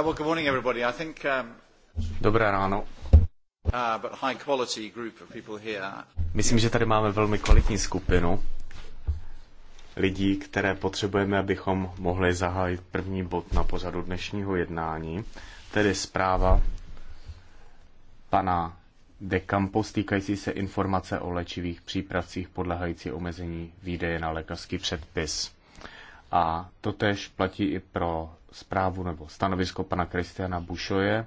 Uh, um, Dobré ráno. Uh, Myslím, že tady máme velmi kvalitní skupinu lidí, které potřebujeme, abychom mohli zahájit první bod na pořadu dnešního jednání, tedy zpráva pana De Campos týkající se informace o léčivých přípravcích podlehající omezení výdeje na lékařský předpis. A to tež platí i pro zprávu nebo stanovisko pana Kristiana Bušoje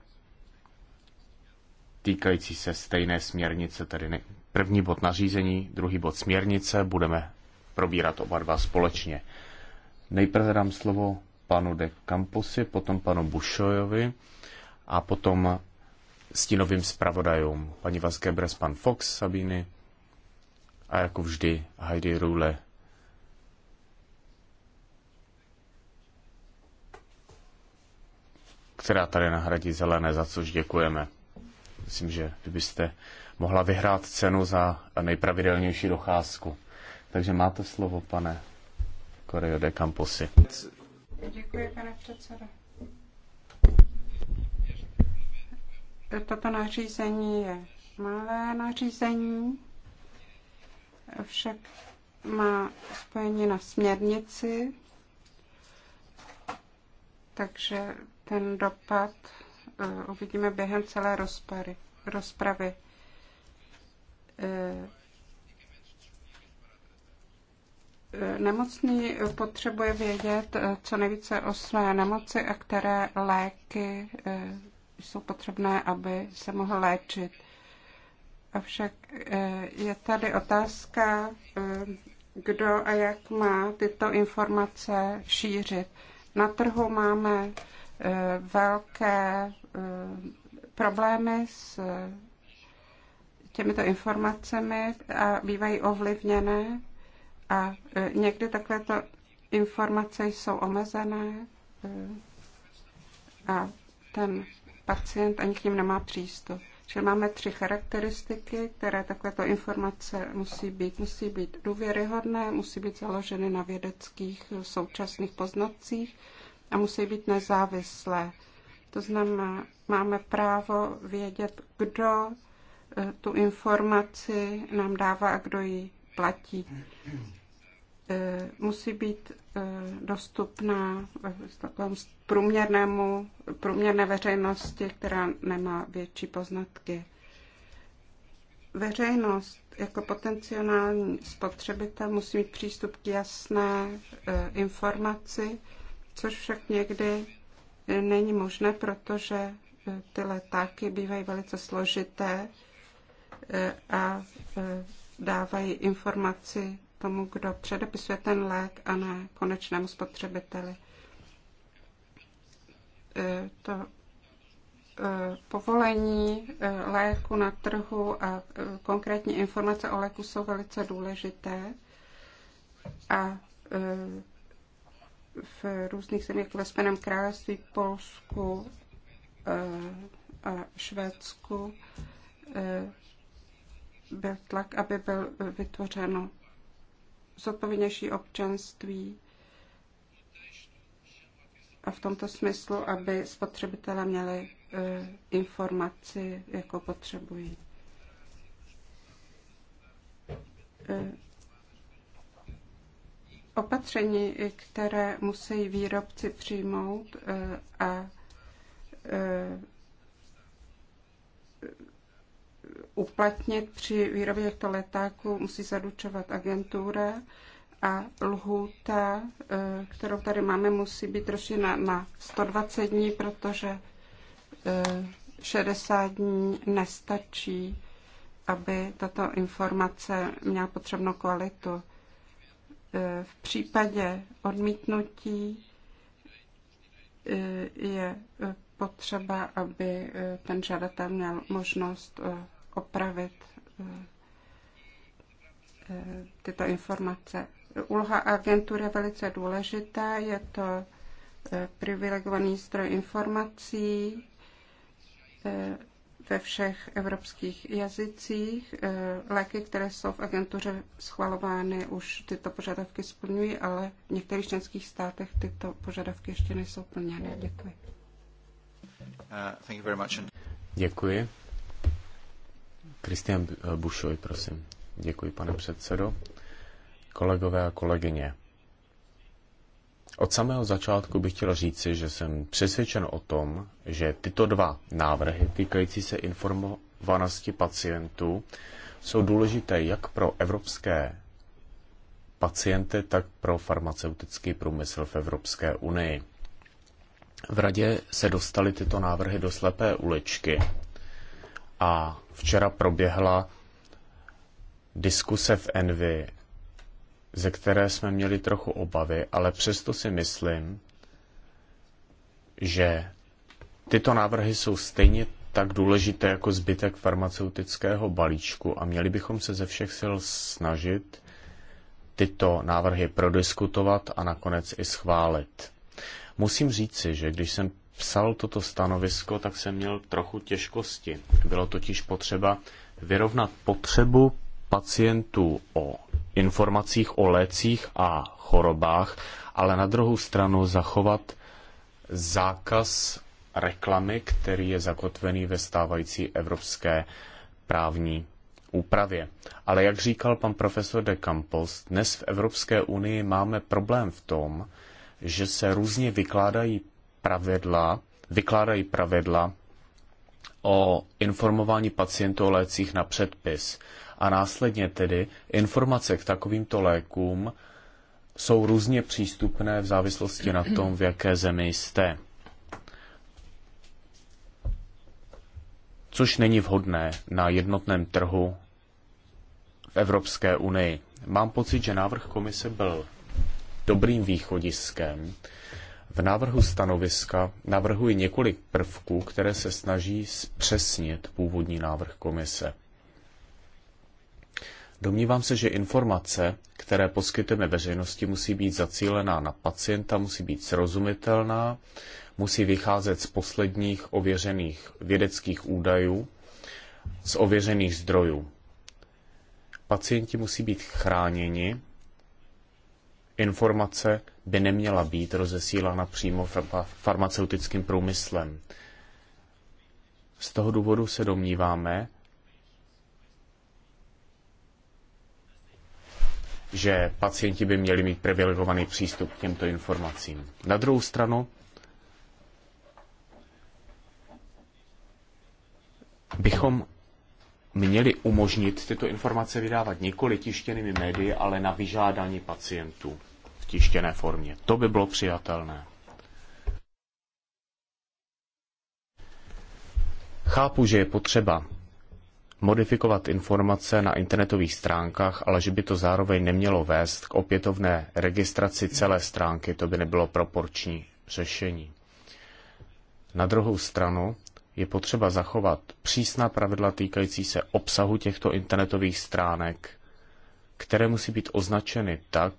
týkající se stejné směrnice, tedy ne, první bod nařízení, druhý bod směrnice, budeme probírat oba dva společně. Nejprve dám slovo panu de Camposi, potom panu Bušojovi a potom stínovým zpravodajům. Paní Vaskebres, pan Fox, Sabiny a jako vždy Heidi Rule která tady nahradí zelené, za což děkujeme. Myslím, že byste mohla vyhrát cenu za nejpravidelnější docházku. Takže máte slovo, pane Correo de Camposi. Děkuji, pane předsedo. Toto nařízení je malé nařízení, však má spojení na směrnici, takže ten dopad eh, uvidíme během celé rozpary, rozpravy. Eh, eh, nemocný potřebuje vědět co nejvíce o své nemoci a které léky jsou potřebné, aby se mohl léčit. Avšak je tady otázka, kdo a jak má tyto informace šířit. Na trhu máme Eh, velké eh, problémy s eh, těmito informacemi a bývají ovlivněné a někdy takovéto informace jsou omezené a ten pacient ani k ním nemá přístup. Čili máme tři charakteristiky, které takovéto informace musí být. Musí být důvěryhodné, musí být založeny na vědeckých současných poznacích, a musí být nezávislé. To znamená, máme právo vědět, kdo eh, tu informaci nám dává a kdo ji platí. Eh, musí být eh, dostupná takovému průměrnému, průměrné veřejnosti, která nemá větší poznatky. Veřejnost jako potenciální spotřebitel musí mít přístup k jasné informaci, což však někdy e, není možné, protože e, ty letáky bývají velice složité e, a dávají informaci tomu, kdo předepisuje ten lék a ne konečnému spotřebiteli. To povolení léku na trhu a konkrétní informace o léku jsou velice důležité a v různých zemích, ve Spojeném království, Polsku eh, a Švédsku, eh, byl tlak, aby byl vytvořeno zodpovědnější občanství a v tomto smyslu, aby spotřebitelé měli eh, informaci, jakou potřebují opatření, které musí výrobci přijmout eh, a eh, uplatnit při výrobě těchto letáků, musí zadučovat agentura a lhůta, eh, kterou tady máme, musí být rozšířena na 120 dní, protože 60 dní nestačí, aby tato informace měla potřebnou kvalitu. E, v případě odmítnutí e, je potřeba, aby e, ten žadatel měl možnost opravit tyto informace. Úloha agentury je velice důležitá, je to privilegovaný zdroj informací, ve všech evropských jazycích. Eh, léky, které jsou v agentuře schvalovány, už tyto požadavky splňují, ale v některých členských státech tyto požadavky ještě nejsou plněny. Děkuji. Uh, Děkuji. Kristian Bušoj, prosím. Děkuji, pane předsedo. Kolegové a kolegyně. Od samého začátku bych chtěl říci, že jsem přesvědčen o tom, že tyto dva návrhy týkající se informovanosti pacientů jsou důležité jak pro evropské pacienty, tak pro farmaceutický průmysl v Evropské unii. V radě se dostaly tyto návrhy do slepé uličky a včera proběhla diskuse v Envy ze které jsme měli trochu obavy, ale přesto si myslím, že tyto návrhy jsou stejně tak důležité jako zbytek farmaceutického balíčku a měli bychom se ze všech sil snažit tyto návrhy prodiskutovat a nakonec i schválit. Musím říci, že když jsem psal toto stanovisko, tak jsem měl trochu těžkosti. Bylo totiž potřeba vyrovnat potřebu pacientů o informacích o lécích a chorobách, ale na druhou stranu zachovat zákaz reklamy, který je zakotvený ve stávající evropské právní úpravě. Ale jak říkal pan profesor de Campos, dnes v Evropské unii máme problém v tom, že se různě vykládají pravidla, vykládají pravidla o informování pacientů o lécích na předpis a následně tedy informace k takovýmto lékům jsou různě přístupné v závislosti na tom, v jaké zemi jste. Což není vhodné na jednotném trhu v Evropské unii. Mám pocit, že návrh komise byl dobrým východiskem. V návrhu stanoviska navrhuji několik prvků, které se snaží zpřesnit původní návrh komise. Domnívám se, že informace, které poskytujeme veřejnosti, musí být zacílená na pacienta, musí být srozumitelná, musí vycházet z posledních ověřených vědeckých údajů, z ověřených zdrojů. Pacienti musí být chráněni, informace by neměla být rozesílána přímo farmaceutickým průmyslem. Z toho důvodu se domníváme, že pacienti by měli mít privilegovaný přístup k těmto informacím. Na druhou stranu bychom měli umožnit tyto informace vydávat nikoli tištěnými médii, ale na vyžádání pacientů v tištěné formě. To by bylo přijatelné. Chápu, že je potřeba modifikovat informace na internetových stránkách, ale že by to zároveň nemělo vést k opětovné registraci celé stránky, to by nebylo proporční řešení. Na druhou stranu je potřeba zachovat přísná pravidla týkající se obsahu těchto internetových stránek, které musí být označeny tak,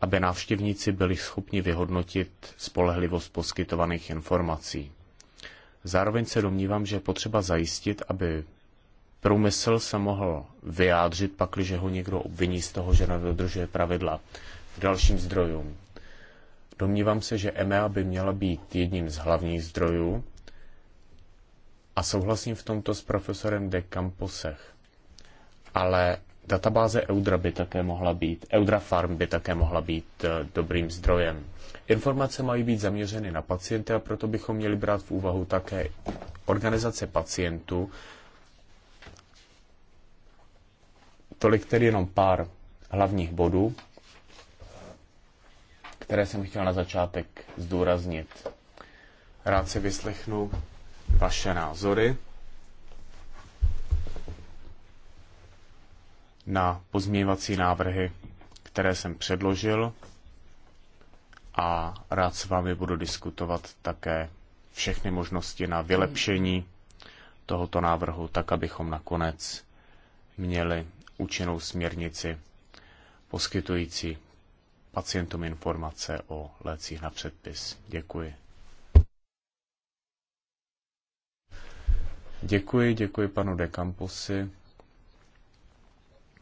aby návštěvníci byli schopni vyhodnotit spolehlivost poskytovaných informací. Zároveň se domnívám, že je potřeba zajistit, aby průmysl se mohl vyjádřit, pakliže ho někdo obviní z toho, že nedodržuje pravidla k dalším zdrojům. Domnívám se, že EMEA by měla být jedním z hlavních zdrojů a souhlasím v tomto s profesorem de Camposech. Ale databáze Eudra by také mohla být, Eudra Farm by také mohla být eh, dobrým zdrojem. Informace mají být zaměřeny na pacienty a proto bychom měli brát v úvahu také organizace pacientů, Tolik tedy jenom pár hlavních bodů, které jsem chtěl na začátek zdůraznit. Rád si vyslechnu vaše názory na pozměňovací návrhy, které jsem předložil a rád s vámi budu diskutovat také všechny možnosti na vylepšení tohoto návrhu, tak abychom nakonec měli účinnou směrnici poskytující pacientům informace o lécích na předpis. Děkuji. Děkuji, děkuji panu de Camposi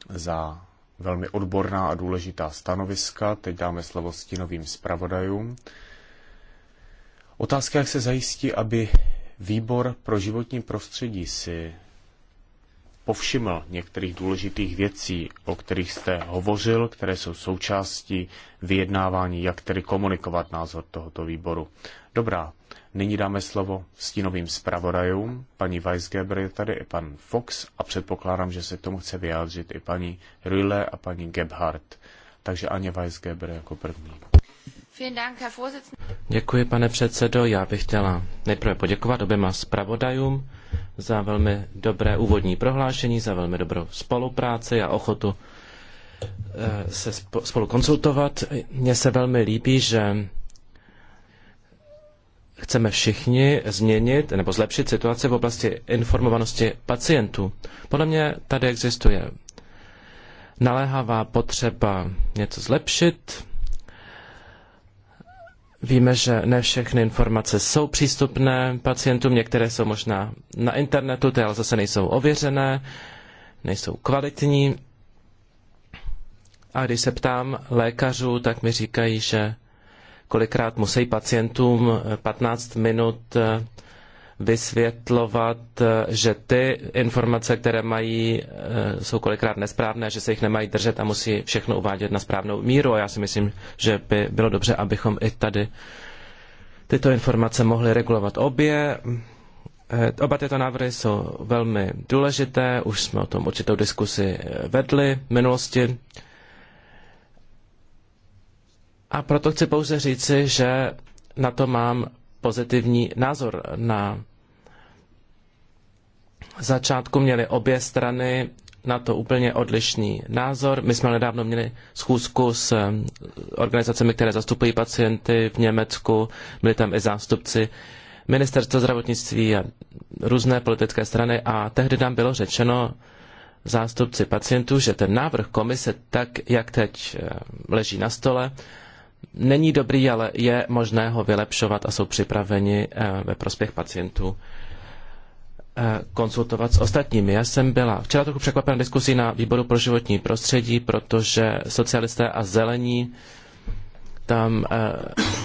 za velmi odborná a důležitá stanoviska. Teď dáme slovo stínovým zpravodajům. Otázka, jak se zajistí, aby výbor pro životní prostředí si povšiml některých důležitých věcí, o kterých jste hovořil, které jsou součástí vyjednávání, jak tedy komunikovat názor tohoto výboru. Dobrá, nyní dáme slovo stínovým zpravodajům. Paní Weisgeber je tady i pan Fox a předpokládám, že se k tomu chce vyjádřit i paní Rühle a paní Gebhardt. Takže Aně Weisgeber jako první. Děkuji, pane předsedo. Já bych chtěla nejprve poděkovat oběma zpravodajům za velmi dobré úvodní prohlášení, za velmi dobrou spolupráci a ochotu eh, se spolu konzultovat. Mně se velmi líbí, že chceme všichni změnit nebo zlepšit situaci v oblasti informovanosti pacientů. Podle mě tady existuje naléhavá potřeba něco zlepšit, Víme, že ne všechny informace jsou přístupné pacientům, některé jsou možná na internetu, ty ale zase nejsou ověřené, nejsou kvalitní. A když se ptám lékařů, tak mi říkají, že kolikrát musí pacientům 15 minut eh, vysvětlovat, eh, že ty informace, které mají, eh, jsou kolikrát nesprávné, že se jich nemají držet a musí všechno uvádět na správnou míru. A já si myslím, že by bylo dobře, abychom i tady tyto informace mohli regulovat obě. Eh, oba tyto návrhy jsou velmi důležité, už jsme o tom určitou diskusi vedli v minulosti. A proto chci pouze říci, že na to mám pozitivní názor na začátku měly obě strany na to úplně odlišný názor. My jsme nedávno měli schůzku s eh, organizacemi, které zastupují pacienty v Německu. Byli tam i zástupci ministerstva zdravotnictví a různé politické strany a tehdy nám bylo řečeno zástupci pacientů, že ten návrh komise, tak jak teď eh, leží na stole, není dobrý, ale je možné ho vylepšovat a jsou připraveni eh, ve prospěch pacientů Eh, konsultovat s ostatními. Já jsem byla včera trochu překvapena diskusí na výboru pro životní prostředí, protože socialisté a zelení tam eh,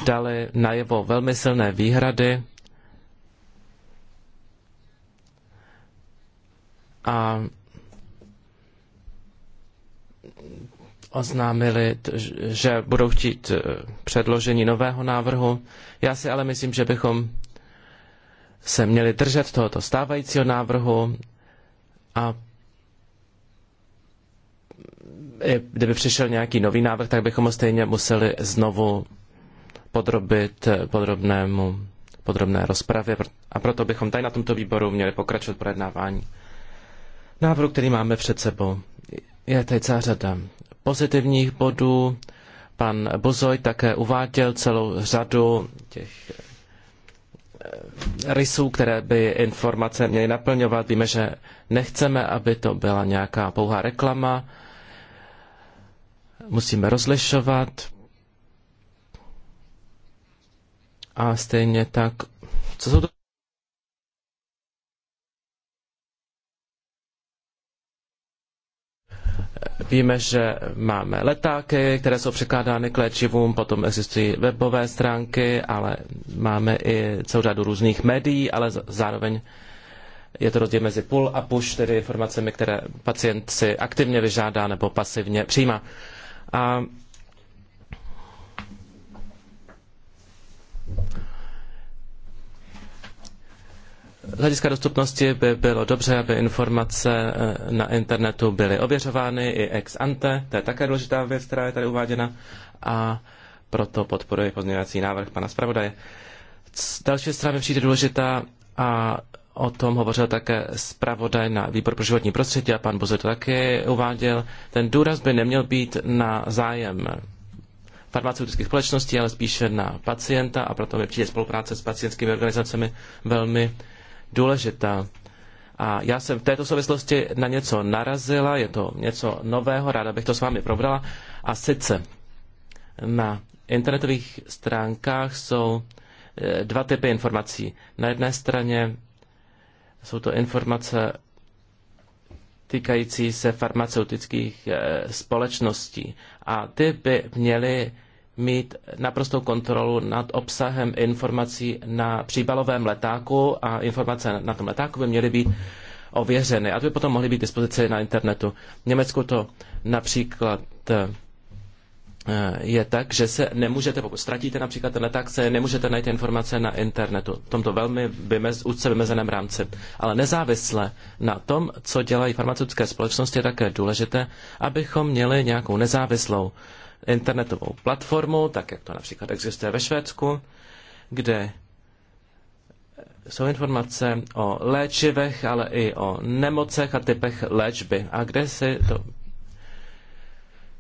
dali najevo velmi silné výhrady a oznámili, že budou chtít eh, předložení nového návrhu. Já si ale myslím, že bychom se měli držet tohoto stávajícího návrhu a kdyby přišel nějaký nový návrh, tak bychom ho stejně museli znovu podrobit podrobnému, podrobné rozpravě a proto bychom tady na tomto výboru měli pokračovat projednávání návrhu, který máme před sebou. Je tady celá řada pozitivních bodů. Pan Bozoj také uváděl celou řadu těch rysů, které by informace měly naplňovat. Víme, že nechceme, aby to byla nějaká pouhá reklama. Musíme rozlišovat. A stejně tak, co jsou to Víme, že máme letáky, které jsou překládány k léčivům, potom existují webové stránky, ale máme i celou řadu různých médií, ale zároveň je to rozdíl mezi pull a push, tedy informacemi, které pacient si aktivně vyžádá nebo pasivně přijímá. A z hlediska dostupnosti by bylo dobře, aby informace eh, na internetu byly ověřovány i ex ante, to je také důležitá věc, která je tady uváděna a proto podporuji pozměňovací návrh pana zpravodaje. Další strana mi přijde důležitá a o tom hovořil také zpravodaj na výbor pro životní prostředí a pan Buzet to taky uváděl. Ten důraz by neměl být na zájem farmaceutických společností, ale spíše na pacienta a proto mi přijde spolupráce s pacientskými organizacemi velmi důležitá. A já jsem v této souvislosti na něco narazila, je to něco nového, ráda bych to s vámi probrala. A sice na internetových stránkách jsou eh, dva typy informací. Na jedné straně jsou to informace týkající se farmaceutických eh, společností a ty by měly mít naprostou kontrolu nad obsahem informací na příbalovém letáku a informace na tom letáku by měly být ověřeny a to by potom mohly být dispozice na internetu. V Německu to například eh, je tak, že se nemůžete, pokud ztratíte například ten leták, se nemůžete najít informace na internetu. V tomto velmi vymez, úzce vymezeném rámci. Ale nezávisle na tom, co dělají farmaceutické společnosti, je také důležité, abychom měli nějakou nezávislou internetovou platformu, tak jak to například existuje ve Švédsku, kde jsou informace o léčivech, ale i o nemocech a typech léčby. A kde si to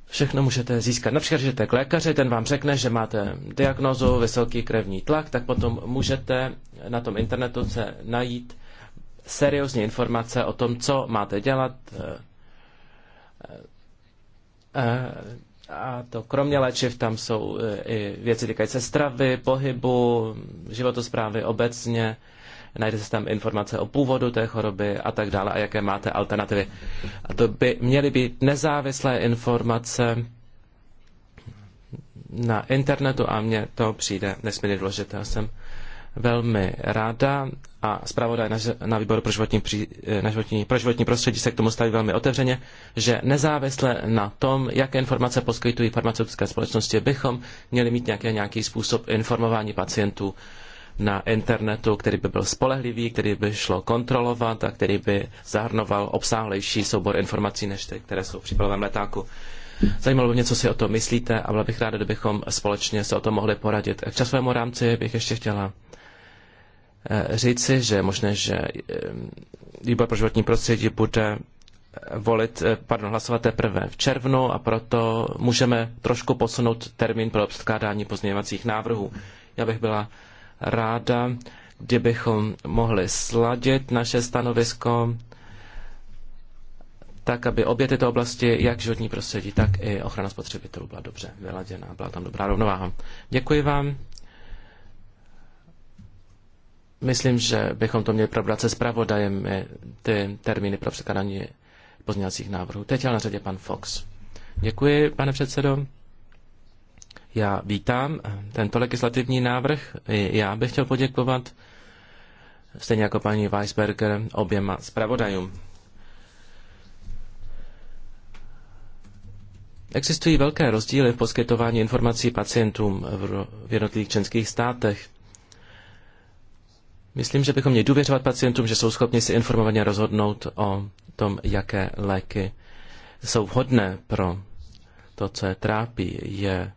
všechno můžete získat. Například, že jste k lékaři, ten vám řekne, že máte diagnozu vysoký krevní tlak, tak potom můžete na tom internetu se najít seriózní informace o tom, co máte dělat, eh, eh, a to kromě léčiv tam jsou e, i věci týkající stravy, pohybu, životosprávy obecně. Najde se tam informace o původu té choroby a tak dále a jaké máte alternativy. A to by měly být nezávislé informace na internetu a mně to přijde nesmírně důležité. Já jsem velmi ráda a zpravodaj na, na výboru pro životní, eh, na životní, pro životní prostředí se k tomu staví velmi otevřeně, že nezávisle na tom, jaké informace poskytují farmaceutické společnosti, bychom měli mít nějaký, nějaký způsob informování pacientů na internetu, který by byl spolehlivý, který by šlo kontrolovat a který by zahrnoval obsáhlejší soubor informací než ty, které jsou v příbalovém letáku. Zajímalo by mě, co si o tom myslíte a byla bych ráda, kdybychom společně se o tom mohli poradit. K časovému rámci bych ještě chtěla Eh, říci, že je možné, že eh, výbor pro životní prostředí bude eh, volit, pardon, hlasovat teprve v červnu a proto můžeme trošku posunout termín pro předkládání pozměňovacích návrhů. Já bych byla ráda, kdybychom mohli sladit naše stanovisko tak, aby obě tyto oblasti, jak životní prostředí, tak i ochrana spotřebitelů byla dobře vyladěná, byla tam dobrá rovnováha. Děkuji vám. Myslím, že bychom to měli probrat se zpravodajem eh, ty termíny pro překladání pozměňovacích návrhů. Teď je na řadě pan Fox. Děkuji, pane předsedo. Já vítám eh, tento legislativní návrh. Já bych chtěl poděkovat stejně jako paní Weisberger oběma zpravodajům. Existují velké rozdíly v poskytování informací pacientům v jednotlivých členských státech. Myslím, že bychom měli důvěřovat pacientům, že jsou schopni si informovaně rozhodnout o tom, jaké léky jsou vhodné pro to, co je trápí. Je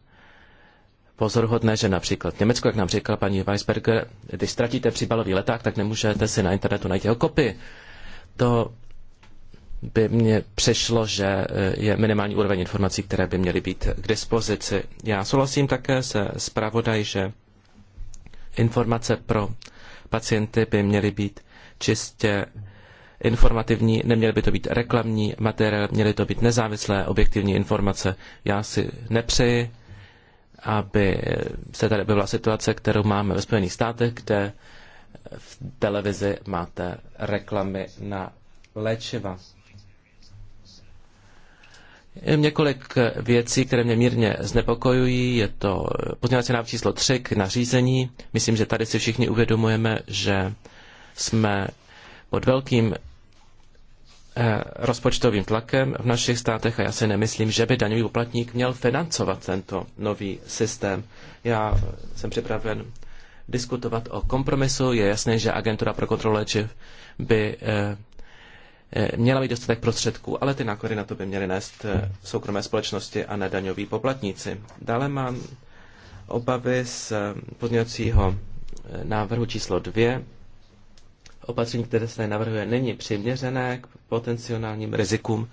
pozoruhodné, že například v Německu, jak nám říkala paní Weisberger, když ztratíte příbalový leták, tak nemůžete si na internetu najít jeho kopii. To by mně přišlo, že e, je minimální úroveň informací, které by měly být k dispozici. Já souhlasím také se zpravodaj, že informace pro pacienty by měly být čistě informativní, neměly by to být reklamní materiály, měly to být nezávislé objektivní informace. Já si nepřeji, aby se tady byla situace, kterou máme ve Spojených státech, kde v televizi máte reklamy na léčiva. Jenom několik věcí, které mě mírně znepokojují. Je to pozměňovací návrh číslo 3 k nařízení. Myslím, že tady si všichni uvědomujeme, že jsme pod velkým eh, rozpočtovým tlakem v našich státech a já si nemyslím, že by daňový poplatník měl financovat tento nový systém. Já jsem připraven diskutovat o kompromisu. Je jasné, že agentura pro kontrolu léčiv by eh, Eh, měla být dostatek prostředků, ale ty náklady na to by měly nést eh, soukromé společnosti a nedaňoví poplatníci. Dále mám obavy z eh, pozměňovacího návrhu číslo 2. Opatření, které se navrhuje, není přiměřené k potenciálním rizikům,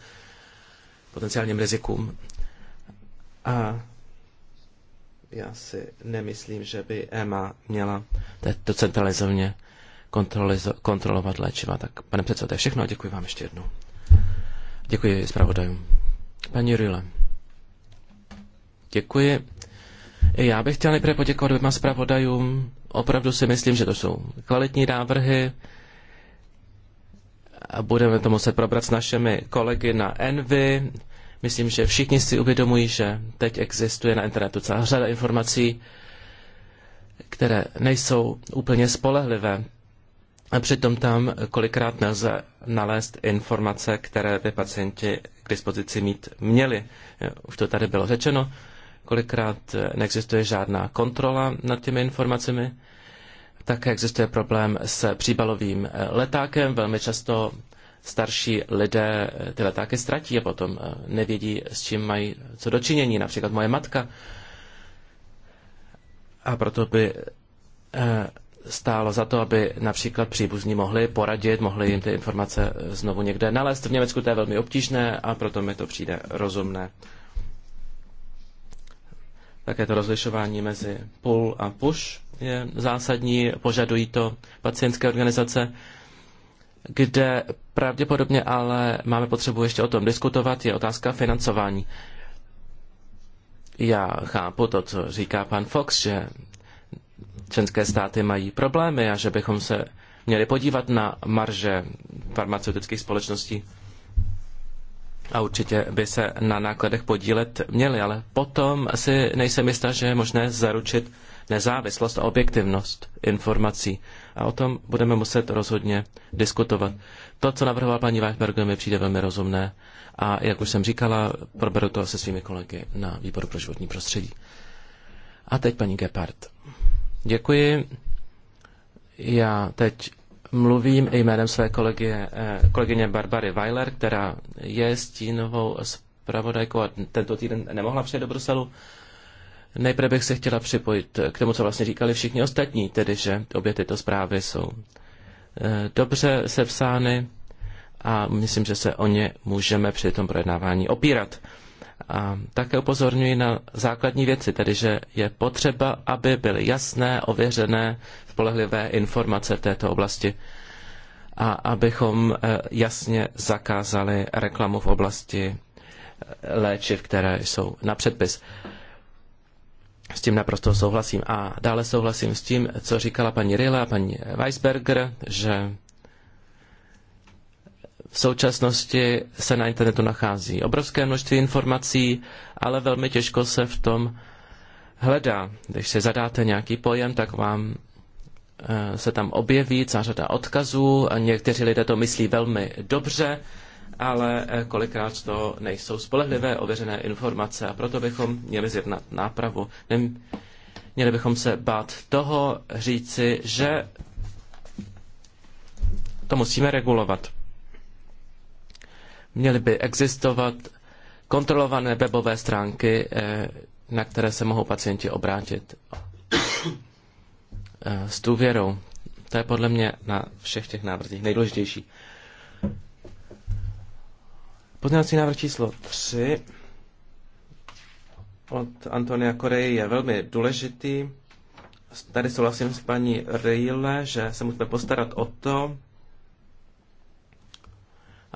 potenciálním rizikům. A já si nemyslím, že by EMA měla to centralizovně kontrolovat léčiva. Tak pane předsedo, to je všechno a děkuji vám ještě jednou. Děkuji zpravodajům. Paní Rile. Děkuji. Já bych chtěl nejprve poděkovat dvěma zpravodajům. Opravdu si myslím, že to jsou kvalitní návrhy. A budeme to muset probrat s našimi kolegy na Envy. Myslím, že všichni si uvědomují, že teď existuje na internetu celá řada informací, které nejsou úplně spolehlivé. A přitom tam kolikrát nelze nalézt informace, které by pacienti k dispozici mít měli. Už to tady bylo řečeno. Kolikrát neexistuje žádná kontrola nad těmi informacemi. Také existuje problém s příbalovým letákem. Velmi často starší lidé ty letáky ztratí a potom nevědí, s čím mají co dočinění. Například moje matka. A proto by eh, stálo za to, aby například příbuzní mohli poradit, mohli jim ty informace znovu někde nalézt. V Německu to je velmi obtížné a proto mi to přijde rozumné. Také to rozlišování mezi pull a push je zásadní, požadují to pacientské organizace, kde pravděpodobně ale máme potřebu ještě o tom diskutovat, je otázka financování. Já chápu to, co říká pan Fox, že členské státy mají problémy a že bychom se měli podívat na marže farmaceutických společností. A určitě by se na nákladech podílet měli, ale potom si nejsem jistá, že je možné zaručit nezávislost a objektivnost informací. A o tom budeme muset rozhodně diskutovat. To, co navrhovala paní Weichberg, mi přijde velmi rozumné. A jak už jsem říkala, proberu to se svými kolegy na výboru pro životní prostředí. A teď paní Gepard. Děkuji. Já teď mluvím jménem své kolegy, eh, kolegyně Barbary Weiler, která je stínovou zpravodajkou a tento týden nemohla přijet do Bruselu. Nejprve bych se chtěla připojit k tomu, co vlastně říkali všichni ostatní, tedy že obě tyto zprávy jsou eh, dobře sepsány a myslím, že se o ně můžeme při tom projednávání opírat. A také upozorňuji na základní věci, tedy že je potřeba, aby byly jasné, ověřené, spolehlivé informace v této oblasti a abychom eh, jasně zakázali reklamu v oblasti eh, léčiv, které jsou na předpis. S tím naprosto souhlasím. A dále souhlasím s tím, co říkala paní Rila a paní Weisberger, že v současnosti se na internetu nachází obrovské množství informací, ale velmi těžko se v tom hledá. Když si zadáte nějaký pojem, tak vám eh, se tam objeví celá řada odkazů. Někteří lidé to myslí velmi dobře, ale eh, kolikrát to nejsou spolehlivé ověřené informace a proto bychom měli zjednat nápravu. Měli bychom se bát toho říci, že to musíme regulovat. Měly by existovat kontrolované webové stránky, eh, na které se mohou pacienti obrátit eh, s důvěrou. To je podle mě na všech těch návrzích nejdůležitější. Pozměnací návrh číslo 3 od Antonia Koreji je velmi důležitý. Tady souhlasím s paní Rejle, že se musíme postarat o to,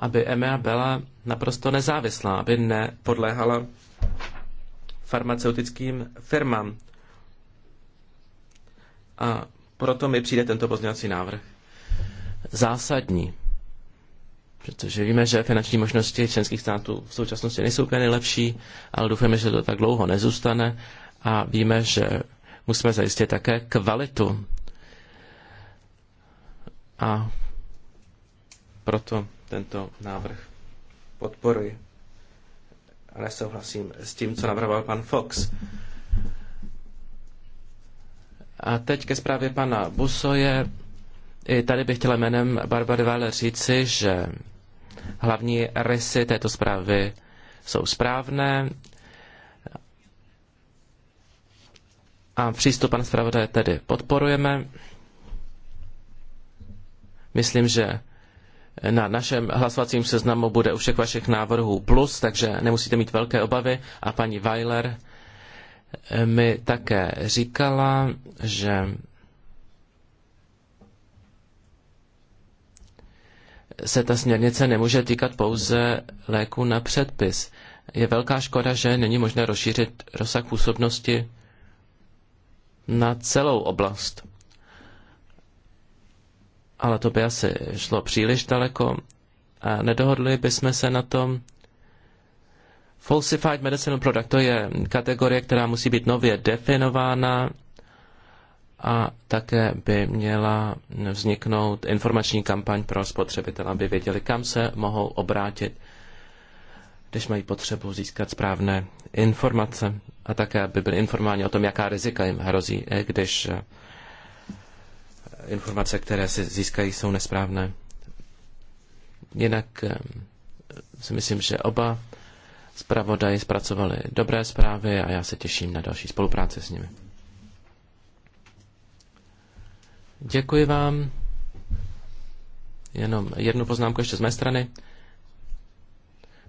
aby EMEA byla naprosto nezávislá, aby nepodléhala farmaceutickým firmám. A proto mi přijde tento pozměňovací návrh zásadní. Protože víme, že finanční možnosti členských států v současnosti nejsou úplně nejlepší, ale doufáme, že to tak dlouho nezůstane a víme, že musíme zajistit také kvalitu. A proto tento návrh podporuji. a nesouhlasím s tím, co navrhoval pan Fox. A teď ke zprávě pana Busoje. I tady bych chtěla jménem Barbary Vále říci, že hlavní rysy této zprávy jsou správné. A přístup pan zpravodaje tedy podporujeme. Myslím, že na našem hlasovacím seznamu bude u všech vašich návrhů plus, takže nemusíte mít velké obavy. A paní Weiler eh, mi také říkala, že se ta směrnice nemůže týkat pouze léku na předpis. Je velká škoda, že není možné rozšířit rozsah působnosti na celou oblast ale to by asi šlo příliš daleko a nedohodli bychom se na tom. Falsified medicinal product to je kategorie, která musí být nově definována a také by měla vzniknout informační kampaň pro spotřebitele, aby věděli, kam se mohou obrátit, když mají potřebu získat správné informace a také, aby byli informováni o tom, jaká rizika jim hrozí, eh, když eh, informace, které se získají, jsou nesprávné. Jinak eh, si myslím, že oba zpravodaji zpracovali dobré zprávy a já se těším na další spolupráci s nimi. Děkuji vám. Jenom jednu poznámku ještě z mé strany.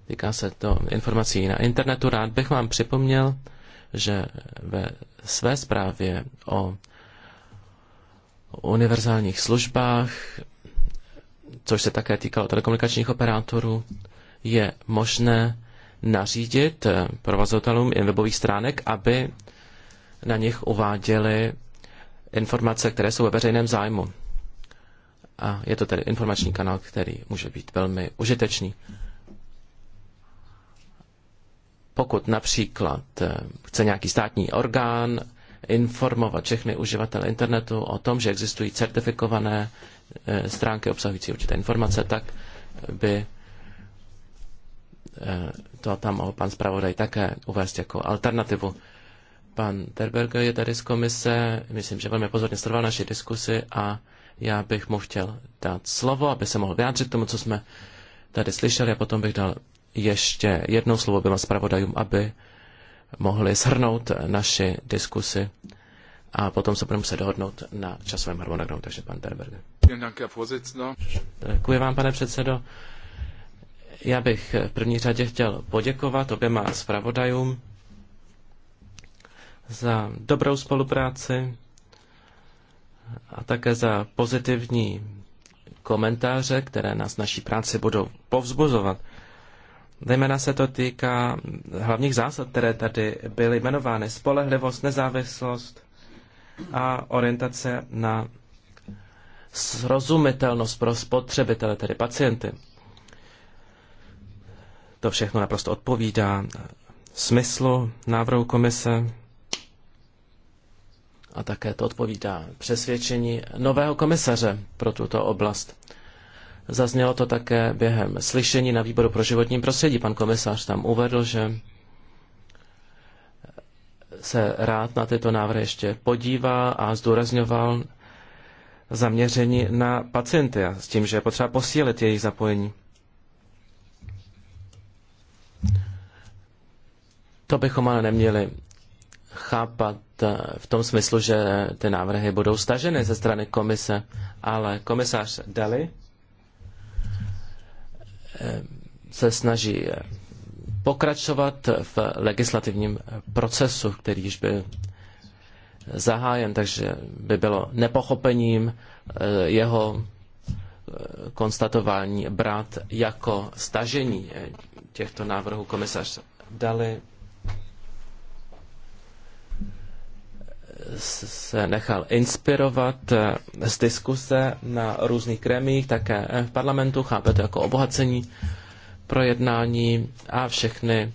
Týká se to informací na internetu. Rád bych vám připomněl, že ve své zprávě o univerzálních službách, což se také týkalo telekomunikačních operátorů, je možné nařídit eh, provozovatelům webových stránek, aby na nich uváděli informace, které jsou ve veřejném zájmu. A je to tedy informační kanál, který může být velmi užitečný. Pokud například eh, chce nějaký státní orgán informovat všechny uživatele internetu o tom, že existují certifikované eh, stránky obsahující určité informace, tak by eh, to tam mohl pan zpravodaj také uvést jako alternativu. Pan Terberger je tady z komise, myslím, že velmi pozorně sledoval naši diskusi a já bych mu chtěl dát slovo, aby se mohl vyjádřit tomu, co jsme tady slyšeli a potom bych dal ještě jednou slovo byla zpravodajům, aby mohli shrnout naši diskusi a potom se budeme muset dohodnout na časovém harmonogramu. Takže pan Terberg. Děkuji vám, pane předsedo. Já bych v první řadě chtěl poděkovat oběma zpravodajům za dobrou spolupráci a také za pozitivní komentáře, které nás naší práci budou povzbuzovat. Zejména se to týká hlavních zásad, které tady byly jmenovány. Spolehlivost, nezávislost a orientace na srozumitelnost pro spotřebitele, tedy pacienty. To všechno naprosto odpovídá smyslu návrhu komise a také to odpovídá přesvědčení nového komisaře pro tuto oblast. Zaznělo to také během slyšení na výboru pro životní prostředí. Pan komisář tam uvedl, že se rád na tyto návrhy ještě podívá a zdůrazňoval zaměření na pacienty a s tím, že je potřeba posílit jejich zapojení. To bychom ale neměli chápat eh, v tom smyslu, že ty návrhy budou staženy ze strany komise, ale komisář Dali Eh, se snaží eh, pokračovat v legislativním procesu, který již byl zahájen, takže by bylo nepochopením eh, jeho konstatování brát jako stažení těchto návrhů komisař Dali se nechal inspirovat eh, z diskuse na různých krémích, také eh, v parlamentu, chápe to jako obohacení pro jednání a všechny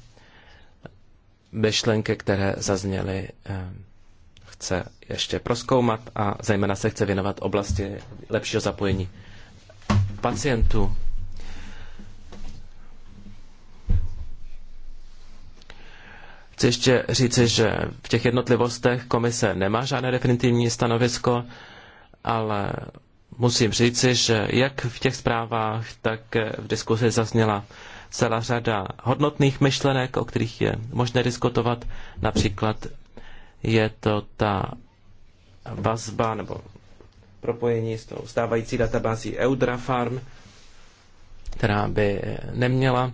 myšlenky, které zazněly, eh, chce ještě proskoumat a zejména se chce věnovat oblasti lepšího zapojení pacientů. Chci ještě říci, že v těch jednotlivostech komise nemá žádné definitivní stanovisko, ale musím říci, že jak v těch zprávách, tak v diskuzi zazněla celá řada hodnotných myšlenek, o kterých je možné diskutovat. Například je to ta vazba nebo propojení s tou stávající databází Eudrafarm, která by neměla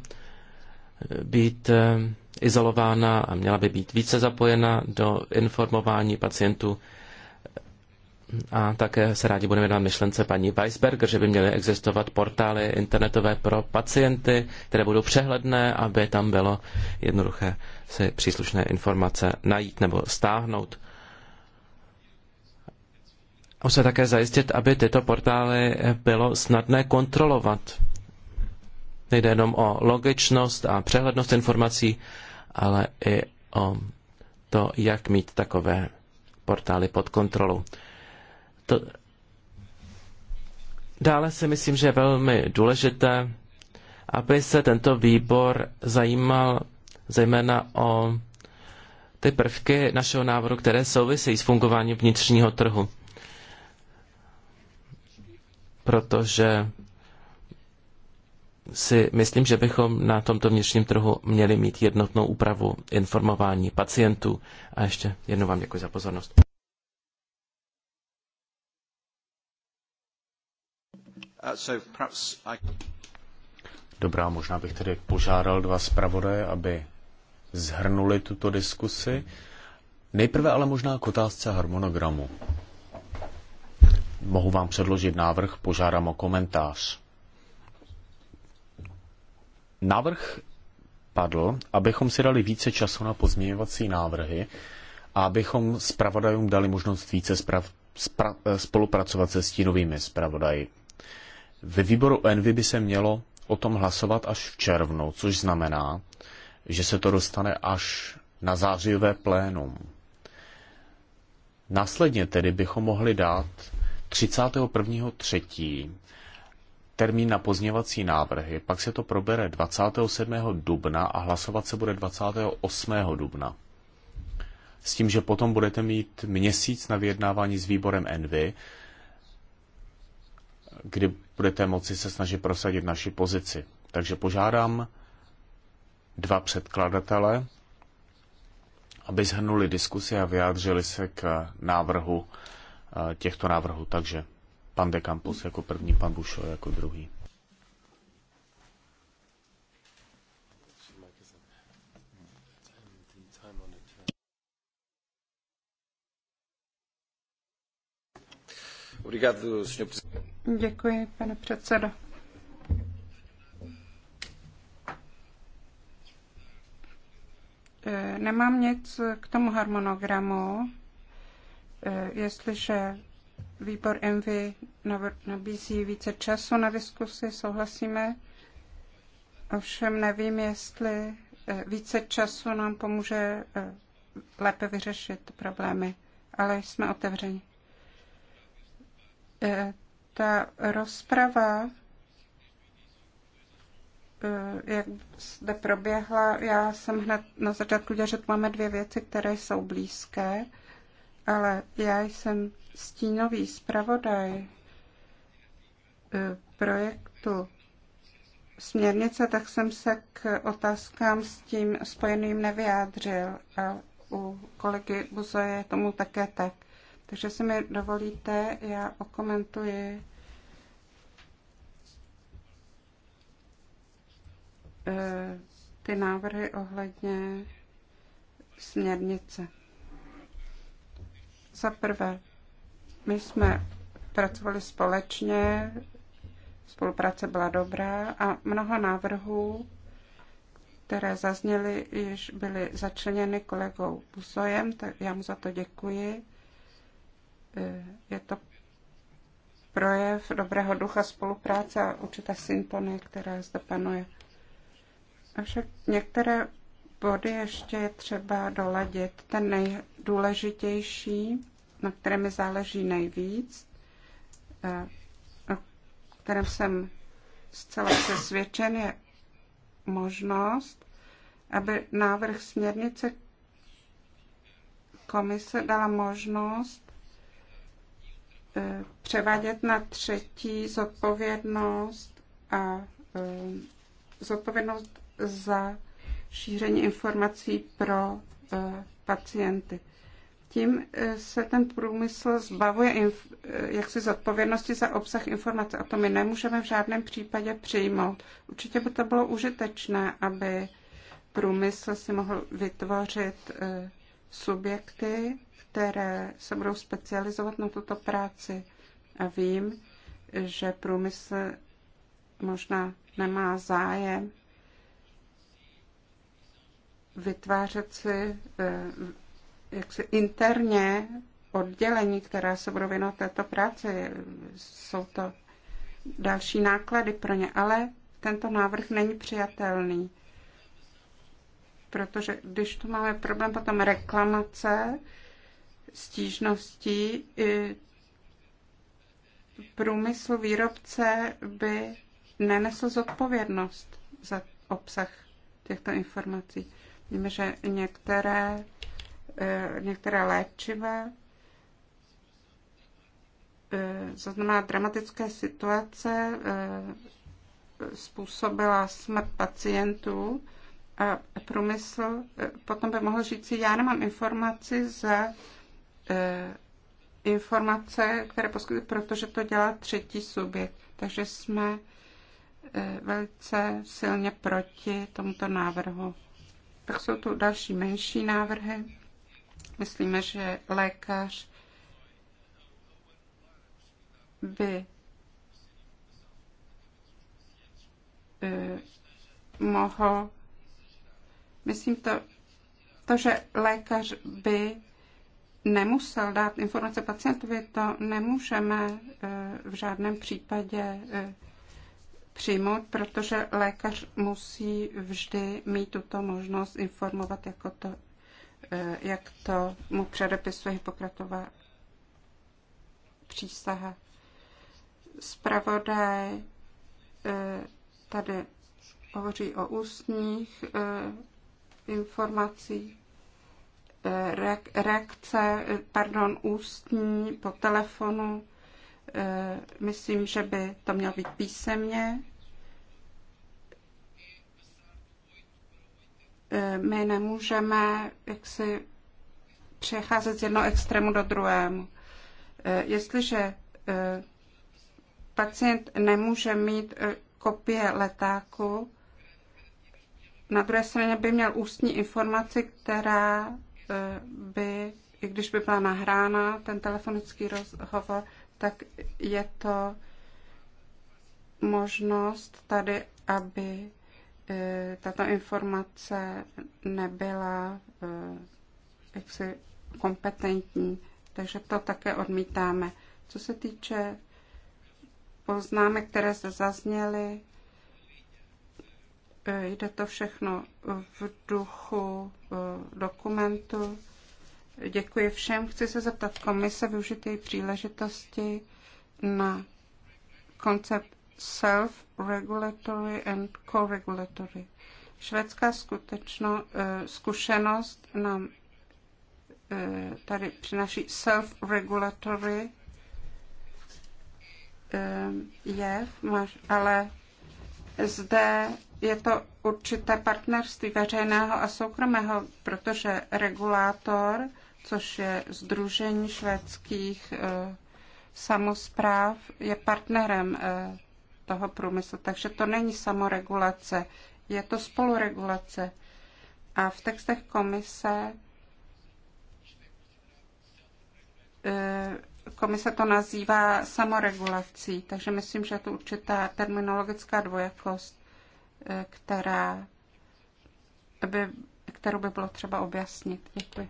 být eh, izolována a měla by být více zapojena do informování pacientů. A také se rádi budeme dát myšlence paní Weisberger, že by měly existovat portály internetové pro pacienty, které budou přehledné, aby tam bylo jednoduché si příslušné informace najít nebo stáhnout. se také zajistit, aby tyto portály bylo snadné kontrolovat. Nejde jenom o logičnost a přehlednost informací, ale i o to, jak mít takové portály pod kontrolou. To... Dále si myslím, že je velmi důležité, aby se tento výbor zajímal zejména o ty prvky našeho návrhu, které souvisejí s fungováním vnitřního trhu. Protože si myslím, že bychom na tomto vnitřním trhu měli mít jednotnou úpravu informování pacientů. A ještě jednou vám děkuji za pozornost. Uh, Dobrá, možná bych tedy požádal dva zpravodaje, aby zhrnuli tuto diskusi. Nejprve ale možná k otázce harmonogramu. Mohu vám předložit návrh, požádám o komentář. Návrh padl, abychom si dali více času na pozměňovací návrhy a abychom zpravodajům dali možnost více sprav, spra, eh, spolupracovat se stínovými zpravodaji. Ve výboru Envy by se mělo o tom hlasovat až v červnu, což znamená, že se to dostane až na zářivé plénum. Následně tedy bychom mohli dát 3 termín na pozněvací návrhy, pak se to probere 27. dubna a hlasovat se bude 28. dubna. S tím, že potom budete mít měsíc na vyjednávání s výborem Envy, kdy budete moci se snažit prosadit naši pozici. Takže požádám dva předkladatele, aby zhrnuli diskusi a vyjádřili se k návrhu eh, těchto návrhů. Takže Pan de Campos jako první, pan Bušo jako druhý. Děkuji, pane předsedo. E, nemám nic k tomu harmonogramu. E, jestliže Výbor MV nabízí více času na diskusi, souhlasíme. Ovšem nevím, jestli eh, více času nám pomůže eh, lépe vyřešit problémy, ale jsme otevřeni. Eh, ta rozprava, jak zde proběhla, já jsem hned na začátku dělal, že máme dvě věci, které jsou blízké, ale já jsem stínový zpravodaj e, projektu směrnice, tak jsem se k otázkám s tím spojeným nevyjádřil. A u kolegy Buzo je tomu také tak. Takže si mi dovolíte, já okomentuji e, ty návrhy ohledně směrnice. Za prvé, my jsme pracovali společně, spolupráce byla dobrá a mnoho návrhů, které zazněly, již byly začleněny kolegou Busojem, tak já mu za to děkuji. E, je to projev dobrého ducha spolupráce a určitá syntonie, která zde panuje. Avšak některé body ještě je třeba doladit. Ten nejdůležitější na které mi záleží nejvíc, eh, o kterém jsem zcela přesvědčen, je možnost, aby návrh směrnice komise dala možnost eh, převádět na třetí zodpovědnost a eh, zodpovědnost za šíření informací pro pacienty tím eh, se ten průmysl zbavuje inf- eh, jaksi zodpovědnosti za obsah informace. A to my nemůžeme v žádném případě přijmout. Určitě by to bylo užitečné, aby průmysl si mohl vytvořit eh, subjekty, které se budou specializovat na tuto práci. A vím, že průmysl možná nemá zájem vytvářet si jaksi interně oddělení, která se budou věnovat této práci. Jsou to další náklady pro ně, ale tento návrh není přijatelný. Protože když tu máme problém potom reklamace, stížností, i průmysl výrobce by nenesl zodpovědnost za obsah těchto informací. Víme, že některé E, některá léčiva e, znamená, dramatické situace, e, způsobila smrt pacientů a průmysl potom by mohl říct já nemám informaci za informace, které poskytují, protože to dělá třetí subjekt. Takže jsme velice silně proti tomuto návrhu. Pak jsou tu další menší návrhy. Myslíme, že lékař by eh, mohl, myslím to, to, že lékař by nemusel dát informace pacientovi, to nemůžeme eh, v žádném případě eh, přijmout, protože lékař musí vždy mít tuto možnost informovat, jako to Eh, jak to mu předepisuje Hippokratova přísaha. Spravodaj eh, tady hovoří o ústních eh, informacích, reakce, pardon, ústní po telefonu. Myslím, že by to mělo být písemně. my nemůžeme jaksi přecházet z jednoho extrému do druhému. Eh, jestliže eh, pacient nemůže mít eh, kopie letáku, na druhé straně by měl ústní informaci, která by, i když by byla nahrána, ten telefonický rozhovor, tak je to možnost tady, aby E, tato informace nebyla e, jaksi kompetentní, takže to také odmítáme. Co se týče poznámek, které se zazněly, e, jde to všechno v duchu dokumentu. Děkuji všem. Chci se zeptat komise využít příležitosti na koncept self-regulatory and co-regulatory. Švédská skutečno, eh, zkušenost nám eh, tady přináší self-regulatory eh, jev, ale zde je to určité partnerství veřejného a soukromého, protože regulátor, což je Združení švédských samozpráv, je partnerem toho průmyslu. Takže to není samoregulace, je to spoluregulace. A v textech komise eh, komise to nazývá samoregulací, takže myslím, že je to určitá terminologická dvojakost, eh, která by, kterou by bylo třeba objasnit. Děkuji.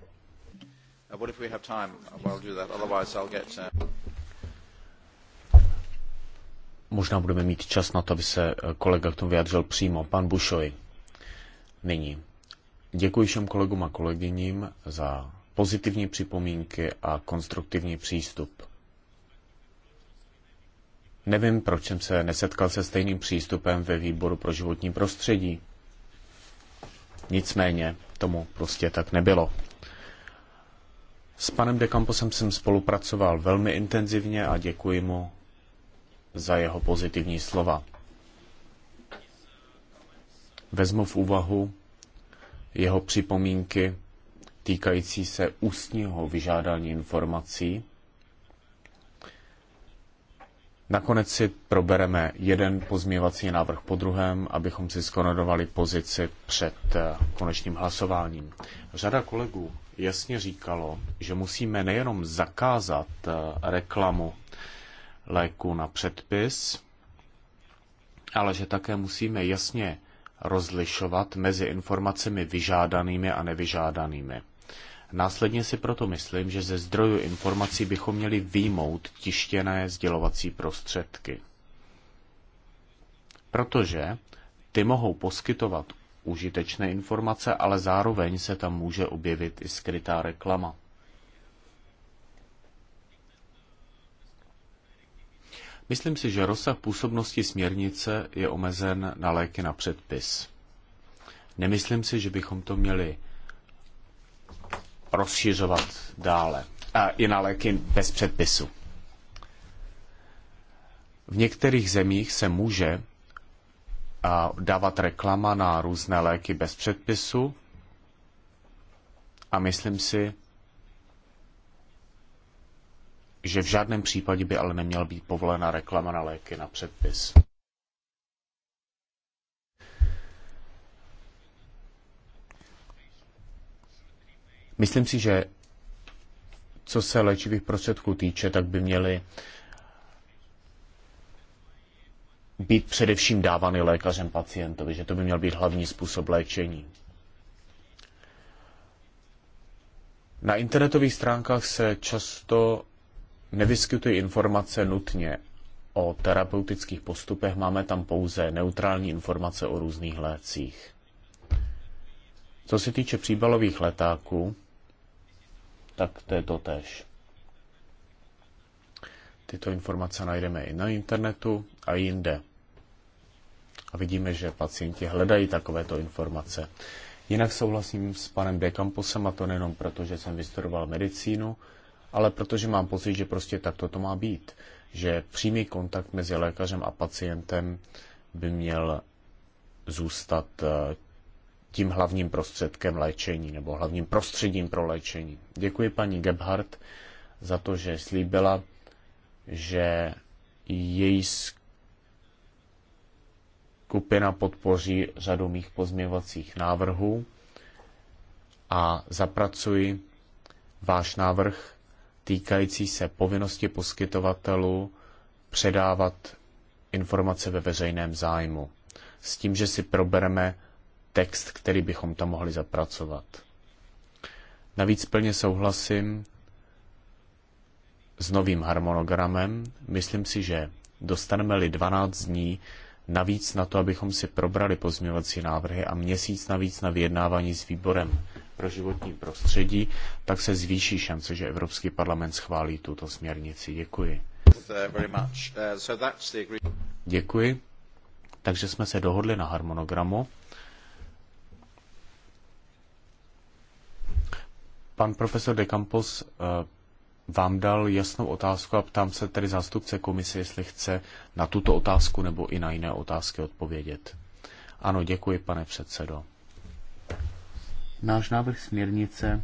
Možná budeme mít čas na to, aby se eh, kolega k tomu vyjadřil přímo. Pan Bušoj, nyní. Děkuji všem kolegům a kolegyním za pozitivní připomínky a konstruktivní přístup. Nevím, proč jsem se nesetkal se stejným přístupem ve výboru pro životní prostředí. Nicméně tomu prostě tak nebylo. S panem Dekampo jsem spolupracoval velmi intenzivně a děkuji mu za jeho pozitivní slova. Vezmu v úvahu jeho připomínky týkající se ústního vyžádání informací. Nakonec si probereme jeden pozměvací návrh po druhém, abychom si skonodovali pozici před eh, konečným hlasováním. Řada kolegů jasně říkalo, že musíme nejenom zakázat eh, reklamu léku na předpis, ale že také musíme jasně rozlišovat mezi informacemi vyžádanými a nevyžádanými. Následně si proto myslím, že ze zdrojů informací bychom měli výjmout tištěné sdělovací prostředky. Protože ty mohou poskytovat užitečné informace, ale zároveň se tam může objevit i skrytá reklama. Myslím si, že rozsah působnosti směrnice je omezen na léky na předpis. Nemyslím si, že bychom to měli rozšiřovat dále. A i na léky bez předpisu. V některých zemích se může dávat reklama na různé léky bez předpisu a myslím si, že v žádném případě by ale neměla být povolena reklama na léky na předpis. Myslím si, že co se léčivých prostředků týče, tak by měly být především dávány lékařem pacientovi, že to by měl být hlavní způsob léčení. Na internetových stránkách se často nevyskytují informace nutně o terapeutických postupech, máme tam pouze neutrální informace o různých lécích. Co se týče příbalových letáků, tak to je to tež. Tyto informace najdeme i na internetu a jinde. A vidíme, že pacienti hledají takovéto informace. Jinak souhlasím s panem Dekamposem, a to nejenom proto, že jsem vystudoval medicínu, ale protože mám pocit, že prostě takto to má být, že přímý kontakt mezi lékařem a pacientem by měl zůstat eh, tím hlavním prostředkem léčení nebo hlavním prostředím pro léčení. Děkuji paní Gebhardt za to, že slíbila, že její skupina podpoří řadu mých pozměvacích návrhů a zapracuji váš návrh týkající se povinnosti poskytovatelů předávat informace ve veřejném zájmu. S tím, že si probereme text, který bychom tam mohli zapracovat. Navíc plně souhlasím s novým harmonogramem. Myslím si, že dostaneme-li 12 dní navíc na to, abychom si probrali pozměňovací návrhy a měsíc navíc na vyjednávání s výborem pro životní prostředí, tak se zvýší šance, že Evropský parlament schválí tuto směrnici. Děkuji. Děkuji. Takže jsme se dohodli na harmonogramu. Pan profesor De Campos eh, vám dal jasnou otázku a ptám se tedy zástupce komise, jestli chce na tuto otázku nebo i na jiné otázky odpovědět. Ano, děkuji, pane předsedo. Náš návrh směrnice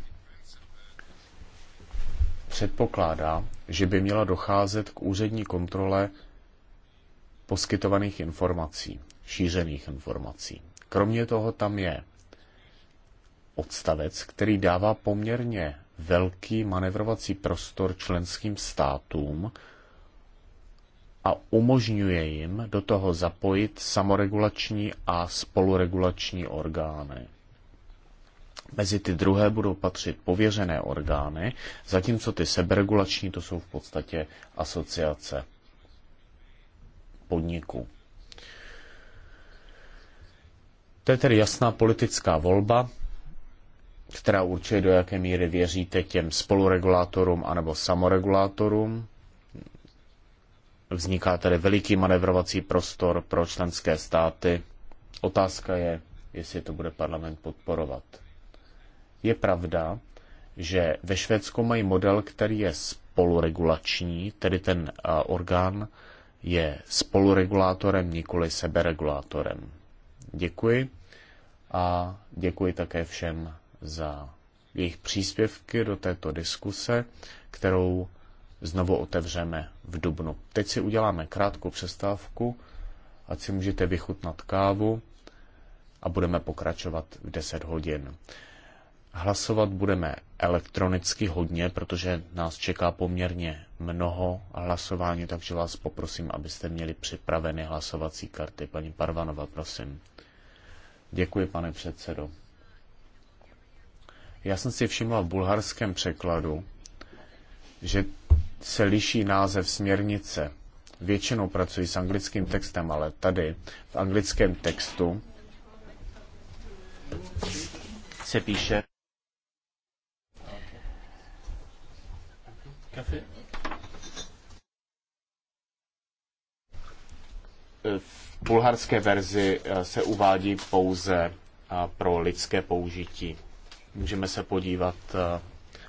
předpokládá, že by měla docházet k úřední kontrole poskytovaných informací, šířených informací. Kromě toho tam je odstavec, který dává poměrně velký manevrovací prostor členským státům a umožňuje jim do toho zapojit samoregulační a spoluregulační orgány. Mezi ty druhé budou patřit pověřené orgány, zatímco ty seberegulační to jsou v podstatě asociace podniků. To je tedy jasná politická volba, která určuje, do jaké míry věříte těm spoluregulátorům anebo samoregulátorům. Vzniká tedy veliký manevrovací prostor pro členské státy. Otázka je, jestli to bude parlament podporovat. Je pravda, že ve Švédsku mají model, který je spoluregulační, tedy ten uh, orgán je spoluregulátorem, nikoli seberegulátorem. Děkuji a děkuji také všem za jejich příspěvky do této diskuse, kterou znovu otevřeme v Dubnu. Teď si uděláme krátkou přestávku, ať si můžete vychutnat kávu a budeme pokračovat v 10 hodin. Hlasovat budeme elektronicky hodně, protože nás čeká poměrně mnoho hlasování, takže vás poprosím, abyste měli připraveny hlasovací karty. Paní Parvanova, prosím. Děkuji, pane předsedo. Já jsem si všimla v bulharském překladu, že se liší název směrnice. Většinou pracuji s anglickým textem, ale tady v anglickém textu se píše V bulharské verzi eh, se uvádí pouze eh, pro lidské použití. Můžeme se podívat, eh,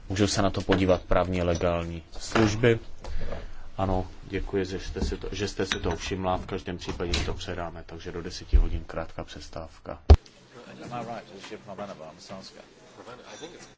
můžou se na to podívat právně legální služby. Ano, děkuji, že jste, si to, že jste si to všimla. V každém případě to předáme, takže do 10 hodin krátká přestávka. Am I right? Is from I'm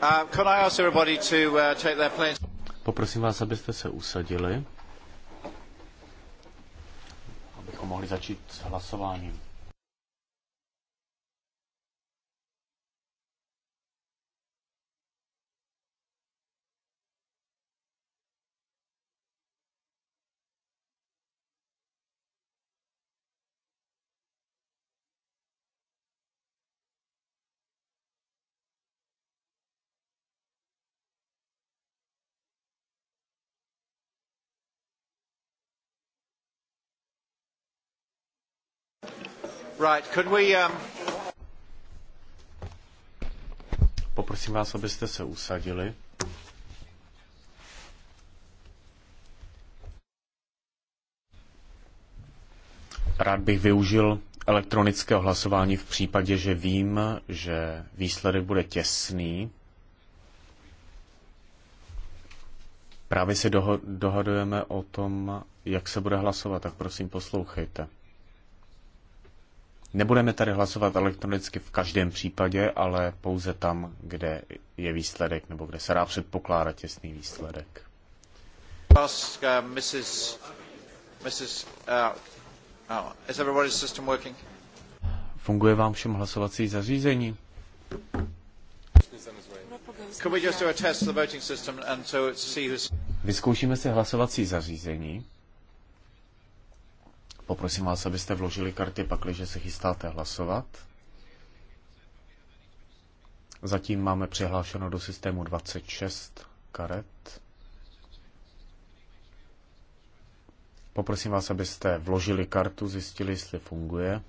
Um, uh, Poprosím vás, abyste se usadili, abychom mohli začít s hlasováním. Right, could we, um... Poprosím vás, abyste se usadili. Rád bych využil elektronického hlasování v případě, že vím, že výsledek bude těsný. Právě se dohodujeme o tom, jak se bude hlasovat, tak prosím poslouchejte. Nebudeme tady hlasovat elektronicky v každém případě, ale pouze tam, kde je výsledek nebo kde se dá předpokládat těsný výsledek. Ask, uh, Mrs. Mrs. Uh, oh, is everybody's system working? Funguje vám všem hlasovací zařízení? Vyzkoušíme si hlasovací zařízení. Poprosím vás, abyste vložili karty pakliže se chystáte hlasovat. Zatím máme přihlášeno do systému 26 karet. Poprosím vás, abyste vložili kartu, zjistili, jestli funguje.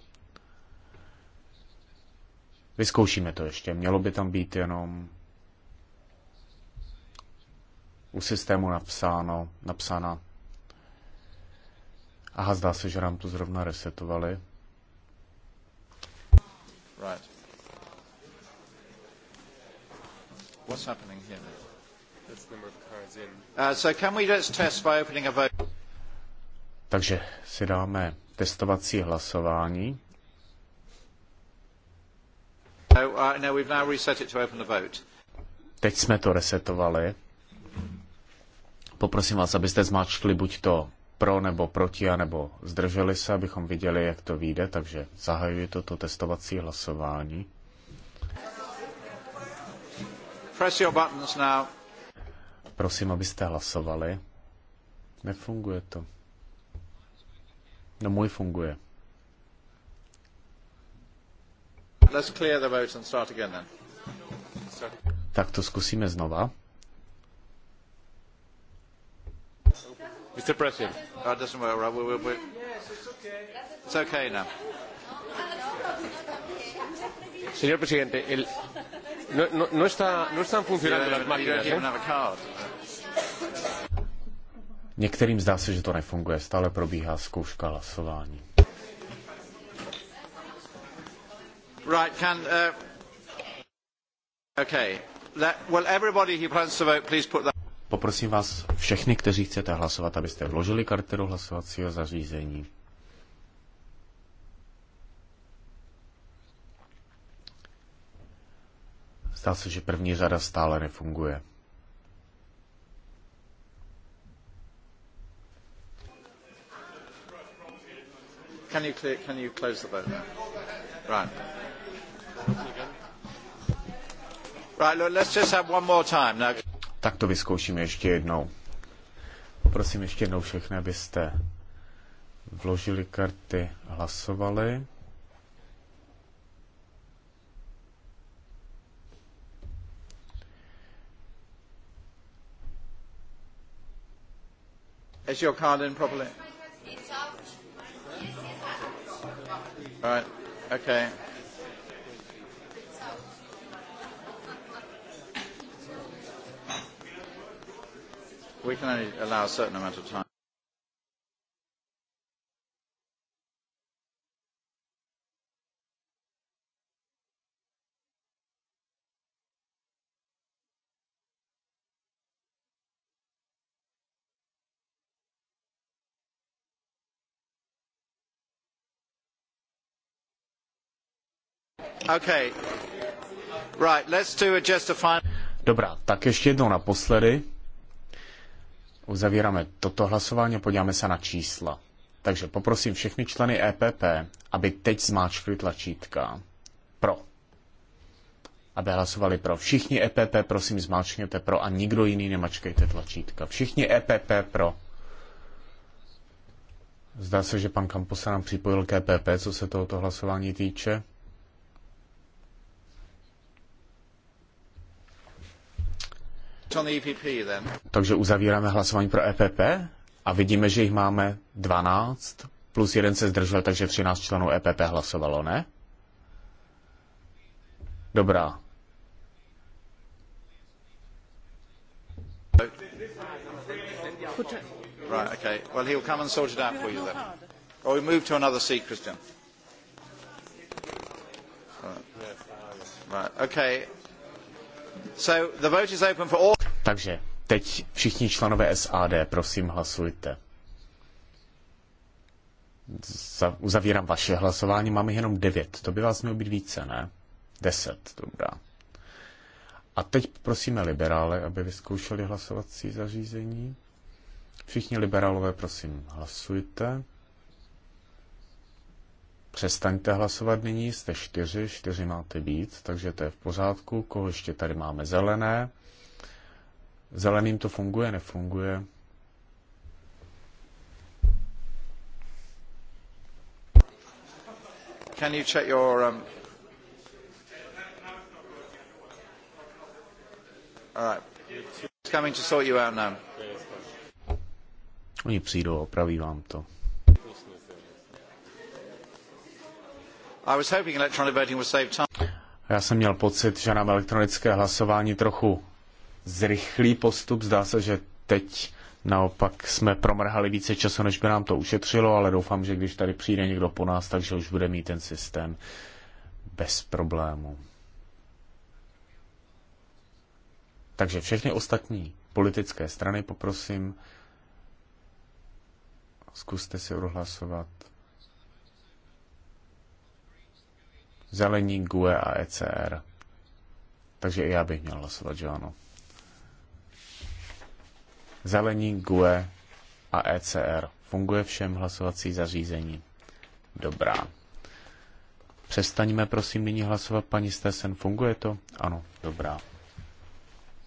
Vyzkoušíme to ještě. Mělo by tam být jenom u systému napsáno, napsána Aha, zdá se, že nám to zrovna resetovali. Right. What's happening here? Uh, Takže si dáme testovací hlasování. No, uh, no, Teď jsme to resetovali. Poprosím vás, abyste zmáčkli buď to pro nebo proti, anebo zdrželi se, abychom viděli, jak to vyjde, takže zahajuji toto testovací hlasování. Press your buttons now. Prosím, abyste hlasovali. Nefunguje to. No můj funguje. Let's clear the vote and start again then. Tak to zkusíme znova. Mr. President. Oh, it doesn't work, right? We, we, we... Yes, it's okay. It's okay now. Señor presidente, el... no, no, no, está, no están funcionando las máquinas. ¿eh? Některým zdá se, že to nefunguje. Stále probíhá zkouška hlasování. Right, can, uh... okay. Let, well, everybody who plans to vote please put that... Poprosím vás všechny, kteří chcete hlasovat, abyste vložili karty do hlasovacího zařízení. Zdá se, že první řada stále nefunguje. Can you, clear, can you close the vote now? Right. Right, look, let's just have one more time now. Tak to vyzkouším ještě jednou. Poprosím ještě jednou všechny, abyste vložili karty, hlasovali. Is your card in properly? Right. Okay. We can only allow a certain amount of time. Okay. Right, let's do just a final... Dobrá, tak ještě jednou naposledy. Uzavíráme toto hlasování a podíváme se na čísla. Takže poprosím všechny členy EPP, aby teď zmáčkli tlačítka pro. Aby hlasovali pro. Všichni EPP, prosím, zmáčkněte pro a nikdo jiný nemačkejte tlačítka. Všichni EPP pro. Zdá se, že pan Kampo se nám připojil k EPP, co se tohoto hlasování týče. E takže uzavíráme hlasování pro EPP a vidíme, že jich máme 12, plus jeden se zdržel, takže 13 členů EPP hlasovalo, ne? Dobrá. Right, okay. Well, he'll come and sort it out for you then. Or we move to another seat, Christian. Right, okay. Takže teď všichni členové SAD, prosím, hlasujte. Uzavírám vaše hlasování, máme jenom devět. To by vás mělo být více, ne? Deset, dobrá. A teď prosíme liberále, aby vyzkoušeli hlasovací zařízení. Všichni liberálové, prosím, hlasujte. Přestaňte hlasovat nyní, jste čtyři, čtyři máte být, takže to je v pořádku. Koho ještě tady máme zelené? Zeleným to funguje, nefunguje? Can you check your... Um... All right. It's coming to sort you out now. Oni přijdou, opraví vám to. Já jsem měl pocit, že nám elektronické hlasování trochu zrychlí postup. Zdá se, že teď naopak jsme promrhali více času, než by nám to ušetřilo, ale doufám, že když tady přijde někdo po nás, takže už bude mít ten systém bez problému. Takže všechny ostatní politické strany poprosím, zkuste si odhlasovat. zelení, GUE a ECR. Takže i já bych měl hlasovat, že ano. Zelení, GUE a ECR. Funguje všem hlasovací zařízení. Dobrá. Přestaňme prosím nyní hlasovat, paní Stesen. Funguje to? Ano, dobrá.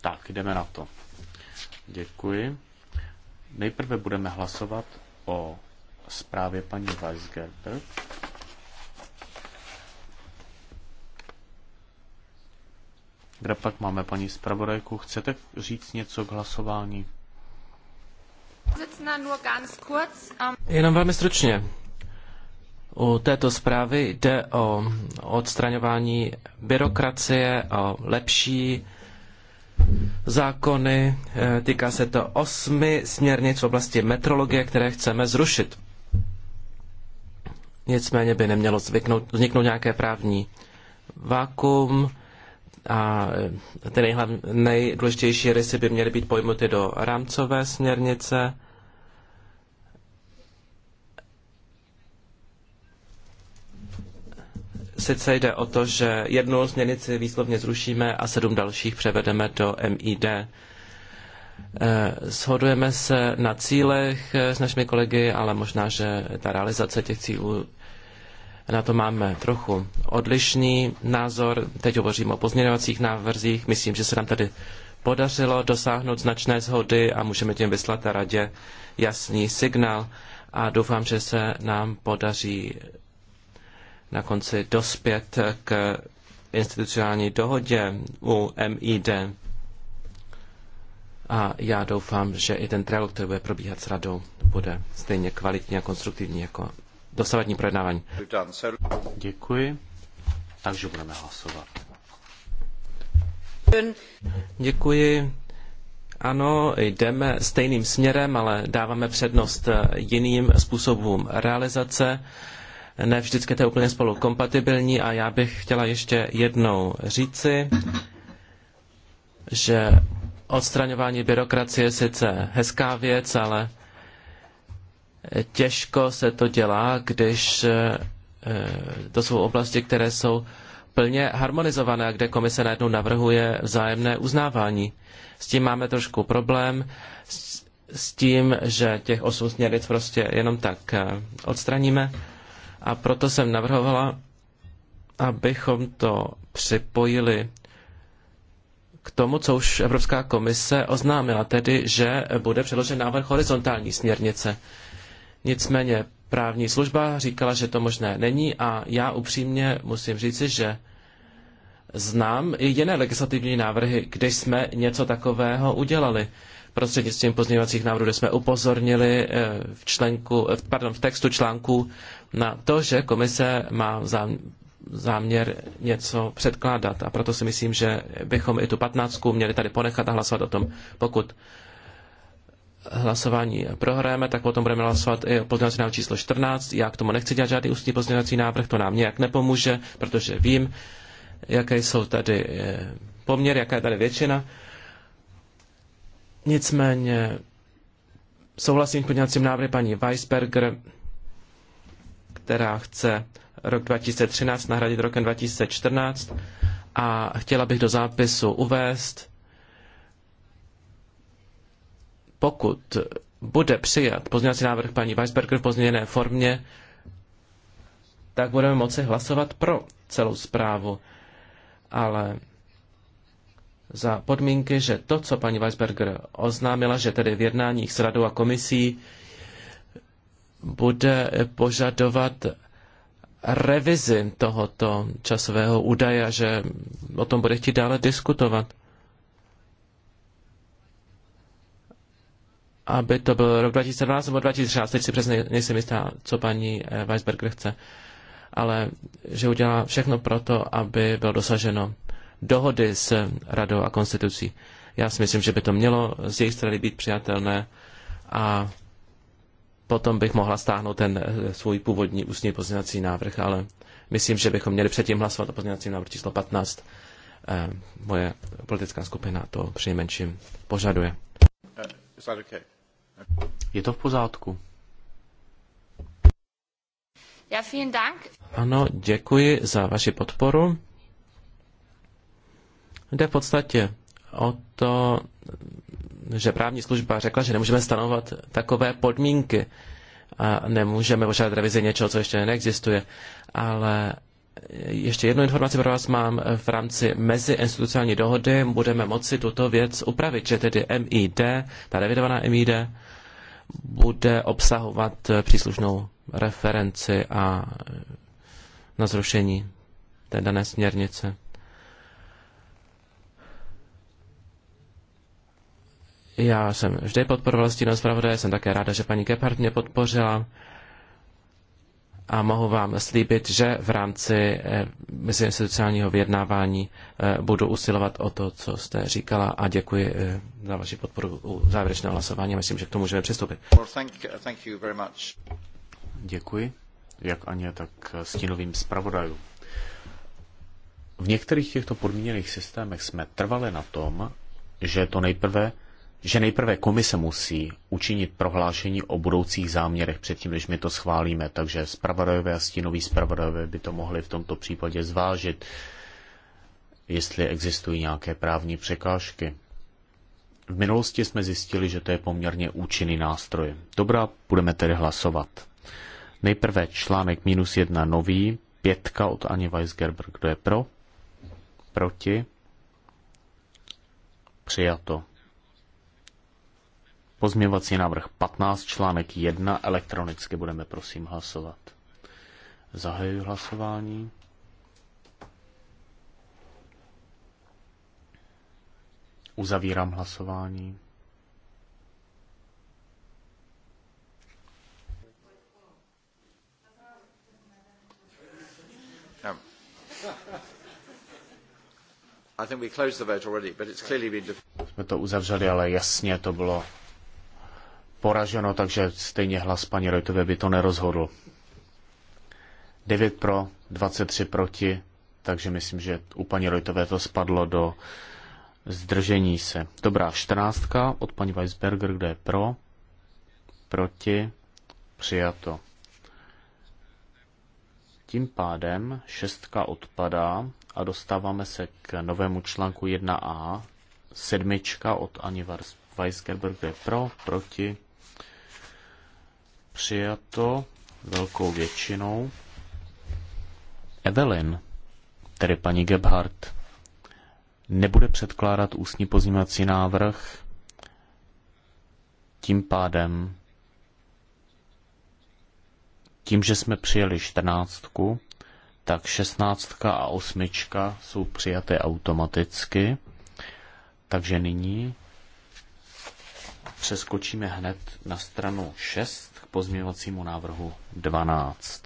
Tak, jdeme na to. Děkuji. Nejprve budeme hlasovat o zprávě paní Weisgerber. kde pak máme paní zpravodajku. Chcete říct něco k hlasování? Ähm, Jenom velmi stručně. U této zprávy jde o odstraňování byrokracie, o lepší zákony. Eh, týká se to osmi směrnic v oblasti metrologie, které chceme zrušit. Nicméně by nemělo zvyknout, vzniknout nějaké právní vákum. A ty nejhlavně, nejdůležitější rysy by měly být pojmuty do rámcové směrnice. Sice jde o to, že jednu směrnici výslovně zrušíme a sedm dalších převedeme do MID. E, shodujeme se na cílech e, s našimi kolegy, ale možná, že ta realizace těch cílů na to máme trochu odlišný názor. Teď hovořím o pozměňovacích návrzích. Myslím, že se nám tady podařilo dosáhnout značné zhody a můžeme tím vyslat na radě jasný signál a doufám, že se nám podaří na konci dospět k institucionální dohodě u MID. A já doufám, že i ten trial, který bude probíhat s radou, bude stejně kvalitní a konstruktivní jako dosavadní projednávání. Děkuji. Takže budeme hlasovat. Děkuji. Ano, jdeme stejným směrem, ale dáváme přednost eh, jiným způsobům realizace. Ne vždycky to je úplně spolu kompatibilní a já bych chtěla ještě jednou říci, že odstraňování byrokracie je sice hezká věc, ale Těžko se to dělá, když eh, to jsou oblasti, které jsou plně harmonizované a kde komise najednou navrhuje vzájemné uznávání. S tím máme trošku problém, s, s tím, že těch osm směrnic prostě jenom tak eh, odstraníme a proto jsem navrhovala, abychom to připojili k tomu, co už Evropská komise oznámila, tedy, že bude předložen návrh horizontální směrnice. Nicméně právní služba říkala, že to možné není a já upřímně musím říci, že znám i jiné legislativní návrhy, kde jsme něco takového udělali. Prostřednictvím pozměňovacích návrhů, kde jsme upozornili eh, v, členku, eh, pardon, v textu článku na to, že komise má záměr něco předkládat. A proto si myslím, že bychom i tu patnáctku měli tady ponechat a hlasovat o tom. Pokud hlasování prohráme, tak potom budeme hlasovat i o pozměňovací návrh číslo 14. Já k tomu nechci dělat žádný ústní pozměňovací návrh, to nám nějak nepomůže, protože vím, jaké jsou tady eh, poměry, jaká je tady většina. Nicméně souhlasím s pozměňovacím návrhy paní Weisberger, která chce rok 2013 nahradit rokem 2014 a chtěla bych do zápisu uvést, pokud bude přijat pozměňovací návrh paní Weisberger v pozměněné formě, tak budeme moci hlasovat pro celou zprávu. Ale za podmínky, že to, co paní Weisberger oznámila, že tedy v jednáních s radou a komisí bude požadovat revizi tohoto časového údaje, že o tom bude chtít dále diskutovat. aby to byl rok 2012 nebo 2013, teď si přesně nejsem jistá, co paní eh, Weisberger chce, ale že udělá všechno pro to, aby bylo dosaženo dohody s radou a konstitucí. Já si myslím, že by to mělo z jejich strany být přijatelné a potom bych mohla stáhnout ten eh, svůj původní ústní pozměňovací návrh, ale myslím, že bychom měli předtím hlasovat o pozměňovacím návrhu číslo 15. Eh, moje politická skupina to přinejmenším požaduje. Uh, je to v pořádku. Ja, vielen Dank. Ano, děkuji za vaši podporu. Jde v podstatě o to, že právní služba řekla, že nemůžeme stanovat takové podmínky a nemůžeme požádat revizi něčeho, co ještě neexistuje. Ale ještě jednu informaci pro vás mám. V rámci meziinstitucionální dohody budeme moci tuto věc upravit, že tedy MID, ta revidovaná MID, bude obsahovat eh, příslušnou referenci a eh, na zrušení té dané směrnice. Já jsem vždy podporoval stínu zpravodaje, jsem také ráda, že paní Gephardt mě podpořila a mohu vám slíbit, že v rámci eh, meziinstitucionálního vyjednávání eh, budu usilovat o to, co jste říkala a děkuji eh, za vaši podporu u závěrečného hlasování. Myslím, že k tomu můžeme přistoupit. Děkuji, jak Aně, tak stínovým zpravodajům. V některých těchto podmíněných systémech jsme trvali na tom, že to nejprve že nejprve komise musí učinit prohlášení o budoucích záměrech předtím, než my to schválíme. Takže zpravodajové a stínoví zpravodajové by to mohli v tomto případě zvážit, jestli existují nějaké právní překážky. V minulosti jsme zjistili, že to je poměrně účinný nástroj. Dobrá, budeme tedy hlasovat. Nejprve článek minus jedna nový, pětka od Ani Weisgerber. Kdo je pro? Proti? Přijato. Pozměvací návrh 15, článek 1, elektronicky budeme prosím hlasovat. Zahajuji hlasování. Uzavírám hlasování. Jsme to uzavřeli, ale jasně to bylo poraženo, takže stejně hlas paní Rojtové by to nerozhodl. 9 pro, 23 proti, takže myslím, že u paní Rojtové to spadlo do zdržení se. Dobrá, 14 od paní Weisberger, kde je pro, proti, přijato. Tím pádem šestka odpadá a dostáváme se k novému článku 1a. Sedmička od Ani Weisgerber, je pro, proti, Přijato velkou většinou. Evelyn, tedy paní Gebhardt, nebude předkládat ústní pozměňovací návrh, tím pádem, tím, že jsme přijeli čtrnáctku, tak šestnáctka a osmička jsou přijaté automaticky. Takže nyní přeskočíme hned na stranu 6 pozměňovacímu návrhu 12.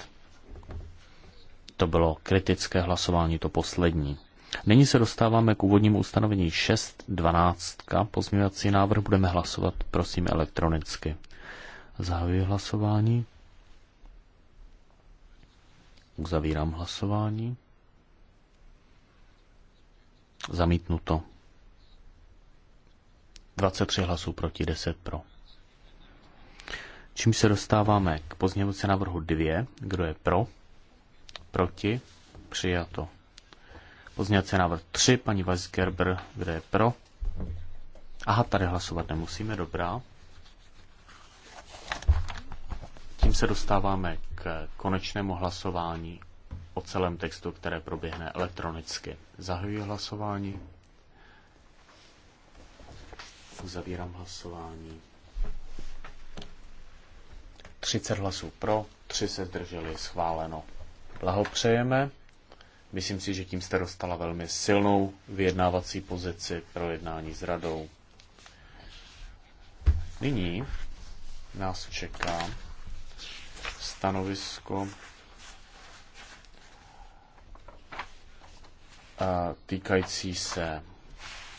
To bylo kritické hlasování, to poslední. Nyní se dostáváme k úvodnímu ustanovení 6.12. Pozměňovací návrh budeme hlasovat, prosím, elektronicky. Zahajuji hlasování. Uzavírám hlasování. Zamítnuto. 23 hlasů proti 10 pro. Čím se dostáváme k pozměňovacímu návrhu 2. Kdo je pro? Proti? Přijato. Pozměňovací návrh 3. Paní Weisgerber, kdo je pro? Aha, tady hlasovat nemusíme, dobrá. Tím se dostáváme k konečnému hlasování o celém textu, které proběhne elektronicky. Zahajuji hlasování. Uzavírám hlasování. 30 hlasů pro, 3 se zdrželi, schváleno. Blahopřejeme. Myslím si, že tím jste dostala velmi silnou vyjednávací pozici pro jednání s radou. Nyní nás čeká stanovisko týkající se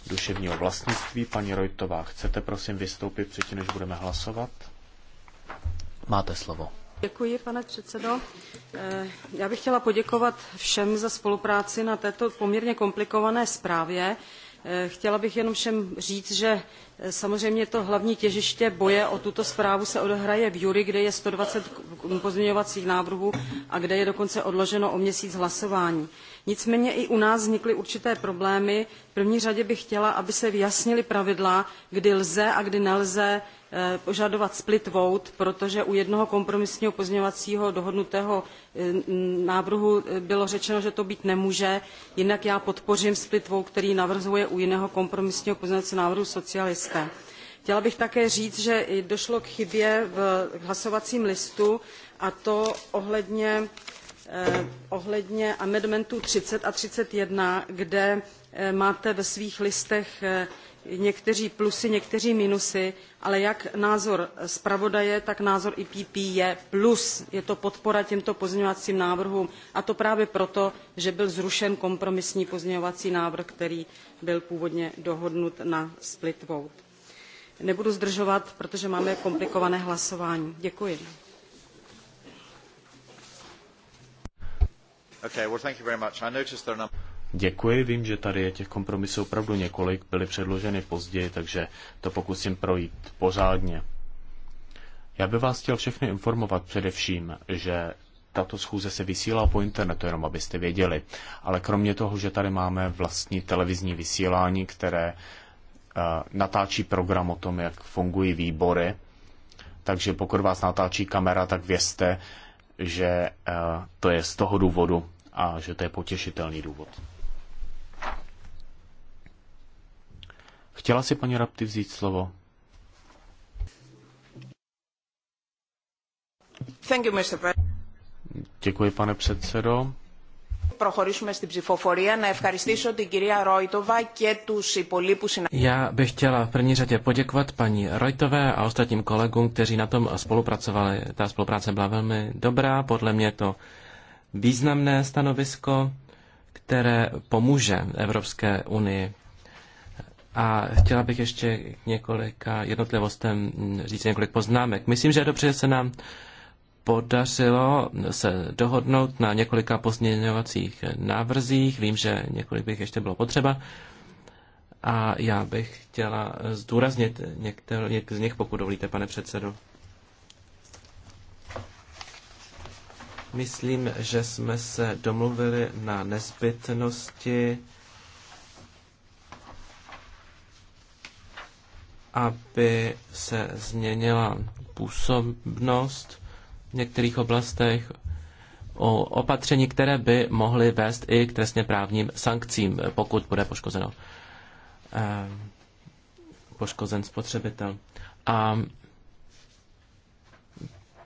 duševního vlastnictví. Paní Rojtová, chcete prosím vystoupit předtím, než budeme hlasovat? Máte slovo. Děkuji, pane předsedo. Eh, já bych chtěla poděkovat všem za spolupráci na této poměrně komplikované zprávě. Eh, chtěla bych jenom všem říct, že eh, samozřejmě to hlavní těžiště boje o tuto zprávu se odehraje v Jury, kde je 120 pozměňovacích návrhů a kde je dokonce odloženo o měsíc hlasování. Nicméně i u nás vznikly určité problémy. V první řadě bych chtěla, aby se vyjasnily pravidla, kdy lze a kdy nelze Eh, požadovat split vote protože u jednoho kompromisního pozměňovacího dohodnutého eh, návrhu eh, bylo řečeno že to být nemůže jinak já podpořím split vote který navrhuje u jiného kompromisního pozměňovacího návrhu socialisté. chtěla bych také říct že došlo k chybě v hlasovacím listu a to ohledně amendmentů thirty a thirty one kde máte ve svých listech někteří plusy, někteří minusy, ale jak názor zpravodaje, tak názor IPP je plus. Je to podpora těmto pozměňovacím návrhům a to právě proto, že byl zrušen kompromisní pozměňovací návrh, který byl původně dohodnut na split vote. Nebudu zdržovat, protože máme komplikované hlasování. Děkuji. Okay, well, Děkuji, vím, že tady je těch kompromisů opravdu několik, byly předloženy později, takže to pokusím projít pořádně. Já bych vás chtěl všechny informovat především, že tato schůze se vysílá po internetu, jenom abyste věděli. Ale kromě toho, že tady máme vlastní televizní vysílání, které eh, natáčí program o tom, jak fungují výbory, takže pokud vás natáčí kamera, tak vězte, že eh, to je z toho důvodu a že to je potěšitelný důvod. Chtěla si paní Rapty vzít slovo? Thank you, Mr. Děkuji, pane předsedo. Προχωρήσουμε στην ψηφοφορία. Να ευχαριστήσω την κυρία Ρόιτοβα και τους υπολείπους συναδέλφους. Já bych chtěla v první řadě poděkovat paní Rojtové a ostatním kolegům, kteří na tom spolupracovali. Ta spolupráce byla velmi dobrá. Podle mě to významné stanovisko, které pomůže Evropské unii a chtěla bych ještě k několika jednotlivostem říct několik poznámek. Myslím, že je dobře, že se nám podařilo se dohodnout na několika pozměňovacích návrzích. Vím, že několik bych ještě bylo potřeba. A já bych chtěla zdůraznit některé z nich, pokud dovolíte, pane předsedo. Myslím, že jsme se domluvili na nezbytnosti aby se změnila působnost v některých oblastech o opatření, které by mohly vést i k trestně právním sankcím, pokud bude poškozeno eh, poškozen spotřebitel. A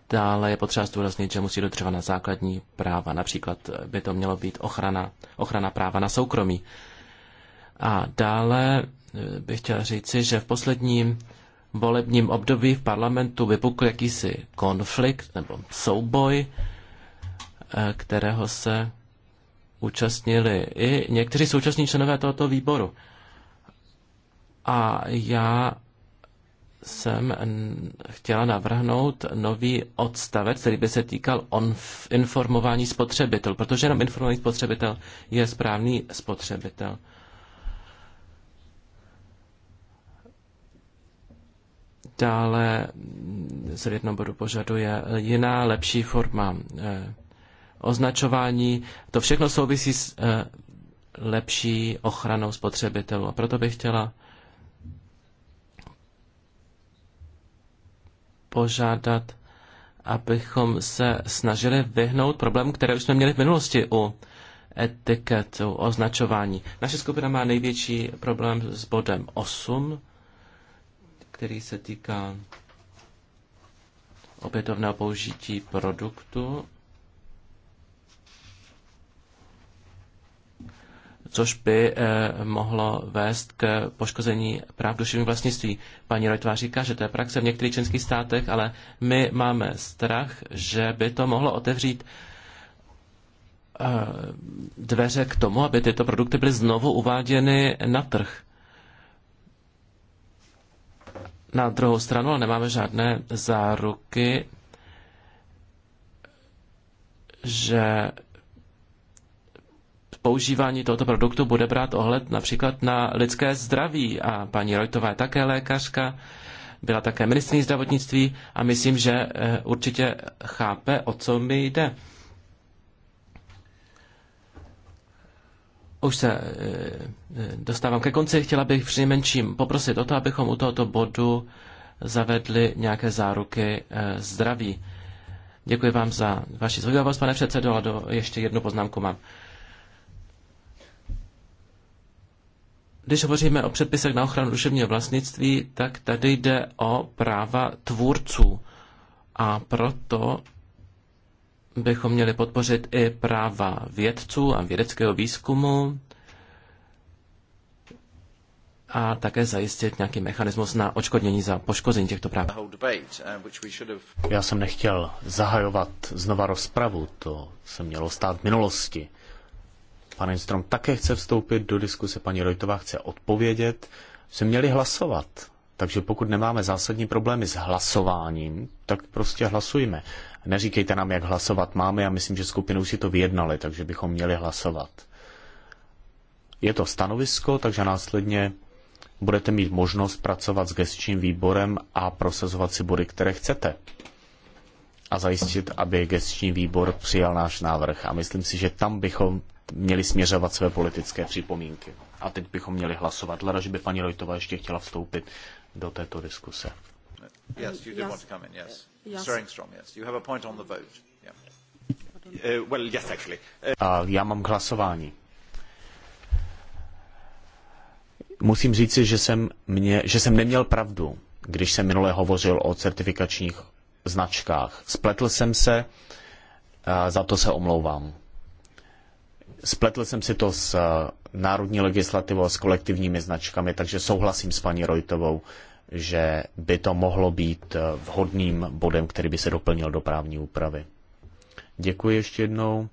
dále je potřeba zdůraznit, že musí na základní práva. Například by to mělo být ochrana, ochrana práva na soukromí. A dále bych chtěl říci, že v posledním volebním období v parlamentu vypukl jakýsi konflikt nebo souboj, eh, kterého se účastnili i někteří současní členové tohoto výboru. A já jsem chtěla navrhnout nový odstavec, který by se týkal on informování spotřebitel, protože jenom informovaný spotřebitel je správný spotřebitel. Dále mm, z jednoho bodu požaduje jiná, lepší forma eh, označování. To všechno souvisí s eh, lepší ochranou spotřebitelů. A proto bych chtěla požádat, abychom se snažili vyhnout problém, které už jsme měli v minulosti u etiketu, označování. Naše skupina má největší problém s bodem 8, který se týká opětovného použití produktu, což by eh, mohlo vést k poškození práv duševního vlastnictví. Paní Rojtová říká, že to je praxe v některých členských státech, ale my máme strach, že by to mohlo otevřít eh, dveře k tomu, aby tyto produkty byly znovu uváděny na trh. Na druhou stranu ale nemáme žádné záruky, že používání tohoto produktu bude brát ohled například na lidské zdraví. A paní Rojtová je také lékařka, byla také ministrní zdravotnictví a myslím, že eh, určitě chápe, o co mi jde. Už se eh, eh, dostávám ke konci. Chtěla bych přinejmenším poprosit o to, abychom u tohoto bodu zavedli nějaké záruky eh, zdraví. Děkuji vám za vaši zhodělavost, pane předsedo, a do, ještě jednu poznámku mám. Když hovoříme o předpisech na ochranu duševního vlastnictví, tak tady jde o práva tvůrců. A proto bychom měli podpořit i práva vědců a vědeckého výzkumu a také zajistit nějaký mechanismus na očkodnění za poškození těchto práv. Uh, Já jsem nechtěl zahajovat znova rozpravu, to se mělo stát v minulosti. Pan Strom také chce vstoupit do diskuse, paní Rojtová chce odpovědět. Jsme měli hlasovat. Takže pokud nemáme zásadní problémy s hlasováním, tak prostě hlasujme. Neříkejte nám, jak hlasovat máme, já myslím, že skupinou si to vyjednali, takže bychom měli hlasovat. Je to stanovisko, takže následně budete mít možnost pracovat s gestčním výborem a prosazovat si body, které chcete. A zajistit, aby gestční výbor přijal náš návrh. A myslím si, že tam bychom měli směřovat své politické připomínky. A teď bychom měli hlasovat. Hleda, že by paní Rojtová ještě chtěla vstoupit do této diskuse. Yes, you yes. want to come in, yes. yes. yes. You have a point on the vote. Yeah. Uh, well, yes, actually. Uh... A já mám hlasování. Musím říci, že jsem, mě, že jsem neměl pravdu, když jsem minule hovořil o certifikačních značkách. Spletl jsem se, za to se omlouvám. Spletl jsem si to s eh, národní legislativou, s kolektivními značkami, takže souhlasím s paní Rojtovou, že by to mohlo být eh, vhodným bodem, který by se doplnil do právní úpravy. Děkuji ještě jednou.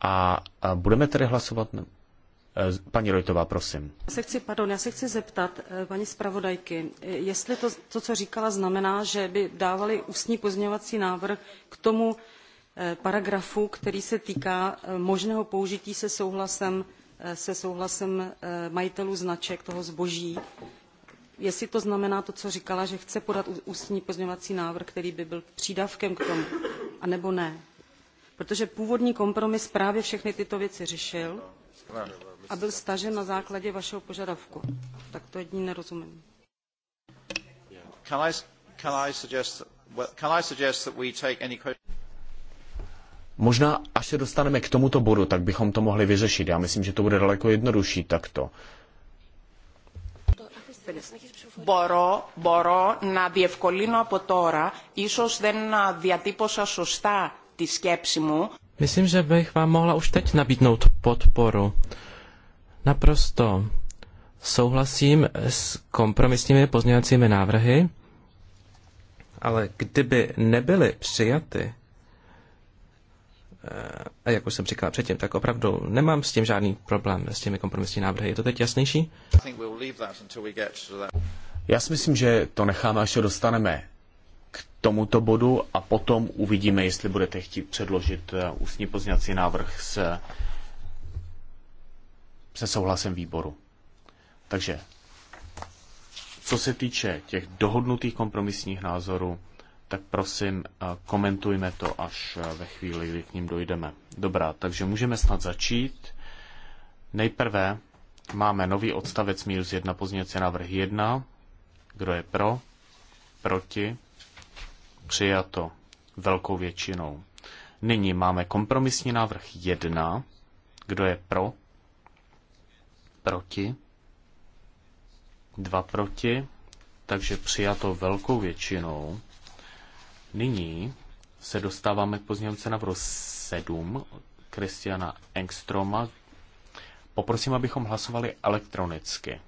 A budeme tedy hlasovat. Eh, paní Rojtová, prosím. Já se chci, pardon, já se chci zeptat paní zpravodajky, jestli to, to co říkala, znamená, že by dávali ústní pozměňovací návrh k tomu Eh, paragrafu který se týká eh, možného použití se souhlasem, eh, se souhlasem majitelů značek toho zboží jestli to znamená to co říkala že chce podat ústní pozměňovací návrh který by byl přídavkem k tomu anebo ne protože původní kompromis právě všechny tyto věci řešil a byl stažen na základě vašeho požadavku. Tak to jedině nerozumím. Can I, can I suggest, can I suggest that we take any Možná, až se dostaneme k tomuto bodu, tak bychom to mohli vyřešit. Já myslím, že to bude daleko jednodušší takto. Μπορώ, μπορώ να διευκολύνω από τώρα, ίσως δεν διατύπωσα σωστά τη σκέψη μου. Myslím, že bych vám mohla už teď nabídnout podporu. Naprosto souhlasím s kompromisními pozměňovacími návrhy, ale kdyby nebyly přijaty, Eh, a jak už jsem říkal předtím, tak opravdu nemám s tím žádný problém, s těmi kompromisní návrhy. Je to teď jasnější? Já si myslím, že to necháme, až se dostaneme k tomuto bodu a potom uvidíme, jestli budete chtít předložit eh, ústní pozněcí návrh se, se souhlasem výboru. Takže, co se týče těch dohodnutých kompromisních názorů, tak prosím komentujme to až ve chvíli, kdy k ním dojdeme. Dobrá, takže můžeme snad začít. Nejprve máme nový odstavec minus 1 pozměňovací návrh 1. Kdo je pro? Proti? Přijato velkou většinou. Nyní máme kompromisní návrh 1. Kdo je pro? Proti? Dva proti, takže přijato velkou většinou. Nyní se dostáváme k pozdějovce na 7 Kristiana Engstroma. Poprosím, abychom hlasovali elektronicky.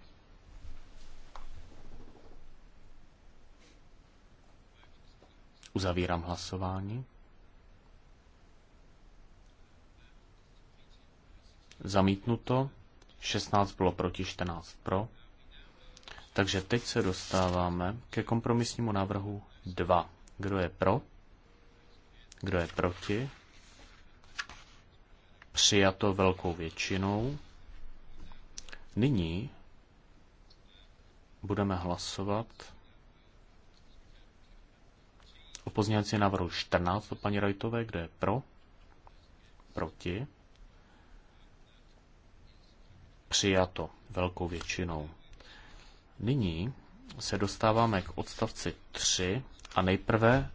Uzavírám hlasování. Zamítnuto. 16 bylo proti, 14 pro. Takže teď se dostáváme ke kompromisnímu návrhu 2. Kdo je pro? Kdo je proti? Přijato velkou většinou. Nyní budeme hlasovat o pozměňovacím návrhu 14 od paní Rajtové, kdo je pro, proti, přijato velkou většinou. Nyní se dostáváme k odstavci 3 a nejprve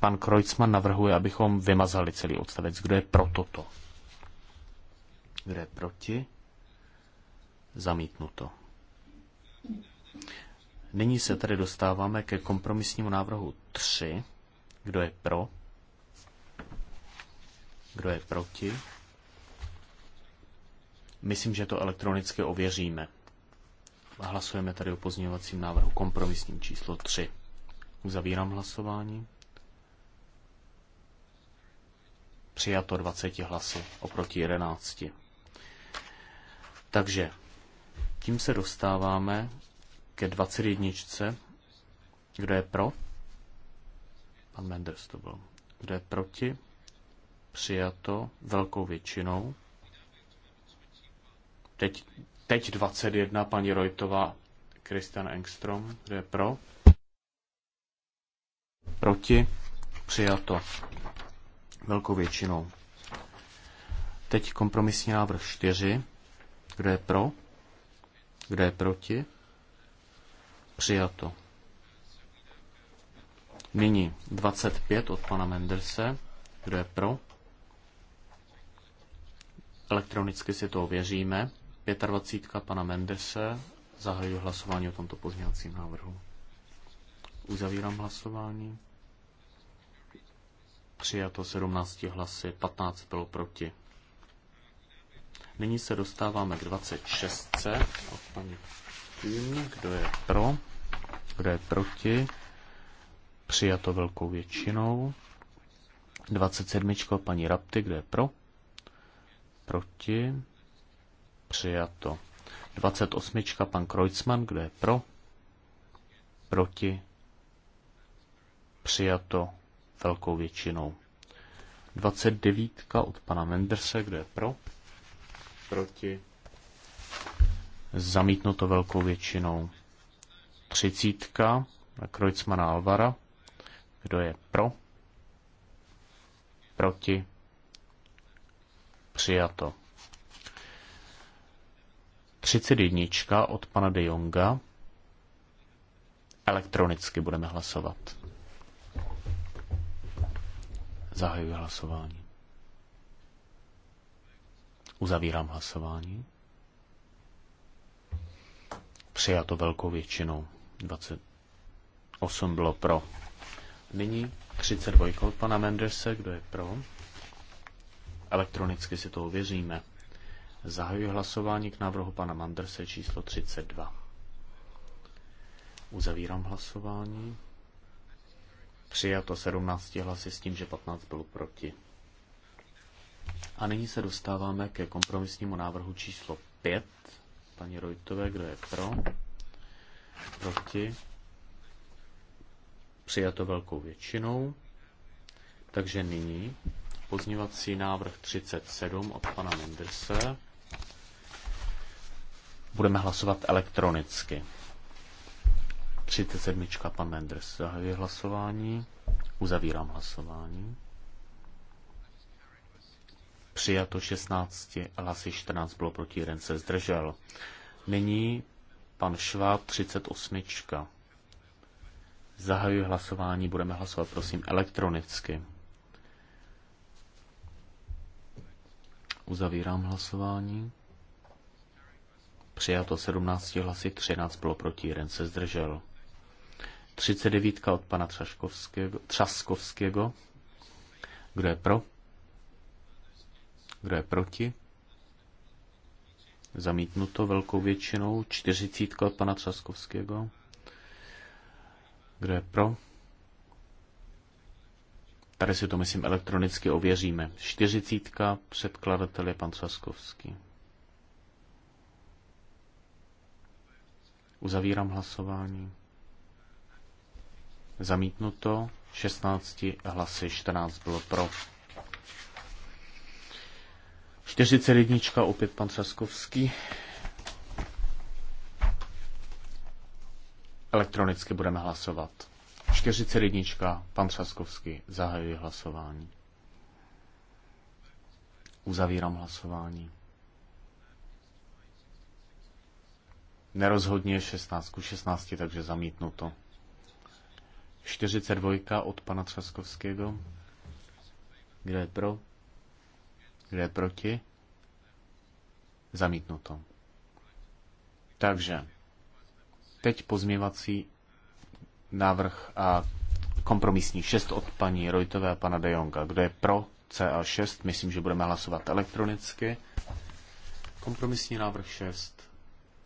pan Kreutzmann navrhuje, abychom vymazali celý odstavec. Kdo je pro toto? Kdo je proti? Zamítnuto. Nyní se tedy dostáváme ke kompromisnímu návrhu 3. Kdo je pro? Kdo je proti? Myslím, že to elektronicky ověříme. Hlasujeme tady o pozměňovacím návrhu kompromisním číslo 3. Uzavírám hlasování. Přijato 20 hlasy oproti 11. Takže tím se dostáváme ke 21. Kdo je pro? Pan Menders to byl. Kdo je proti? Přijato velkou většinou. Teď, teď 21, paní Rojtová, Christian Engstrom, kdo je pro? Proti? Přijato. Velkou většinou. Teď kompromisní návrh 4. Kdo je pro? Kdo je proti? Přijato. Nyní 25 od pana Menderse. Kdo je pro? Elektronicky si to ověříme. 25 pana Menderse. Zahajuji hlasování o tomto pozměňovacím návrhu. Uzavírám hlasování. Přijato 17 hlasy, 15 bylo proti. Nyní se dostáváme k 26. od paní Kým. Kdo je pro? Kdo je proti? Přijato velkou většinou. 27. paní Rapty. Kdo je pro? Proti? Přijato. 28. pan Kreuzmann, Kdo je pro? Proti? přijato velkou většinou. 29 od pana Menderse, kde je pro, proti, zamítnuto velkou většinou. 30 Krojcmana Alvara, kdo je pro, proti, přijato. 31 od pana De Jonga, elektronicky budeme hlasovat. Zahajuji hlasování. Uzavírám hlasování. Přijato velkou většinou. 28 bylo pro. Nyní 32 od pana Mendese, kdo je pro. Elektronicky si to ověříme. Zahajuji hlasování k návrhu pana Mandrse číslo 32. Uzavírám hlasování. Přijato 17 hlasy s tím, že 15 bylo proti. A nyní se dostáváme ke kompromisnímu návrhu číslo 5. Paní Rojtové, kdo je pro? Proti? Přijato velkou většinou. Takže nyní pozněvací návrh 37 od pana Menderse. Budeme hlasovat elektronicky. 37. pan Menders. Zahajuji hlasování. Uzavírám hlasování. Přijato 16, hlasy 14 bylo proti, jeden se zdržel. Nyní pan Šváb 38. Zahajuji hlasování, budeme hlasovat prosím elektronicky. Uzavírám hlasování. Přijato 17 hlasy, 13 bylo proti, jeden se zdržel. 39 od pana Třaskovského, Třaskovského. Kdo je pro? Kdo je proti? Zamítnuto velkou většinou. 40 od pana Třaskovského. Kdo je pro? Tady si to, myslím, elektronicky ověříme. 40 předkladatel je pan Třaskovský. Uzavírám hlasování. Zamítnuto 16 hlasy, 14 bylo pro. 41. opět pan Třaskovský. Elektronicky budeme hlasovat. 41. pan Třaskovský. Zahajuji hlasování. Uzavírám hlasování. Nerozhodně 16 ku 16, takže zamítnu to. 42 od pana Třaskovského. Kdo je pro? Kdo je proti? Zamítnuto. Takže teď pozměvací návrh a kompromisní 6 od paní Rojtové a pana De Jonga. Kdo je pro CA6? Myslím, že budeme hlasovat elektronicky. Kompromisní návrh 6.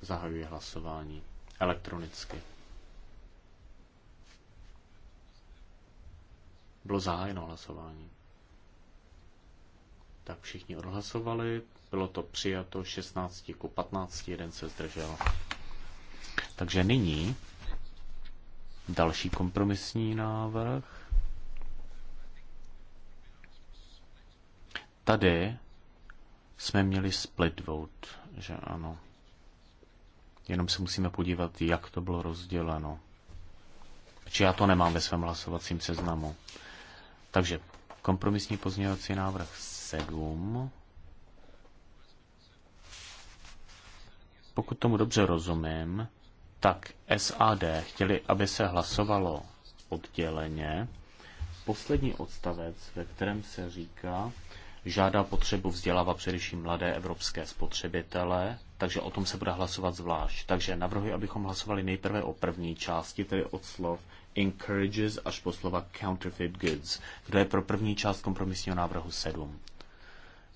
zahajuje hlasování elektronicky. Bylo zájeno hlasování. Tak všichni odhlasovali, bylo to přijato 16 ku 15, jeden se zdržel. Takže nyní další kompromisní návrh. Tady jsme měli split vote, že ano. Jenom se musíme podívat, jak to bylo rozděleno. Protože já to nemám ve svém hlasovacím seznamu. Takže kompromisní pozměňovací návrh 7. Pokud tomu dobře rozumím, tak SAD chtěli, aby se hlasovalo odděleně. Poslední odstavec, ve kterém se říká, žádá potřebu vzdělávat především mladé evropské spotřebitele, takže o tom se bude hlasovat zvlášť. Takže navrhuji, abychom hlasovali nejprve o první části, tedy od slov encourages až po slova counterfeit goods. Kdo je pro první část kompromisního návrhu 7?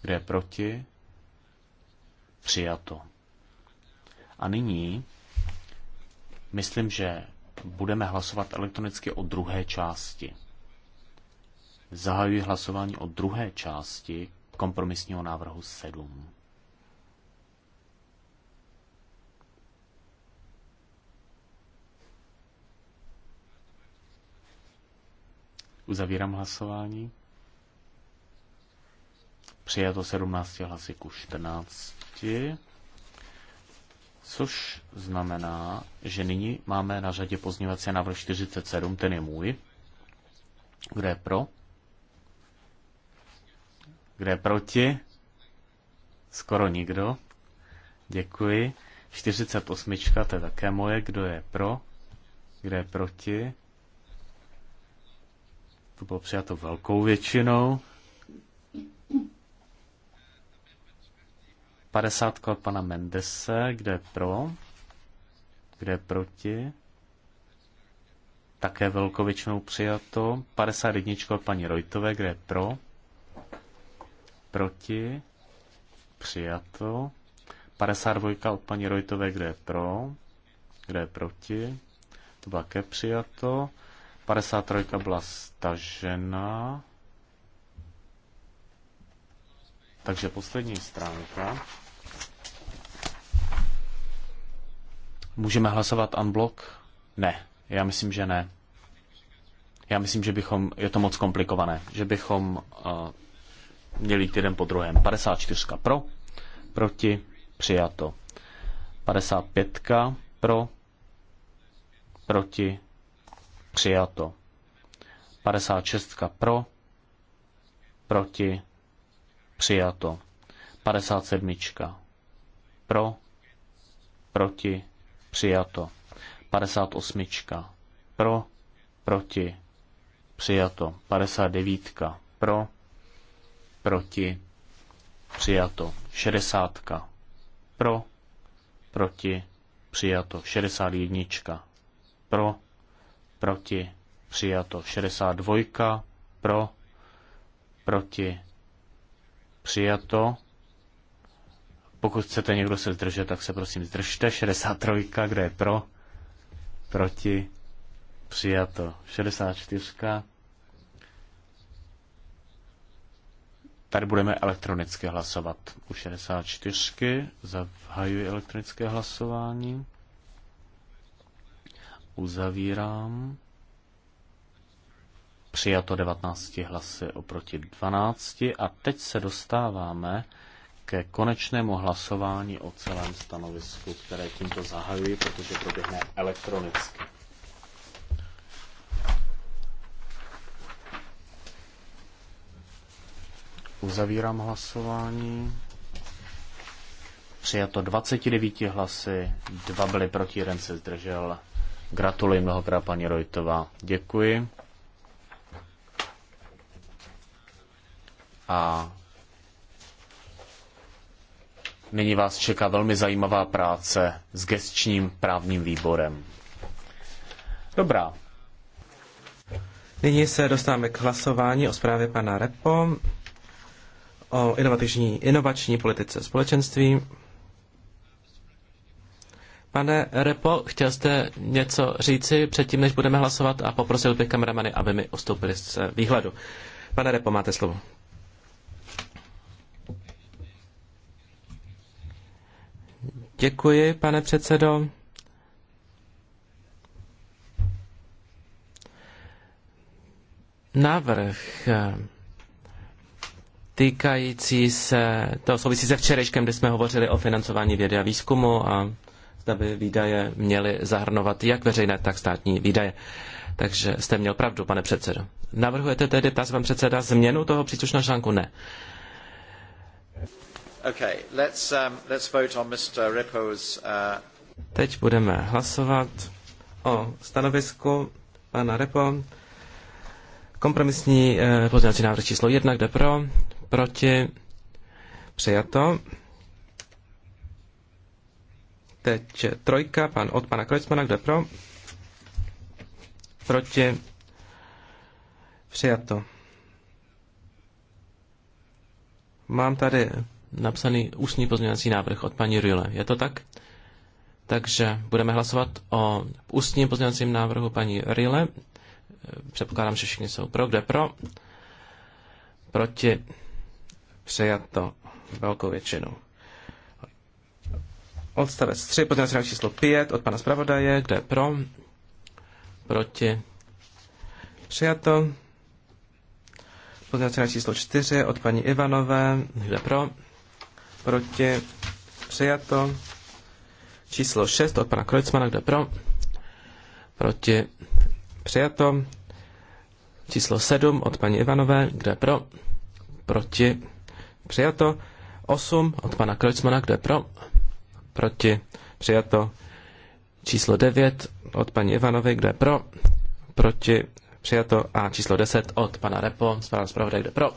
Kdo je proti? Přijato. A nyní myslím, že budeme hlasovat elektronicky o druhé části. Zahajuji hlasování o druhé části kompromisního návrhu 7. Uzavírám hlasování. Přijato 17 hlasy ku 14, což znamená, že nyní máme na řadě pozněvací návrh 47, ten je můj. Kdo je pro? Kdo je proti? Skoro nikdo. Děkuji. 48, to je také moje. Kdo je pro? Kdo je proti? To bylo přijato velkou většinou. 50 od pana Mendese, kde je pro, kde je proti. Také velkou většinou přijato. 51 od paní Rojtové, kde je pro, proti, přijato. 52 od paní Rojtové, kde je pro, kde je proti. To bylo také přijato. 53 byla stažena. Takže poslední stránka. Můžeme hlasovat unblock? Ne, já myslím, že ne. Já myslím, že bychom, je to moc komplikované, že bychom uh, měli týden jeden po druhém. 54 pro, proti, přijato. 55 pro, proti, Přijato. 56 pro, proti, přijato. 57 pro, proti, přijato. 58 pro, proti, přijato. 59 pro, proti, přijato. 60 pro, proti, přijato. 61 pro, proti, přijato 62, pro, proti, přijato. Pokud chcete někdo se zdržet, tak se prosím zdržte. 63, kde je pro, proti, přijato 64. Tady budeme elektronicky hlasovat. U 64 zahajuji elektronické hlasování uzavírám. Přijato 19 hlasy oproti 12 a teď se dostáváme ke konečnému hlasování o celém stanovisku, které tímto zahajuji, protože proběhne elektronicky. Uzavírám hlasování. Přijato 29 hlasy, dva byly proti, jeden se zdržel. Gratuluji mnohokrát, paní Rojtová. Děkuji. A nyní vás čeká velmi zajímavá práce s gestčním právním výborem. Dobrá. Nyní se dostáváme k hlasování o zprávě pana Repo o inovační, inovační politice společenství. Pane Repo, chtěl jste něco říci předtím, než budeme hlasovat a poprosil bych kameramany, aby mi ustoupili z výhledu. Pane Repo, máte slovo. Děkuji, pane předsedo. Návrh eh, týkající se, to souvisí se včerejškem, kdy jsme hovořili o financování vědy a výzkumu a žádost, aby výdaje měly zahrnovat jak veřejné, tak státní výdaje. Takže jste měl pravdu, pane předsedo. Navrhujete tedy, ptá se pan předseda, změnu toho příslušného článku? Ne. Okay, let's, um, let's vote on Mr. Ripo's, uh... Teď budeme hlasovat o stanovisku pana Repo. Kompromisní eh, pozměňovací návrh číslo 1, kde pro, proti, přijato. Teď trojka pan, od pana Krojcmana, kde pro? Proti? Přijato. Mám tady napsaný ústní pozměňovací návrh od paní Rüle. Je to tak? Takže budeme hlasovat o ústním pozměňovacím návrhu paní Rüle. Předpokládám, že všichni jsou pro. Kde pro? Proti? Přijato velkou většinou. Odstavec 3, pozměňovací návrh číslo 5 od pana zpravodaje, kde je pro, proti, přijato. Pozměňovací návrh číslo 4 od paní Ivanové, kde pro, proti, přijato. Číslo 6 od pana Krojcmana, kde pro, proti, přijato. Číslo 7 od paní Ivanové, kde pro, proti, přijato. 8 od pana Krojcmana, kde pro, proti, přijato. Číslo 9 od paní Ivanovy, kde pro, proti, přijato. A číslo 10 od pana Repo, z pana zpravodaj, kde pro,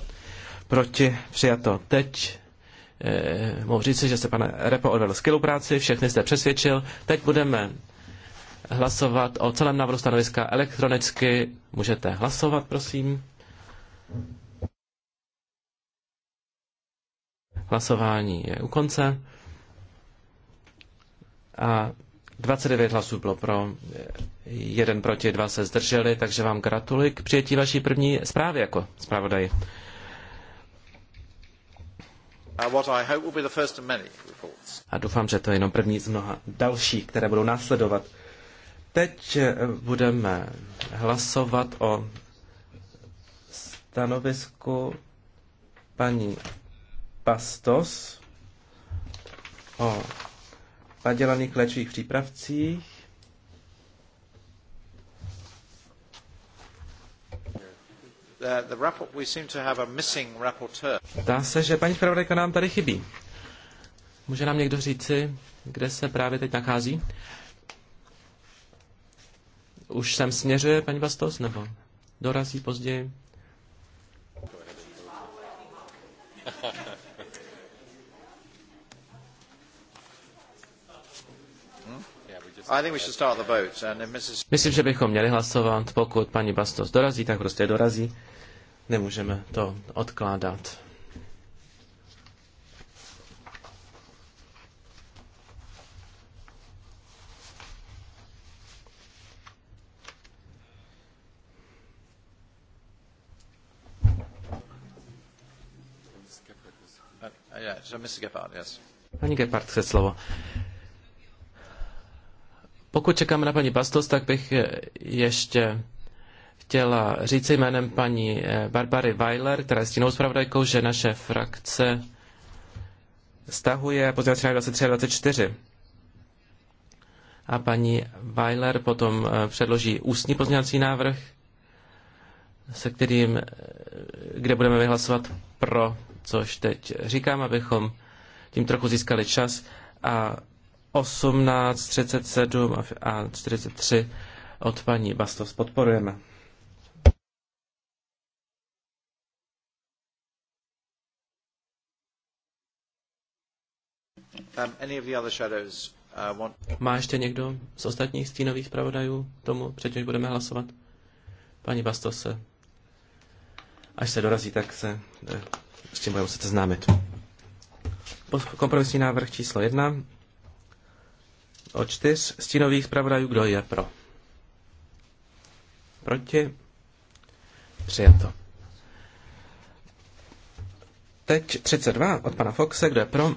proti, přijato. Teď e, mohu si, že se pane Repo odvedl skvělou práci, všechny jste přesvědčil. Teď budeme hlasovat o celém návrhu stanoviska elektronicky. Můžete hlasovat, prosím. Hlasování je u konce. A 29 hlasů bylo pro, jeden proti, dva se zdrželi, takže vám gratuluji k přijetí vaší první zprávy jako zpravodaj. Uh, A doufám, že to je jenom první z mnoha dalších, které budou následovat. Teď eh, budeme hlasovat o stanovisku paní Pastos o padělaných léčivých přípravcích. Dá se, že paní zpravodajka nám tady chybí. Může nám někdo říci, kde se právě teď nachází? Už sem směřuje paní Bastos, nebo dorazí později? Myslím, že bychom měli hlasovat. Pokud paní Bastos dorazí, tak prostě dorazí. Nemůžeme to odkládat. Uh, paní Gepard chce slovo. Pokud čekáme na paní Bastos, tak bych eh, ještě chtěla říct jménem paní eh, Barbary Weiler, která je stínou zpravodajkou, že naše frakce stahuje pozdělací 23 a 24. A paní Weiler potom eh, předloží ústní pozměňovací návrh, se kterým, kde budeme vyhlasovat pro, což teď říkám, abychom tím trochu získali čas a 18, 37 a 43 od paní Bastos podporujeme. Um, any of the other shadows, uh, want... Má ještě někdo z ostatních stínových zpravodajů tomu, předtím budeme hlasovat? Paní Bastos, až se dorazí, tak se eh, s tím budeme muset seznámit. Kompromisní návrh číslo jedna o čtyř stínových zpravodajů. Kdo je pro? Proti? Přijato. Teď 32 od pana Foxe. Kdo je pro?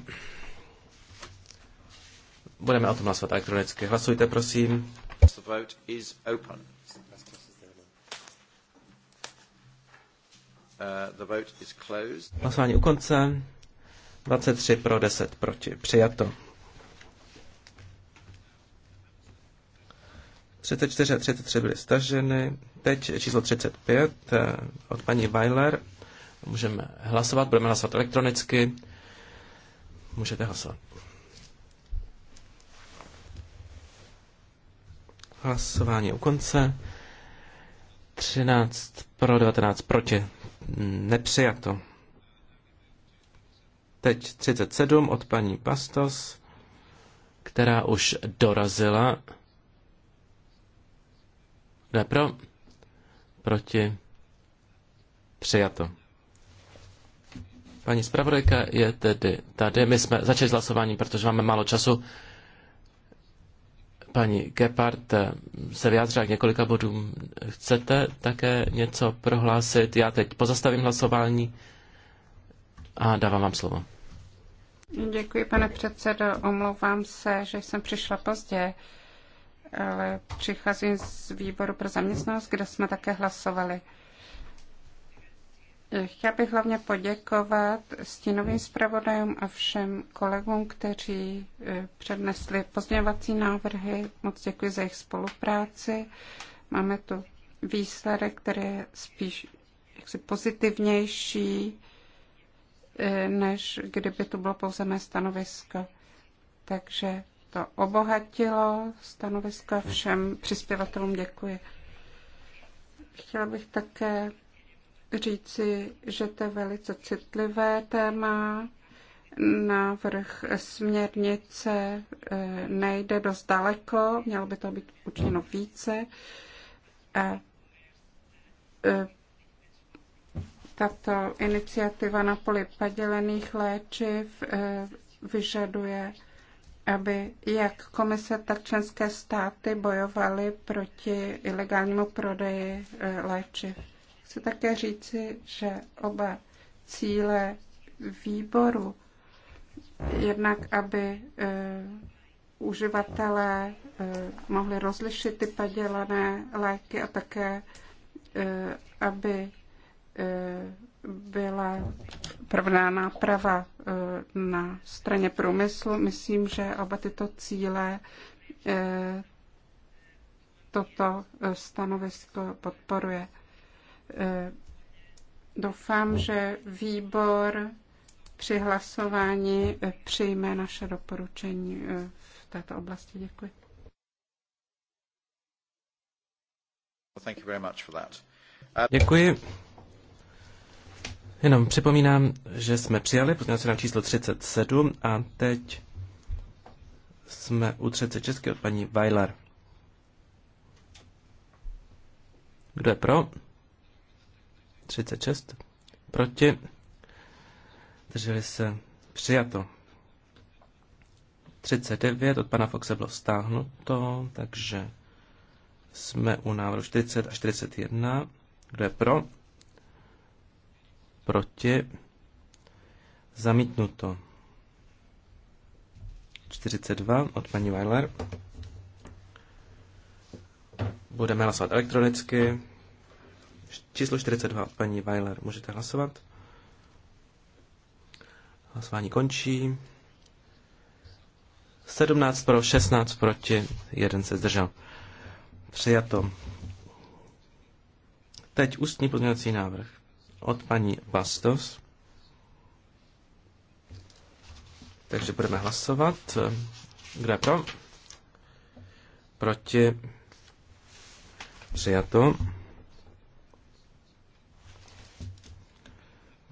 Budeme o tom hlasovat elektronicky. Hlasujte, prosím. The vote is open. Uh, the vote is closed. Hlasování u konce. 23 pro 10 proti. Přijato. 34 a 33 byly staženy. Teď číslo 35 eh, od paní Weiler. Můžeme hlasovat, budeme hlasovat elektronicky. Můžete hlasovat. Hlasování u konce. 13 pro, 19 proti. Nepřijato. Teď 37 od paní Pastos, která už dorazila. Kdo je pro? Proti? Přijato. Paní zpravodajka je tedy tady. My jsme začali s hlasováním, protože máme málo času. Paní Gepard eh, se vyjádřila k několika bodům. Chcete také něco prohlásit? Já teď pozastavím hlasování a dávám vám slovo. Děkuji, pane předsedo. Omlouvám se, že jsem přišla pozdě. Uh, ale přicházím z výboru pro zaměstnanost, kde jsme také hlasovali. Chtěla bych hlavně poděkovat stínovým zpravodajům a všem kolegům, kteří eh, přednesli pozměňovací návrhy. Moc děkuji za jejich spolupráci. Máme tu výsledek, který je spíš jaksi pozitivnější, eh, než kdyby to bylo pouze mé stanovisko. Takže to obohatilo stanoviska všem přispěvatelům. Děkuji. Chtěla bych také říci, že to je velice citlivé téma. Návrh směrnice eh, nejde dost daleko, mělo by to být učiněno více. Eh, tato iniciativa na poli padělených léčiv eh, vyžaduje aby jak komise, tak členské státy bojovaly proti ilegálnímu prodeji eh, léčiv. Chci také říci, že oba cíle výboru, jednak aby eh, uživatelé eh, mohli rozlišit ty padělané léky a také, aby byla prvná náprava eh, na straně průmyslu. Myslím, že oba tyto cíle eh, toto eh, stanovisko podporuje. Doufám, že výbor při hlasování přijme naše doporučení v této oblasti. Děkuji. Děkuji. Jenom připomínám, že jsme přijali pozměňovací návrh číslo 37 a teď jsme u 36 od paní Weiler. Kdo je pro? 36. Proti? Drželi se. Přijato. 39 od pana Foxe bylo stáhnuto, takže jsme u návrhu 40 a 41. Kdo je pro? proti, zamítnuto. 42 od paní Weiler. Budeme hlasovat elektronicky. Číslo 42 od paní Weiler. Můžete hlasovat. Hlasování končí. 17 pro, 16 proti, jeden se zdržel. Přijato. Teď ústní pozměňovací návrh od paní Bastos. Takže budeme hlasovat. Kdo je pro? Proti? Přijato.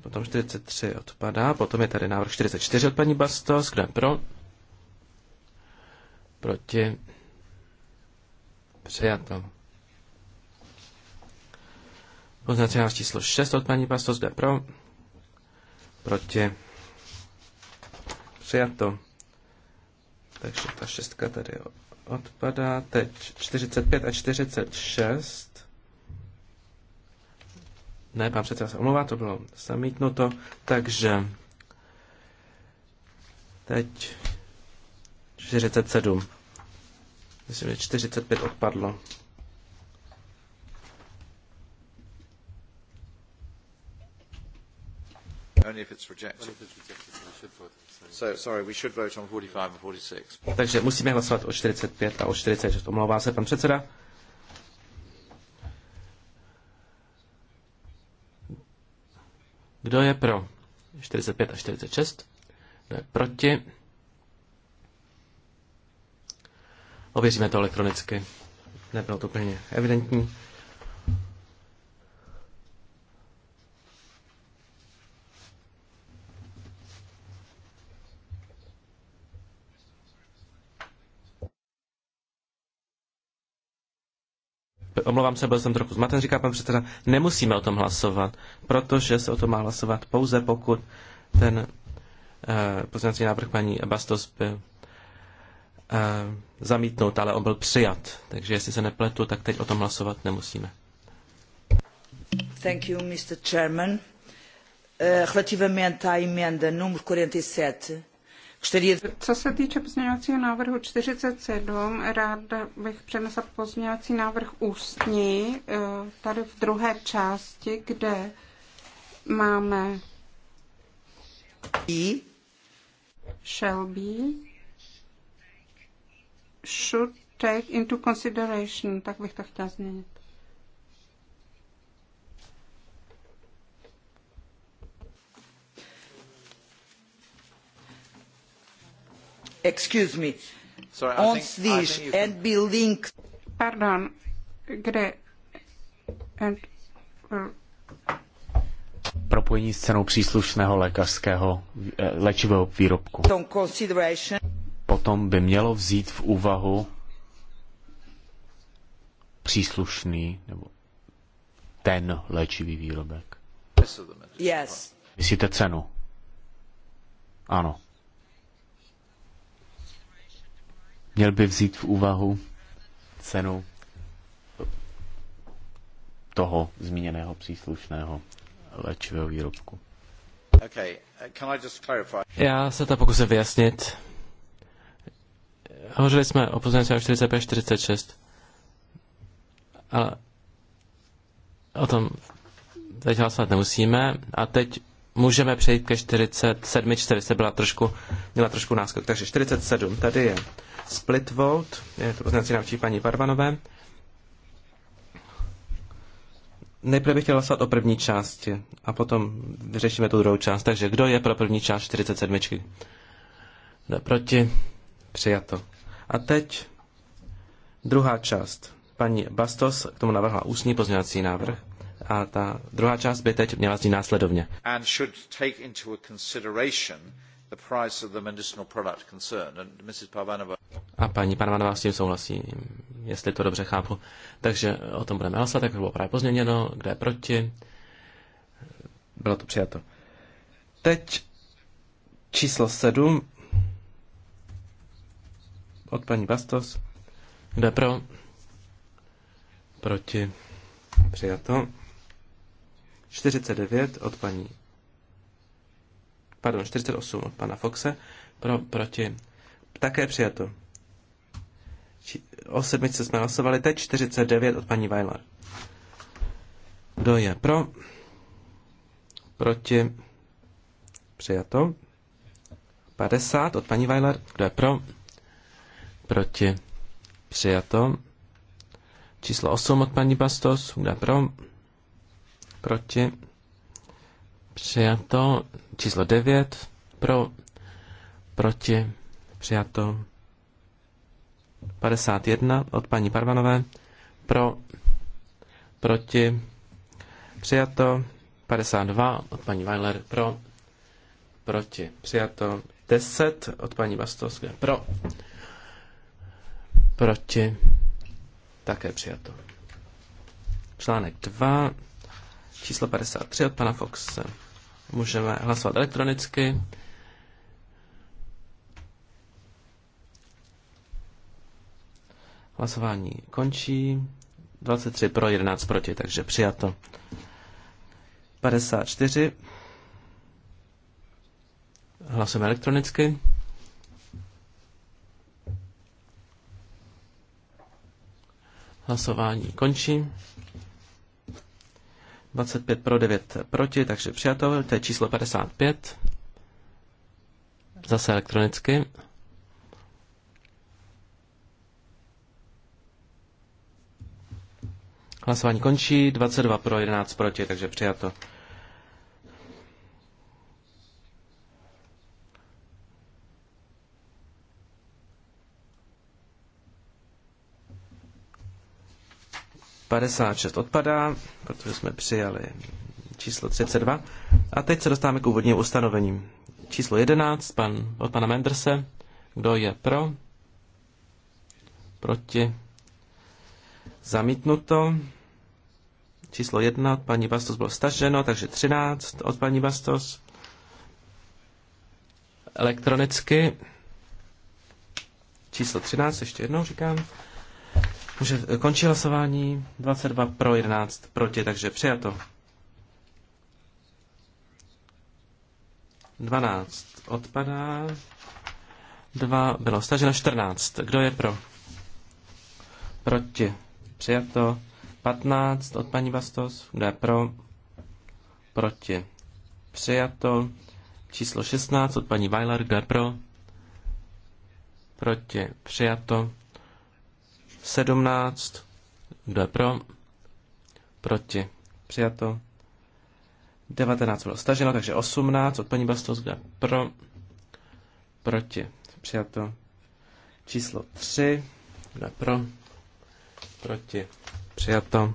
Potom 43 odpadá. Potom je tady návrh 44 od paní Bastos. Kdo je pro? Proti? Přijato. Poznací návrh číslo 6 od paní Bastos, kde pro, proti, přijato. Takže ta šestka tady odpadá. Teď 45 a 46. Ne, pan předseda se omlouvá, to bylo zamítnuto. Takže teď 47. Myslím, že 45 odpadlo. Takže musíme hlasovat o 45 a o 46. Omlouvá se pan předseda. Kdo je pro 45 a 46? Kdo je proti? Ověříme to elektronicky. Nebylo to úplně evidentní. omlouvám se, byl jsem trochu zmaten, říká pan předseda, nemusíme o tom hlasovat, protože se o tom má hlasovat pouze pokud ten eh, poslanecký návrh paní Bastos byl eh, zamítnout, ale on byl přijat. Takže jestli se nepletu, tak teď o tom hlasovat nemusíme. Thank you, Mr. Chairman. Uh, relativamente à emenda número 47, co se týče pozměňovacího návrhu 47, rád bych přenesl pozměňovací návrh ústní, eh, tady v druhé části, kde máme B. Shelby should take into consideration, tak bych to chtěla změnit. on this and be linked. Pardon, kde and uh, propojení s cenou příslušného lékařského eh, léčivého výrobku. Potom by mělo vzít v úvahu příslušný nebo ten léčivý výrobek. Yes. Myslíte cenu? Ano. měl by vzít v úvahu cenu toho zmíněného příslušného léčivého výrobku. Uh, Já se to pokusím vyjasnit. Hovořili jsme o pozornosti 45-46, ale o tom teď hlasovat nemusíme. A teď můžeme přejít ke 47, 40 byla trošku, měla trošku náskok, takže 47, tady je split vote, je to poznací návčí paní Parvanové. Nejprve bych chtěl hlasovat o první části a potom vyřešíme tu druhou část. Takže kdo je pro první část 47? Kdo proti? Přijato. A teď druhá část. Paní Bastos k tomu navrhla ústní pozměňovací návrh. A ta druhá část by teď měla znít následovně. And should take into consideration the price of the medicinal product concerned. And Mrs. Parvanova... A paní Parvanová s tím souhlasí, jestli to dobře chápu. Takže o tom budeme hlasovat, jak bylo právě pozměněno, kde je proti. Bylo to přijato. Teď číslo sedm od paní Bastos. Kde pro? Proti. Přijato. 49 od paní pardon, 48 od pana Foxe pro, proti také přijato. O sedmičce jsme hlasovali, teď 49 od paní Weiler. Kdo je pro? Proti? Přijato. 50 od paní Weiler. Kdo je pro? Proti? Přijato. Číslo 8 od paní Bastos. Kdo je pro? proti, přijato, číslo 9, pro, proti, přijato, 51 od paní Parvanové, pro, proti, přijato, 52 od paní Weiler, pro, proti, přijato, 10 od paní Bastovské, pro, proti, také přijato. Článek 2, číslo 53 od pana Foxe. Můžeme hlasovat elektronicky. Hlasování končí. 23 pro, 11 proti, takže přijato. 54. Hlasujeme elektronicky. Hlasování končí. 25 pro 9 proti, takže přijato. To je číslo 55. Zase elektronicky. Hlasování končí. 22 pro 11 proti, takže přijato. 56 odpadá, protože jsme přijali číslo 32. A teď se dostáváme k úvodním ustanovením. Číslo 11 pan, od pana Mendrse. Kdo je pro? Proti? Zamítnuto. Číslo 1 od paní Bastos bylo staženo, takže 13 od paní Bastos. Elektronicky. Číslo 13, ještě jednou říkám. Může, e, končí hlasování 22 pro 11 proti, takže přijato. 12 odpadá. 2 bylo staženo 14. Kdo je pro? Proti. Přijato. 15 od paní Bastos. Kdo je pro? Proti. Přijato. Číslo 16 od paní Weiler. Kdo je pro? Proti. Přijato. 17. Kdo je pro? Proti. Přijato. 19 bylo staženo, takže 18 od paní Bastos, kdo je pro, proti, přijato. Číslo 3, Kdo je pro, proti, přijato.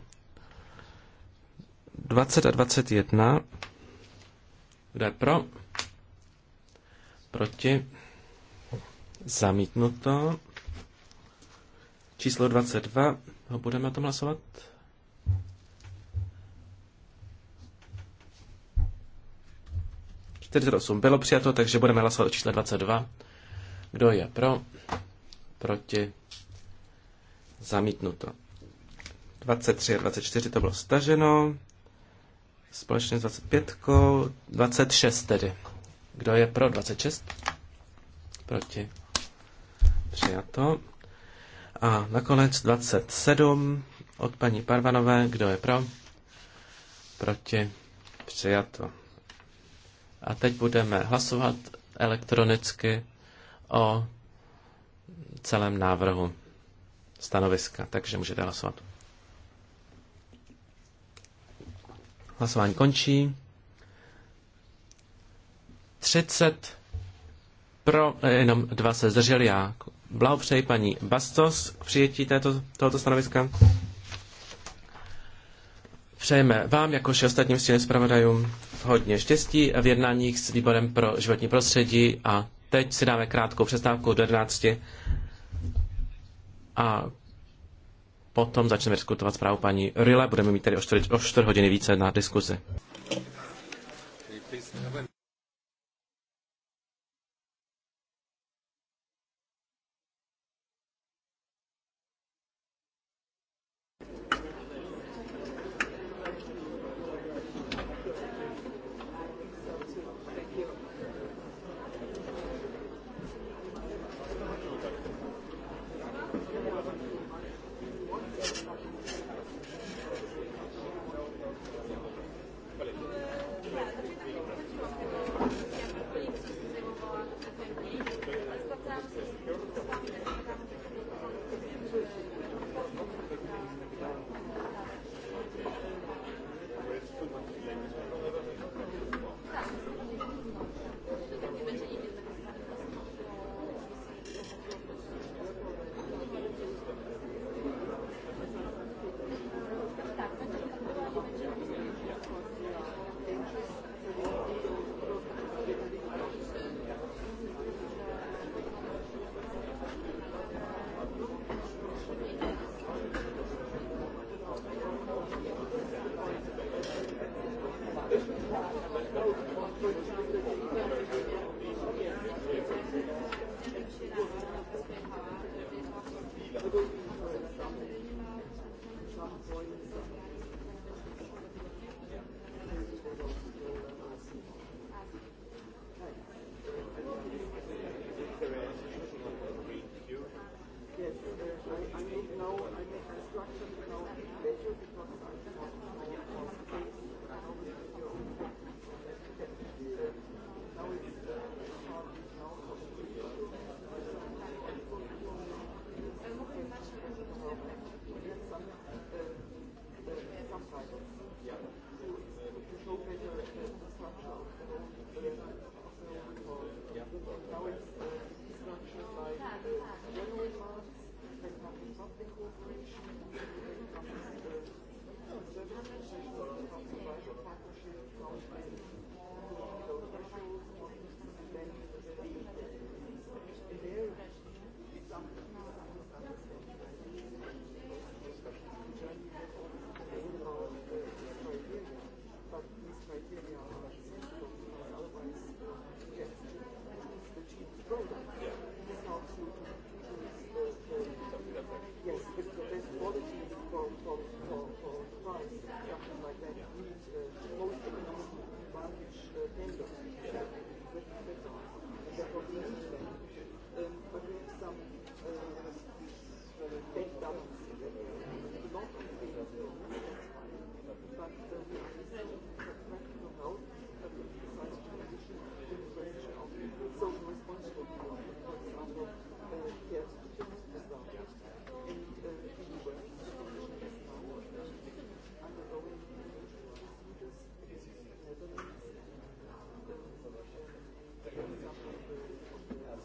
20 a 21, Kdo je pro, proti, zamítnuto. Číslo 22. Ho budeme o tom hlasovat? bylo přijato, takže budeme hlasovat o čísle 22. Kdo je pro? Proti? Zamítnuto. 23 a 24 to bylo staženo. Společně s 25. 26 tedy. Kdo je pro 26? Proti. Přijato. A nakonec 27 od paní Parvanové. Kdo je pro? Proti? Přijato. A teď budeme hlasovat elektronicky o celém návrhu stanoviska, takže můžete hlasovat. Hlasování končí. 30 pro, eh, jenom dva se zdrželi, já Blahopřeji paní Bastos k přijetí této, tohoto stanoviska. Přejeme vám, jakož i ostatním stěným zpravodajům, hodně štěstí v jednáních s výborem pro životní prostředí a teď si dáme krátkou přestávku do 11 a potom začneme diskutovat zprávu paní Rile. Budeme mít tady o 4, o 4 hodiny více na diskuzi.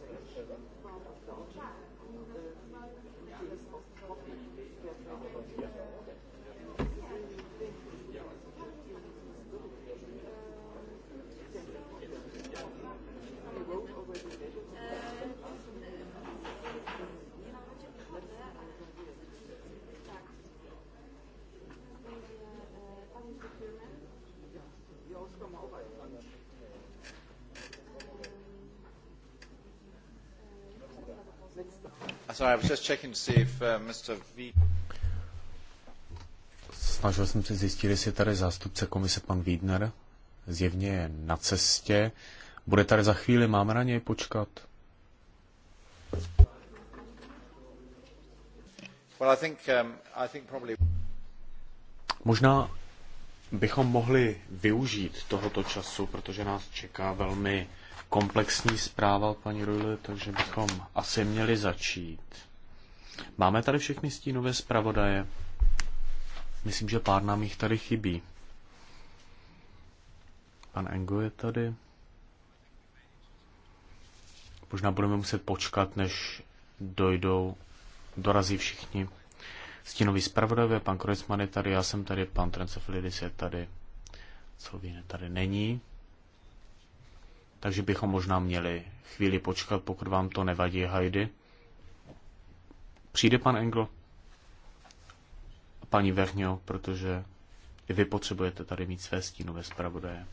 Gracias. Sorry, I was just checking to see if uh, Mr. V... Snažil jsem se zjistit, jestli tady zástupce komise pan Wiedner. Zjevně je na cestě. Bude tady za chvíli, máme na něj počkat. Well, I think, um, I think probably... Možná bychom mohli využít tohoto času, protože nás čeká velmi komplexní zpráva, paní Rojle, takže bychom asi měli začít. Máme tady všechny stínové zpravodaje. Myslím, že pár nám jich tady chybí. Pan Engo je tady. Možná budeme muset počkat, než dojdou, dorazí všichni. Stínový zpravodajové, pan Korecman je tady, já jsem tady, pan Transefilidis je tady. Slovín tady není takže bychom možná měli chvíli počkat, pokud vám to nevadí, Heidi. Přijde pan Engel? Paní Verňo, protože i vy potřebujete tady mít své stínové zpravodaje.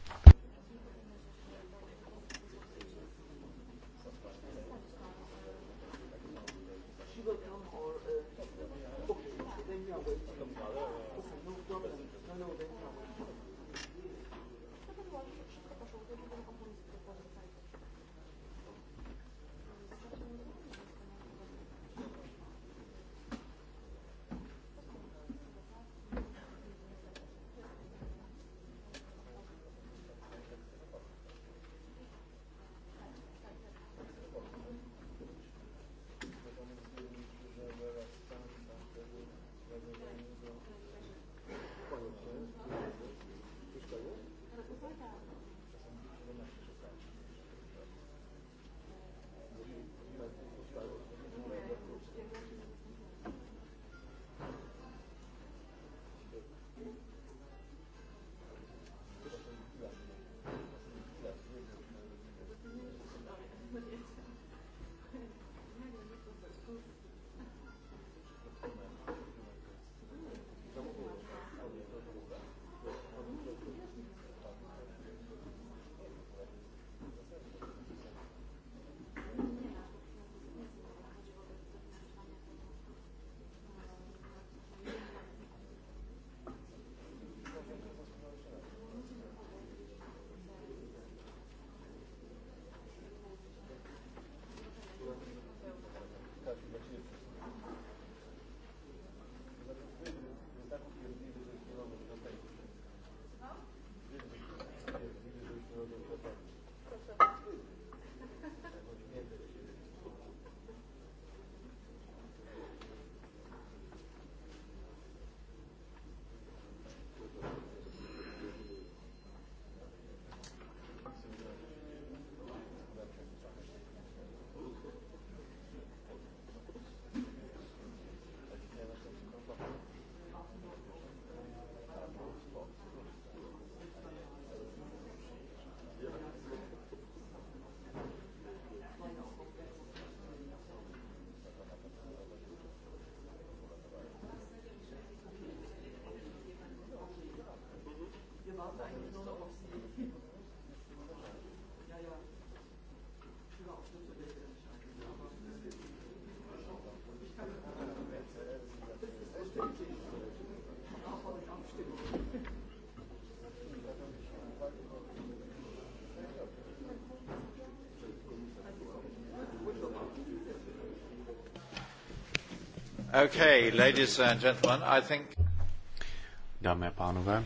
Okay, ladies and gentlemen, I think... Dámy a pánové,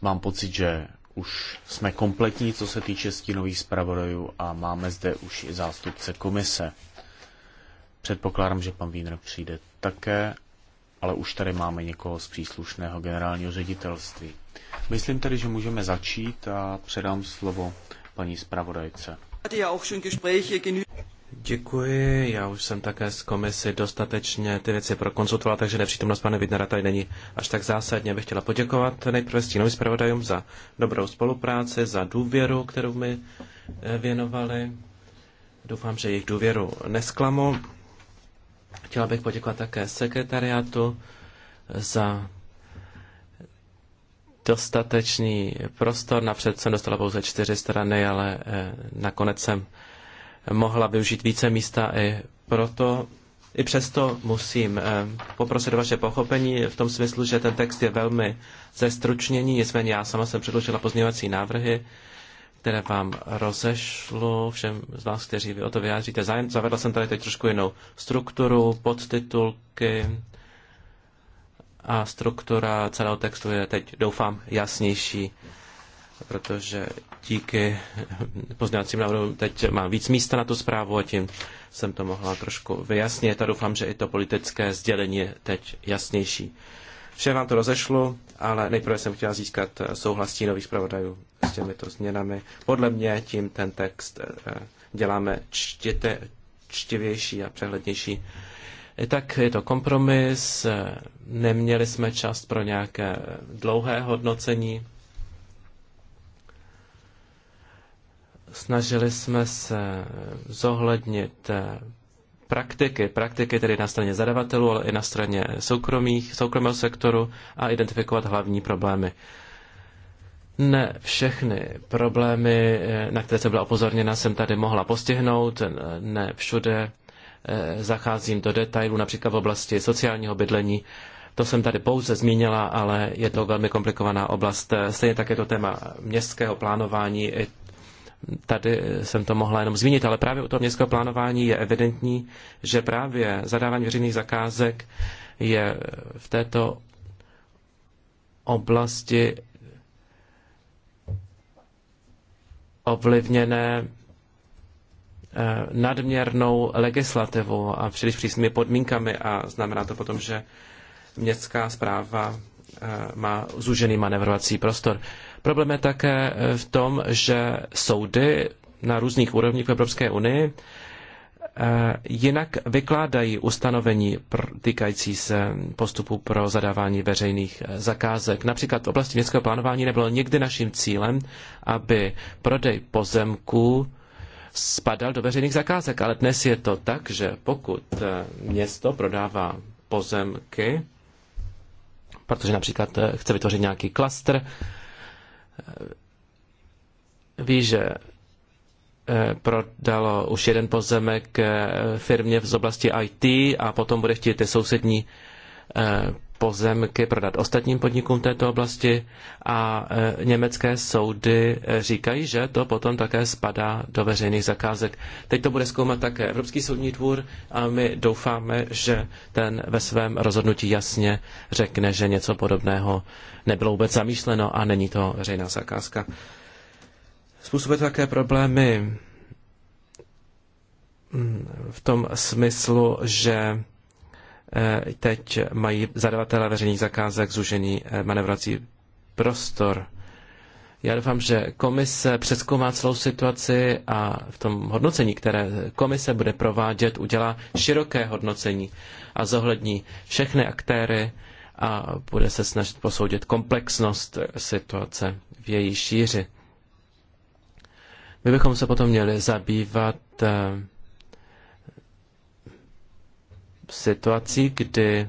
mám pocit, že už jsme kompletní, co se týče stínových zpravodajů a máme zde už i zástupce komise. Předpokládám, že pan Wiener přijde také, ale už tady máme někoho z příslušného generálního ředitelství. Myslím tedy, že můžeme začít a předám slovo paní zpravodajce. Děkuji, já už jsem také z komisi dostatečně ty věci prokonzultoval, takže nepřítomnost pana Vidnera tady není až tak zásadně. Bych chtěla poděkovat nejprve stínovým zpravodajům za dobrou spolupráci, za důvěru, kterou mi eh, věnovali. Doufám, že jejich důvěru nesklamu. Chtěla bych poděkovat také sekretariátu eh, za dostatečný prostor. Napřed jsem dostala pouze čtyři strany, ale eh, nakonec jsem mohla využít více místa i proto, i přesto musím eh, poprosit vaše pochopení v tom smyslu, že ten text je velmi zestručnění, nicméně já sama jsem předložila pozměňovací návrhy, které vám rozešlo všem z vás, kteří vy o to vyjádříte. Zavedla jsem tady teď trošku jinou strukturu, podtitulky a struktura celého textu je teď, doufám, jasnější, protože díky pozdělacím návrhům teď mám víc místa na tu zprávu a tím jsem to mohla trošku vyjasnit a doufám, že i to politické sdělení je teď jasnější. Vše vám to rozešlu, ale nejprve jsem chtěla získat souhlas nových zpravodajů s těmito změnami. Podle mě tím ten text eh, děláme čtěte, čtivější a přehlednější. I tak je to kompromis, eh, neměli jsme čas pro nějaké dlouhé hodnocení, Snažili jsme se zohlednit eh, praktiky, praktiky tedy na straně zadavatelů, ale i na straně soukromých, soukromého sektoru a identifikovat hlavní problémy. Ne všechny problémy, eh, na které se byla opozorněna, jsem tady mohla postihnout, ne všude eh, zacházím do detailů, například v oblasti sociálního bydlení. To jsem tady pouze zmínila, ale je to velmi komplikovaná oblast. Stejně tak je to téma městského plánování. I tady jsem to mohla jenom zmínit, ale právě u toho městského plánování je evidentní, že právě zadávání veřejných zakázek je v této oblasti ovlivněné eh, nadměrnou legislativou a příliš přísnými podmínkami a znamená to potom, že městská zpráva eh, má zúžený manevrovací prostor. Problém je také eh, v tom, že soudy na různých úrovních v Evropské unii eh, jinak vykládají ustanovení týkající se postupu pro zadávání veřejných eh, zakázek. Například v oblasti městského plánování nebylo nikdy naším cílem, aby prodej pozemků spadal do veřejných zakázek, ale dnes je to tak, že pokud město prodává pozemky, protože například chce vytvořit nějaký klastr, Eh, ví, že eh, prodalo už jeden pozemek eh, firmě z oblasti IT a potom bude chtít ty sousední pozemky prodat ostatním podnikům této oblasti a e, německé soudy e, říkají, že to potom také spadá do veřejných zakázek. Teď to bude zkoumat také Evropský soudní dvůr a my doufáme, že ten ve svém rozhodnutí jasně řekne, že něco podobného nebylo vůbec zamýšleno a není to veřejná zakázka. Způsobuje to také problémy mm, v tom smyslu, že Eh, teď mají zadavatele veřejných zakázek zúžený eh, manevrací prostor. Já doufám, že komise přeskoumá celou situaci a v tom hodnocení, které komise bude provádět, udělá široké hodnocení a zohlední všechny aktéry a bude se snažit posoudit komplexnost situace v její šíři. My bychom se potom měli zabývat eh, situací, kdy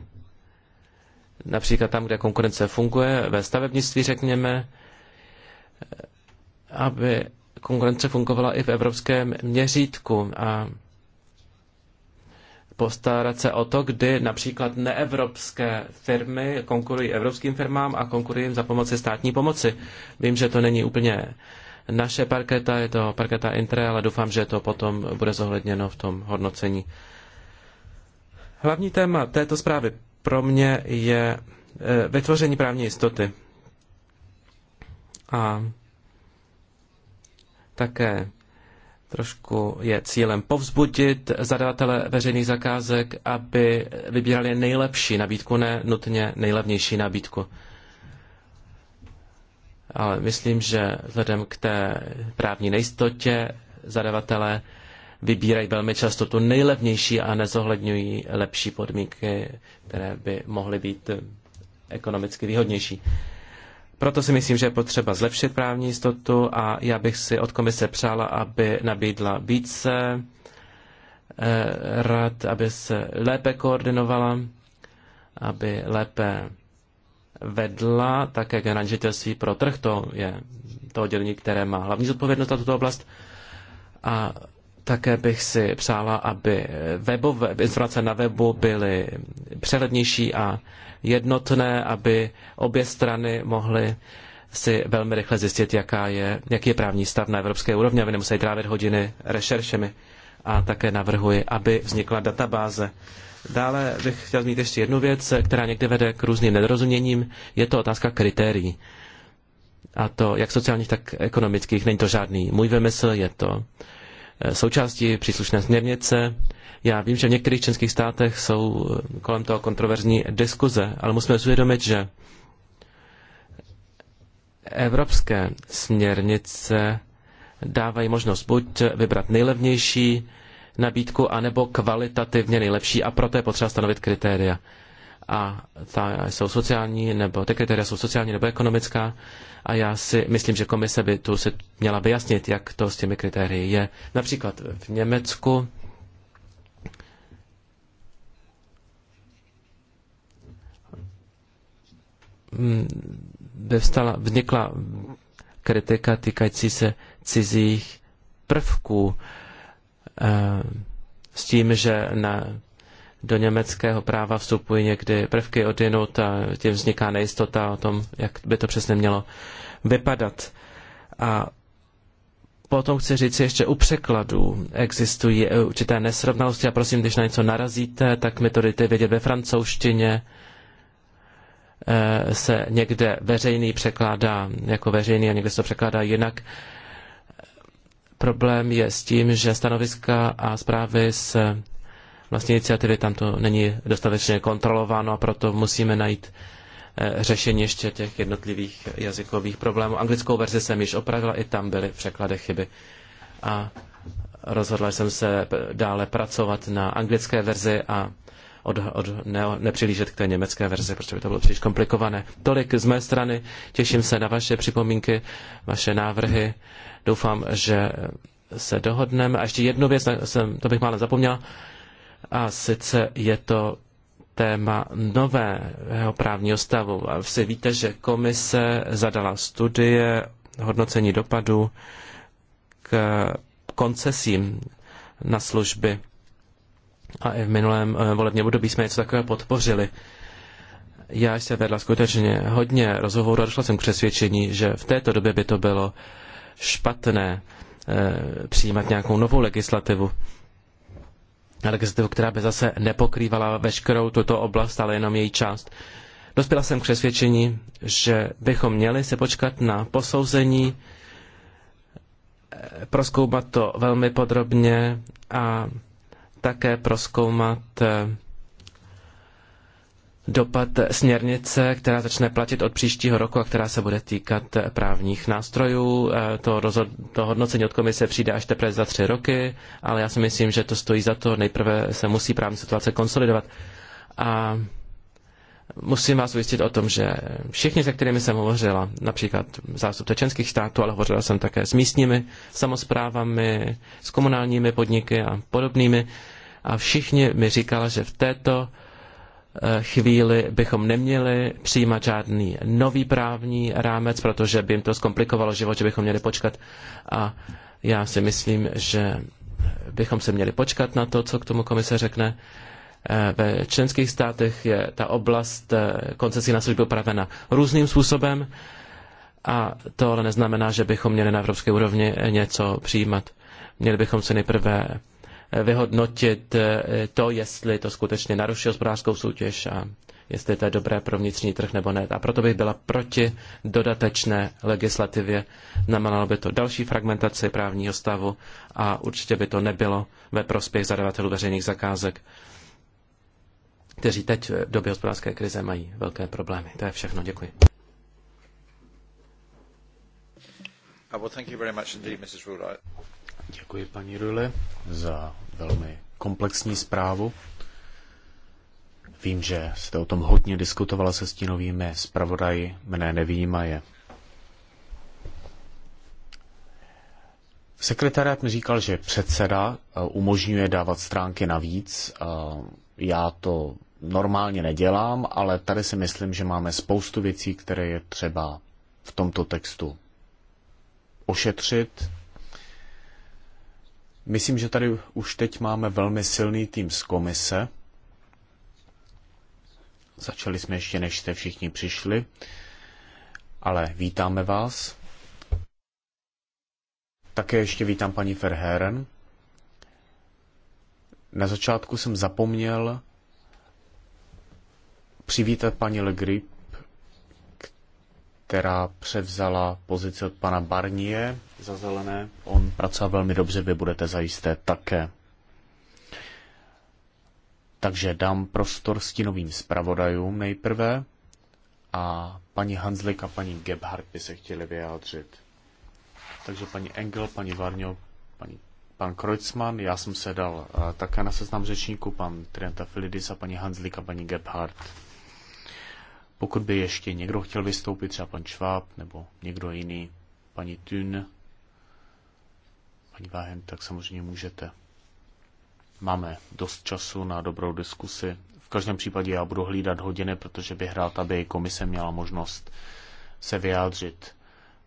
například tam, kde konkurence funguje, ve stavebnictví řekněme, aby konkurence fungovala i v evropském měřítku a postarat se o to, kdy například neevropské firmy konkurují evropským firmám a konkurují jim za pomoci státní pomoci. Vím, že to není úplně naše parketa, je to parketa Intre, ale doufám, že to potom bude zohledněno v tom hodnocení. Hlavní téma této zprávy pro mě je eh, vytvoření právní jistoty. A také trošku je cílem povzbudit zadavatele veřejných zakázek, aby vybírali nejlepší nabídku, ne nutně nejlevnější nabídku. Ale myslím, že vzhledem k té právní nejistotě zadavatele vybírají velmi často tu nejlevnější a nezohledňují lepší podmínky, které by mohly být ekonomicky výhodnější. Proto si myslím, že je potřeba zlepšit právní jistotu a já bych si od komise přála, aby nabídla více eh, rad, aby se lépe koordinovala, aby lépe vedla také generální pro trh, to je to oddělení, které má hlavní zodpovědnost na tuto oblast. A také bych si přála, aby webové, informace na webu byly přehlednější a jednotné, aby obě strany mohly si velmi rychle zjistit, jaká je, jaký je právní stav na evropské úrovni, aby nemuseli trávit hodiny rešeršemi. A také navrhuji, aby vznikla databáze. Dále bych chtěl zmínit ještě jednu věc, která někdy vede k různým nedorozuměním. Je to otázka kritérií. A to jak sociálních, tak ekonomických. Není to žádný můj vymysl, je to Eh, součástí příslušné směrnice. Já vím, že v některých českých státech jsou eh, kolem toho kontroverzní diskuze, ale musíme si uvědomit, že evropské směrnice dávají možnost buď vybrat nejlevnější nabídku, anebo kvalitativně nejlepší a proto je potřeba stanovit kritéria a ta jsou sociální, nebo ty kritéria jsou sociální nebo ekonomická a já si myslím, že komise by tu měla vyjasnit, jak to s těmi kritérii je. Například v Německu mm, vznikla kritika týkající se cizích prvků eh, s tím, že na do německého práva vstupují někdy prvky od a tím vzniká nejistota o tom, jak by to přesně mělo vypadat. A potom chci říct ještě u překladů existují určité nesrovnalosti a prosím, když na něco narazíte, tak mi to dejte vědět ve francouzštině eh, se někde veřejný překládá jako veřejný a někde se to překládá jinak. Problém je s tím, že stanoviska a zprávy z vlastně iniciativy, tam to není dostatečně kontrolováno a proto musíme najít eh, řešení ještě těch jednotlivých jazykových problémů. Anglickou verzi jsem již opravila, i tam byly v překladech chyby. A rozhodla jsem se dále pracovat na anglické verzi a od, od ne, nepřilížet k té německé verzi, protože by to bylo příliš komplikované. Tolik z mé strany, těším se na vaše připomínky, vaše návrhy. Doufám, že se dohodneme. A ještě jednu věc, jsem, to bych málem zapomněla. A sice je to téma nového právního stavu. A vy víte, že komise zadala studie hodnocení dopadu k koncesím na služby. A i v minulém eh, volebním období jsme něco takového podpořili. Já jsem vedla skutečně hodně rozhovorů a došla jsem k přesvědčení, že v této době by to bylo špatné e, přijímat nějakou novou legislativu legislativu, která by zase nepokrývala veškerou tuto oblast, ale jenom její část. Dospěla jsem k přesvědčení, že bychom měli se počkat na posouzení, eh, proskoumat to velmi podrobně a také proskoumat eh, dopad směrnice, která začne platit od příštího roku a která se bude týkat právních nástrojů. Eh, to, rozhod- to hodnocení od komise přijde až teprve za tři roky, ale já si myslím, že to stojí za to. Nejprve se musí právní situace konsolidovat. A musím vás ujistit o tom, že všichni, se kterými jsem hovořila, například zástupce českých států, ale hovořila jsem také s místními samozprávami, s komunálními podniky a podobnými, a všichni mi říkala, že v této Eh, chvíli bychom neměli přijímat žádný nový právní rámec, protože by jim to zkomplikovalo život, že bychom měli počkat. A já si myslím, že bychom se měli počkat na to, co k tomu komise řekne. Eh, ve členských státech je ta oblast eh, koncesí na služby upravena různým způsobem a to ale neznamená, že bychom měli na evropské úrovni něco přijímat. Měli bychom se nejprve vyhodnotit eh, to, jestli to skutečně naruší hospodářskou soutěž a jestli to je dobré pro vnitřní trh nebo ne. A proto bych byla proti dodatečné legislativě. Znamenalo by to další fragmentaci právního stavu a určitě by to nebylo ve prospěch zadavatelů veřejných zakázek, kteří teď v době hospodářské krize mají velké problémy. To je všechno. Děkuji. Uh, Děkuji paní Rule za velmi komplexní zprávu. Vím, že jste o tom hodně diskutovala se stínovými zpravodaji, mne nevím je. Sekretariat mi říkal, že předseda eh, umožňuje dávat stránky navíc. Eh, já to normálně nedělám, ale tady si myslím, že máme spoustu věcí, které je třeba v tomto textu ošetřit, Myslím, že tady už teď máme velmi silný tým z komise. Začali jsme ještě, než jste všichni přišli, ale vítáme vás. Také ještě vítám paní Ferheren. Na začátku jsem zapomněl přivítat paní Legrip, která převzala pozici od pana Barnie za zelené. On pracoval velmi dobře, vy budete zajisté také. Takže dám prostor stínovým zpravodajům nejprve a paní Hanslik a paní Gebhardt by se chtěli vyjádřit. Takže paní Engel, paní Varňo, paní, pan Kreutzmann, já jsem se dal eh, také na seznam řečníku, pan Trienta Filidis a paní Hanslik a paní Gebhardt. Pokud by ještě někdo chtěl vystoupit, třeba pan Šváb nebo někdo jiný, paní Thun, paní Váhen, tak samozřejmě můžete. Máme dost času na dobrou diskusi. V každém případě já budu hlídat hodiny, protože bych rád, aby komise měla možnost se vyjádřit.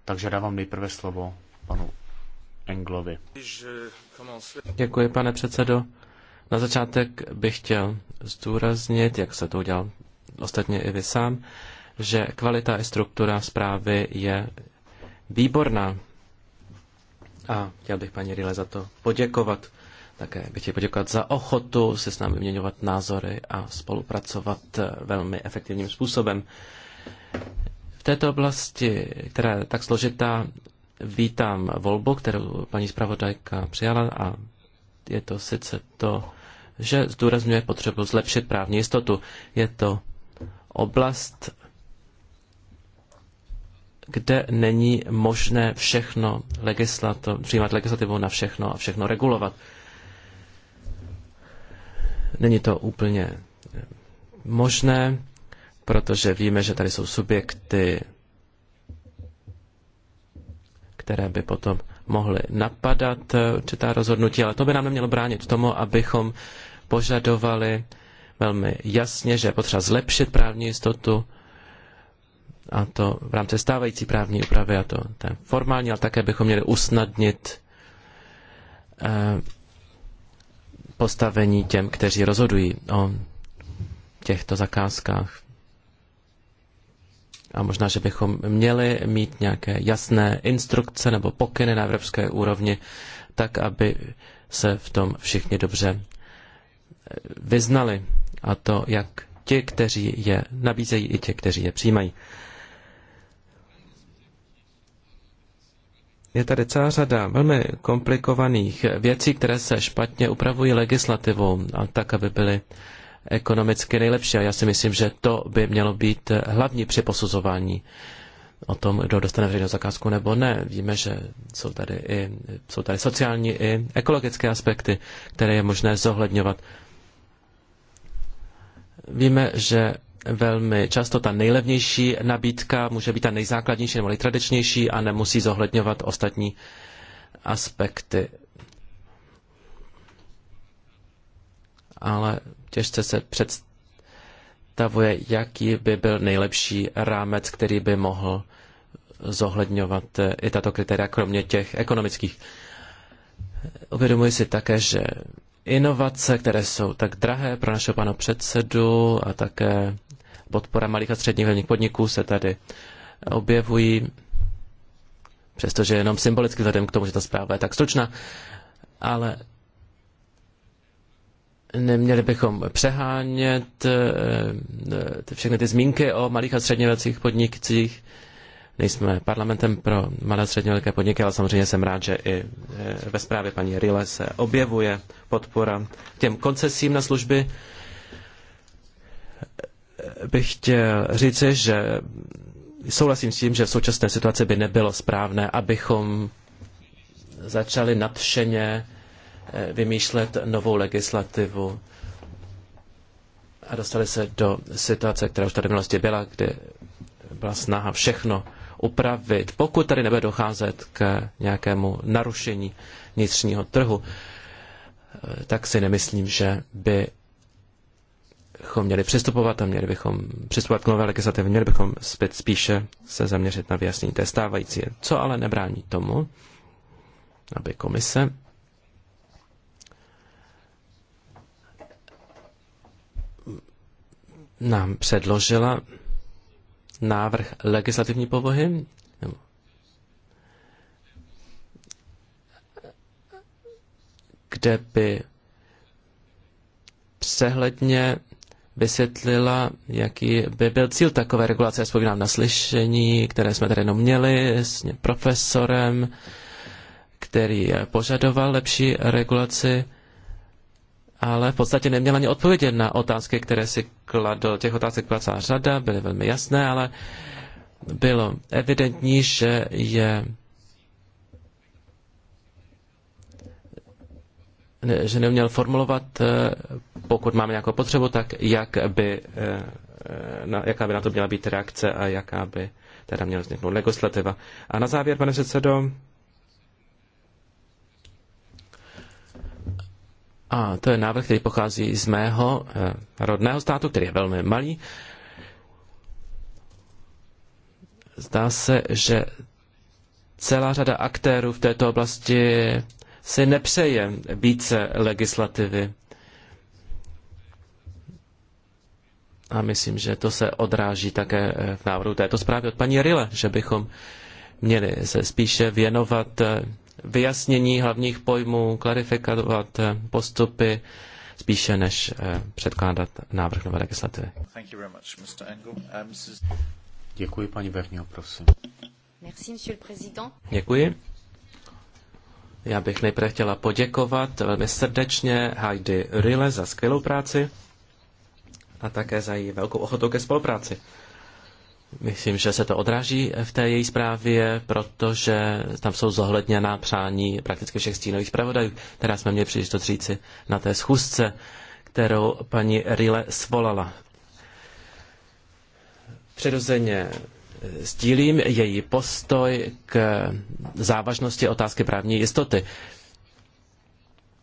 Takže dávám nejprve slovo panu Englovi. Děkuji, pane předsedo. Na začátek bych chtěl zdůraznit, jak se to udělal ostatně i vy sám, že kvalita i struktura zprávy je výborná a chtěl bych paní Rile za to poděkovat. Také bych chtěl poděkovat za ochotu se s námi vyměňovat názory a spolupracovat eh, velmi efektivním způsobem. V této oblasti, která je tak složitá, vítám volbu, kterou paní zpravodajka přijala a je to sice to, že zdůrazňuje potřebu zlepšit právní jistotu. Je to oblast, kde není možné všechno legislato, přijímat legislativu na všechno a všechno regulovat. Není to úplně eh, možné, protože víme, že tady jsou subjekty, které by potom mohly napadat eh, určitá rozhodnutí, ale to by nám nemělo bránit tomu, abychom požadovali velmi jasně, že je potřeba zlepšit právní jistotu a to v rámci stávající právní úpravy, a to té formální, ale také bychom měli usnadnit eh, postavení těm, kteří rozhodují o těchto zakázkách. A možná, že bychom měli mít nějaké jasné instrukce nebo pokyny na evropské úrovni, tak aby se v tom všichni dobře eh, vyznali. A to jak ti, kteří je nabízejí, i ti, kteří je přijímají. je tady celá řada velmi komplikovaných věcí, které se špatně upravují legislativou a tak, aby byly ekonomicky nejlepší. A já si myslím, že to by mělo být hlavní při posuzování o tom, kdo dostane veřejnou zakázku nebo ne. Víme, že jsou tady, i, jsou tady sociální i ekologické aspekty, které je možné zohledňovat. Víme, že velmi často ta nejlevnější nabídka může být ta nejzákladnější nebo nejtradičnější a nemusí zohledňovat ostatní aspekty. Ale těžce se představuje, jaký by byl nejlepší rámec, který by mohl zohledňovat eh, i tato kritéria, kromě těch ekonomických. Uvědomuji si také, že inovace, které jsou tak drahé pro našeho pana předsedu a také podpora malých a středních velkých podniků se tady objevují, přestože jenom symbolicky vzhledem k tomu, že ta zpráva je tak stručná, ale neměli bychom přehánět eh, eh, všechny ty zmínky o malých a středně velkých podnikcích. Nejsme parlamentem pro malé a středně velké podniky, ale samozřejmě jsem rád, že i eh, ve zprávě paní Rile se objevuje podpora těm koncesím na služby bych chtěl říci, že souhlasím s tím, že v současné situaci by nebylo správné, abychom začali nadšeně eh, vymýšlet novou legislativu a dostali se do situace, která už tady v minulosti byla, kdy byla snaha všechno upravit, pokud tady nebude docházet k nějakému narušení vnitřního trhu, eh, tak si nemyslím, že by bychom měli přistupovat a měli bychom přistupovat k nové legislativě, měli bychom zpět spíše se zaměřit na vyjasnění té stávající. Co ale nebrání tomu, aby komise nám předložila návrh legislativní povahy, kde by přehledně vysvětlila, jaký by byl cíl takové regulace. vzpomínám na slyšení, které jsme tady jenom měli s profesorem, který požadoval lepší regulaci, ale v podstatě neměl ani odpovědět na otázky, které si kladl. Těch otázek byla celá řada, byly velmi jasné, ale bylo evidentní, že je že neuměl formulovat, eh, pokud máme nějakou potřebu, tak jak by, eh, eh, jaká by na to měla být reakce a jaká by teda měla vzniknout legislativa. A na závěr, pane předsedo, a to je návrh, který pochází z mého rodného státu, který je velmi malý. Zdá se, že celá řada aktérů v této oblasti si nepřeje více legislativy. A myslím, že to se odráží také eh, v návrhu této zprávy od paní Rile, že bychom měli se spíše věnovat eh, vyjasnění hlavních pojmů, klarifikovat eh, postupy, spíše než předkládat návrh nové legislativy. Uh, Děkuji, paní Verňo, prosím. Děkuji. Já bych nejprve chtěla poděkovat velmi srdečně Heidi Rille za skvělou práci a také za její velkou ochotu ke spolupráci. Myslím, že se to odráží v té její zprávě, protože tam jsou zohledněna přání prakticky všech stínových zpravodajů, která jsme měli to říci na té schůzce, kterou paní Rille svolala. Přirozeně sdílím její postoj k závažnosti otázky právní jistoty.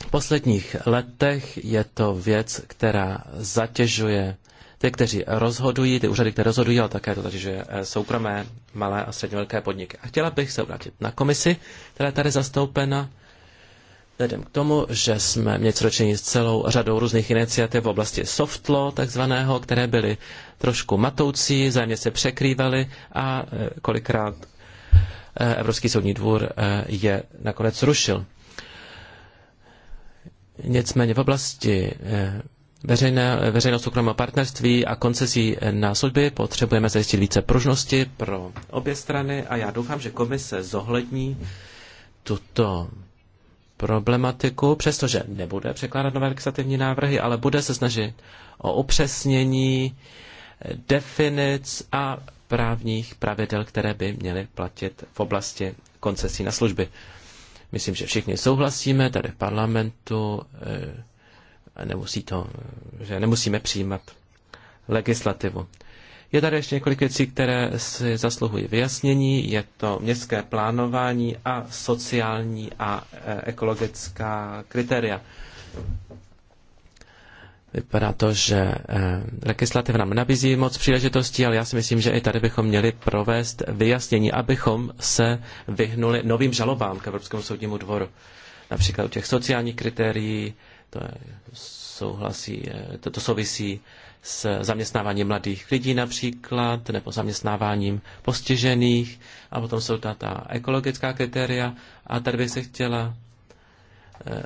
V posledních letech je to věc, která zatěžuje ty, kteří rozhodují, ty úřady, které rozhodují, ale také to zatěžuje eh, soukromé, malé a středně velké podniky. A chtěla bych se obrátit na komisi, která je tady zastoupena. Vzhledem k tomu, že jsme měli ročení s celou řadou různých iniciativ v oblasti soft law, takzvaného, které byly trošku matoucí, zájemně se překrývaly a e, kolikrát e, Evropský soudní dvůr e, je nakonec rušil. Nicméně v oblasti veřejné, veřejného soukromého partnerství a koncesí na služby potřebujeme zajistit více pružnosti pro obě strany a já doufám, že komise zohlední tuto problematiku, přestože nebude překládat nové legislativní návrhy, ale bude se snažit o upřesnění definic a právních pravidel, které by měly platit v oblasti koncesí na služby. Myslím, že všichni souhlasíme tady v parlamentu, eh, nemusí to, že nemusíme přijímat legislativu. Je tady ještě několik věcí, které si zasluhují vyjasnění. Je to městské plánování a sociální a e, ekologická kritéria. Vypadá to, že e, legislativa nám nabízí moc příležitostí, ale já si myslím, že i tady bychom měli provést vyjasnění, abychom se vyhnuli novým žalobám k Evropskému soudnímu dvoru. Například u těch sociálních kritérií, to je, souhlasí, e, to, to souvisí s zaměstnáváním mladých lidí například, nebo zaměstnáváním postižených, a potom jsou ta, ta ekologická kritéria. A tady bych se chtěla eh,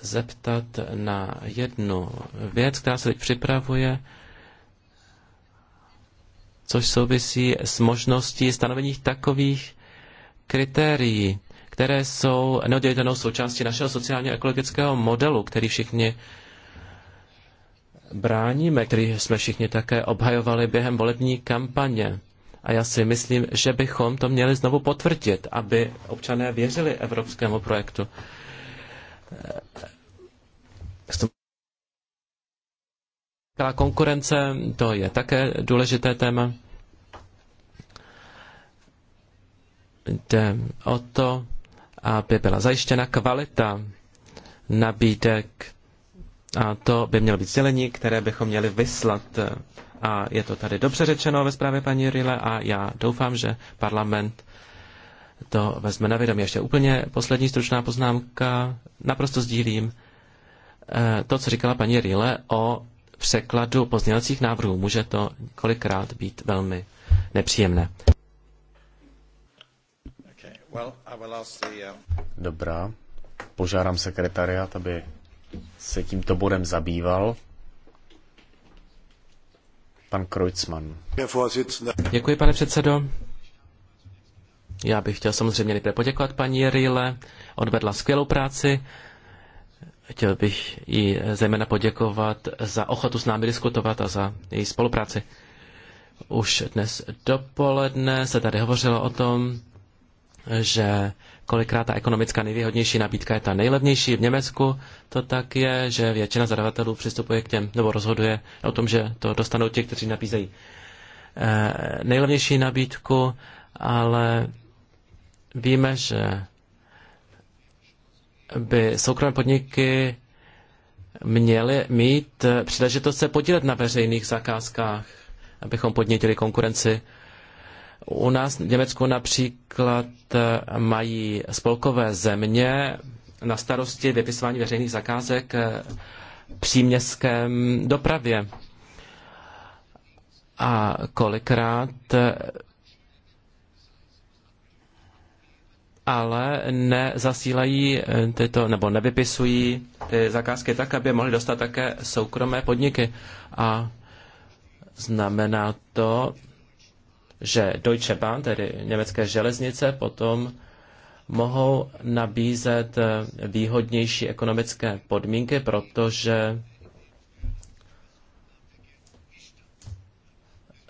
zeptat na jednu věc, která se teď připravuje, což souvisí s možností stanovení takových kritérií, které jsou neoddělitelnou součástí našeho sociálně ekologického modelu, který všichni bráníme, který jsme všichni také obhajovali během volební kampaně. A já si myslím, že bychom to měli znovu potvrdit, aby občané věřili evropskému projektu. Konkurence, to je také důležité téma. Jde o to, aby byla zajištěna kvalita nabídek a to by mělo být sdělení, které bychom měli vyslat. A je to tady dobře řečeno ve zprávě paní Rile a já doufám, že parlament to vezme na vědomí. Ještě úplně poslední stručná poznámka. Naprosto sdílím eh, to, co říkala paní Rile o překladu pozdělacích návrhů. Může to kolikrát být velmi nepříjemné. Um, Dobrá. Požádám sekretariát, aby se tímto bodem zabýval. Pan Kreuzmann. Děkuji, pane předsedo. Já bych chtěl samozřejmě nejprve poděkovat paní Rýle, odvedla skvělou práci. Chtěl bych jí zejména poděkovat za ochotu s námi diskutovat a za její spolupráci. Už dnes dopoledne se tady hovořilo o tom, že kolikrát ta ekonomická nejvýhodnější nabídka je ta nejlevnější. V Německu to tak je, že většina zadavatelů přistupuje k těm, nebo rozhoduje o tom, že to dostanou ti, kteří nabízejí eh, nejlevnější nabídku, ale víme, že by soukromé podniky měly mít příležitost se podílet na veřejných zakázkách, abychom podnětili konkurenci u nás v Německu například eh, mají spolkové země na starosti vypisování veřejných zakázek eh, příměstské dopravě. A kolikrát eh, ale nezasílají tyto, nebo nevypisují ty zakázky tak, aby mohly dostat také soukromé podniky. A znamená to, že Deutsche Bahn, tedy německé železnice, potom mohou nabízet eh, výhodnější ekonomické podmínky, protože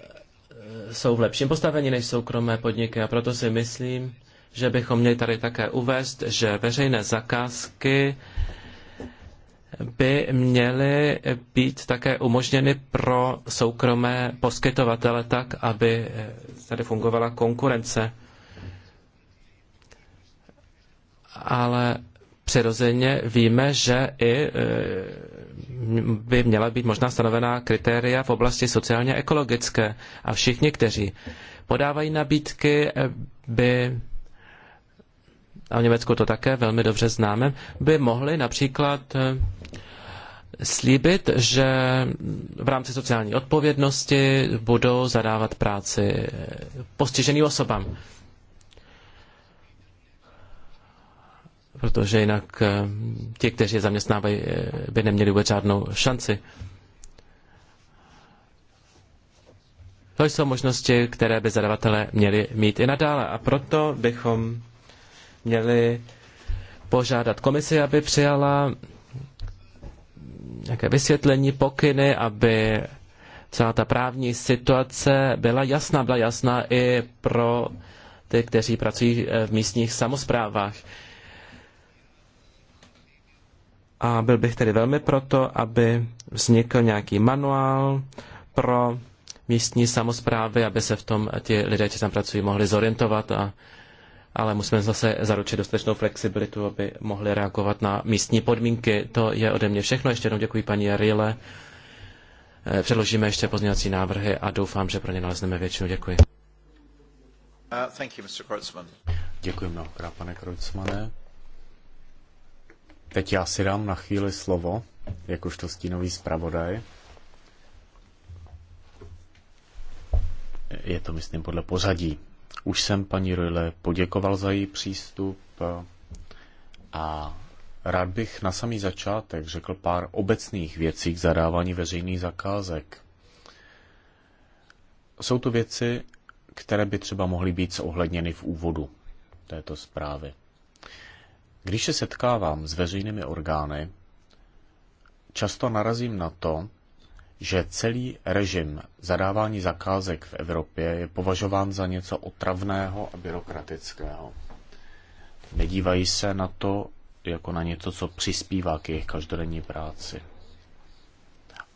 eh, jsou v lepším postavení než soukromé podniky a proto si myslím, že bychom měli tady také uvést, že veřejné zakázky by měly být také umožněny pro soukromé poskytovatele tak, aby eh, tady fungovala konkurence. Ale přirozeně víme, že i eh, by měla být možná stanovená kritéria v oblasti sociálně ekologické a všichni, kteří podávají nabídky, eh, by a v Německu to také velmi dobře známe, by mohli například slíbit, že v rámci sociální odpovědnosti budou zadávat práci postiženým osobám. Protože jinak eh, ti, kteří je zaměstnávají, eh, by neměli vůbec žádnou šanci. To jsou možnosti, které by zadavatele měli mít i nadále. A proto bychom měli požádat komisi, aby přijala nějaké vysvětlení, pokyny, aby celá ta právní situace byla jasná, byla jasná i pro ty, kteří pracují eh, v místních samozprávách. A byl bych tedy velmi proto, aby vznikl nějaký manuál pro místní samozprávy, aby se v tom ti lidé, kteří tam pracují, mohli zorientovat a ale musíme zase zaručit dostatečnou flexibilitu, aby mohli reagovat na místní podmínky. To je ode mě všechno. Ještě jednou děkuji paní Jarile. Eh, předložíme ještě pozměňovací návrhy a doufám, že pro ně nalezneme většinu. Děkuji. Uh, thank you, Mr. Kreutzmann. Děkuji mnohokrát, pane Kreutzmane. Teď já si dám na chvíli slovo, jakožto stínový zpravodaj. Je to, myslím, podle pořadí. Už jsem paní Rojle poděkoval za její přístup a rád bych na samý začátek řekl pár obecných věcí k zadávání veřejných zakázek. Jsou to věci, které by třeba mohly být zohledněny v úvodu této zprávy. Když se setkávám s veřejnými orgány, často narazím na to, že celý režim zadávání zakázek v Evropě je považován za něco otravného a byrokratického. Nedívají se na to jako na něco, co přispívá k jejich každodenní práci.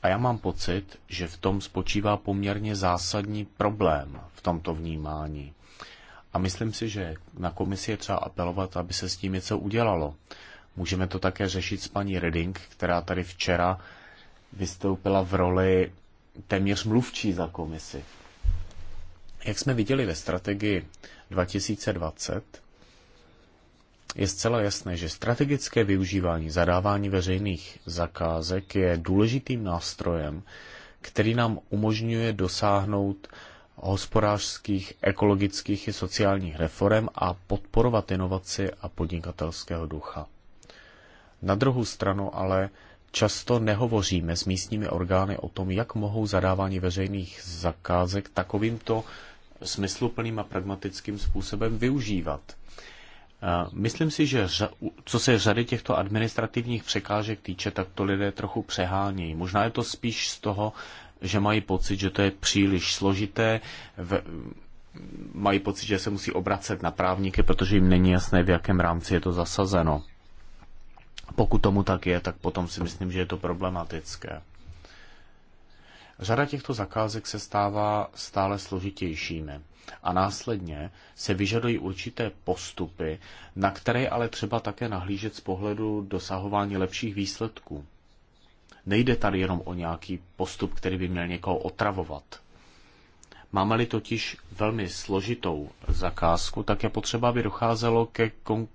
A já mám pocit, že v tom spočívá poměrně zásadní problém v tomto vnímání. A myslím si, že na komisi je třeba apelovat, aby se s tím něco udělalo. Můžeme to také řešit s paní Reding, která tady včera vystoupila v roli téměř mluvčí za komisi. Jak jsme viděli ve strategii 2020, je zcela jasné, že strategické využívání zadávání veřejných zakázek je důležitým nástrojem, který nám umožňuje dosáhnout hospodářských, ekologických i sociálních reform a podporovat inovaci a podnikatelského ducha. Na druhou stranu ale často nehovoříme s místními orgány o tom, jak mohou zadávání veřejných zakázek takovýmto smysluplným a pragmatickým způsobem využívat. Myslím si, že co se řady těchto administrativních překážek týče, tak to lidé trochu přehánějí. Možná je to spíš z toho, že mají pocit, že to je příliš složité, v, mají pocit, že se musí obracet na právníky, protože jim není jasné, v jakém rámci je to zasazeno. Pokud tomu tak je, tak potom si myslím, že je to problematické. Řada těchto zakázek se stává stále složitějšími a následně se vyžadují určité postupy, na které ale třeba také nahlížet z pohledu dosahování lepších výsledků. Nejde tady jenom o nějaký postup, který by měl někoho otravovat. Máme-li totiž velmi složitou zakázku, tak je potřeba, aby docházelo ke kon-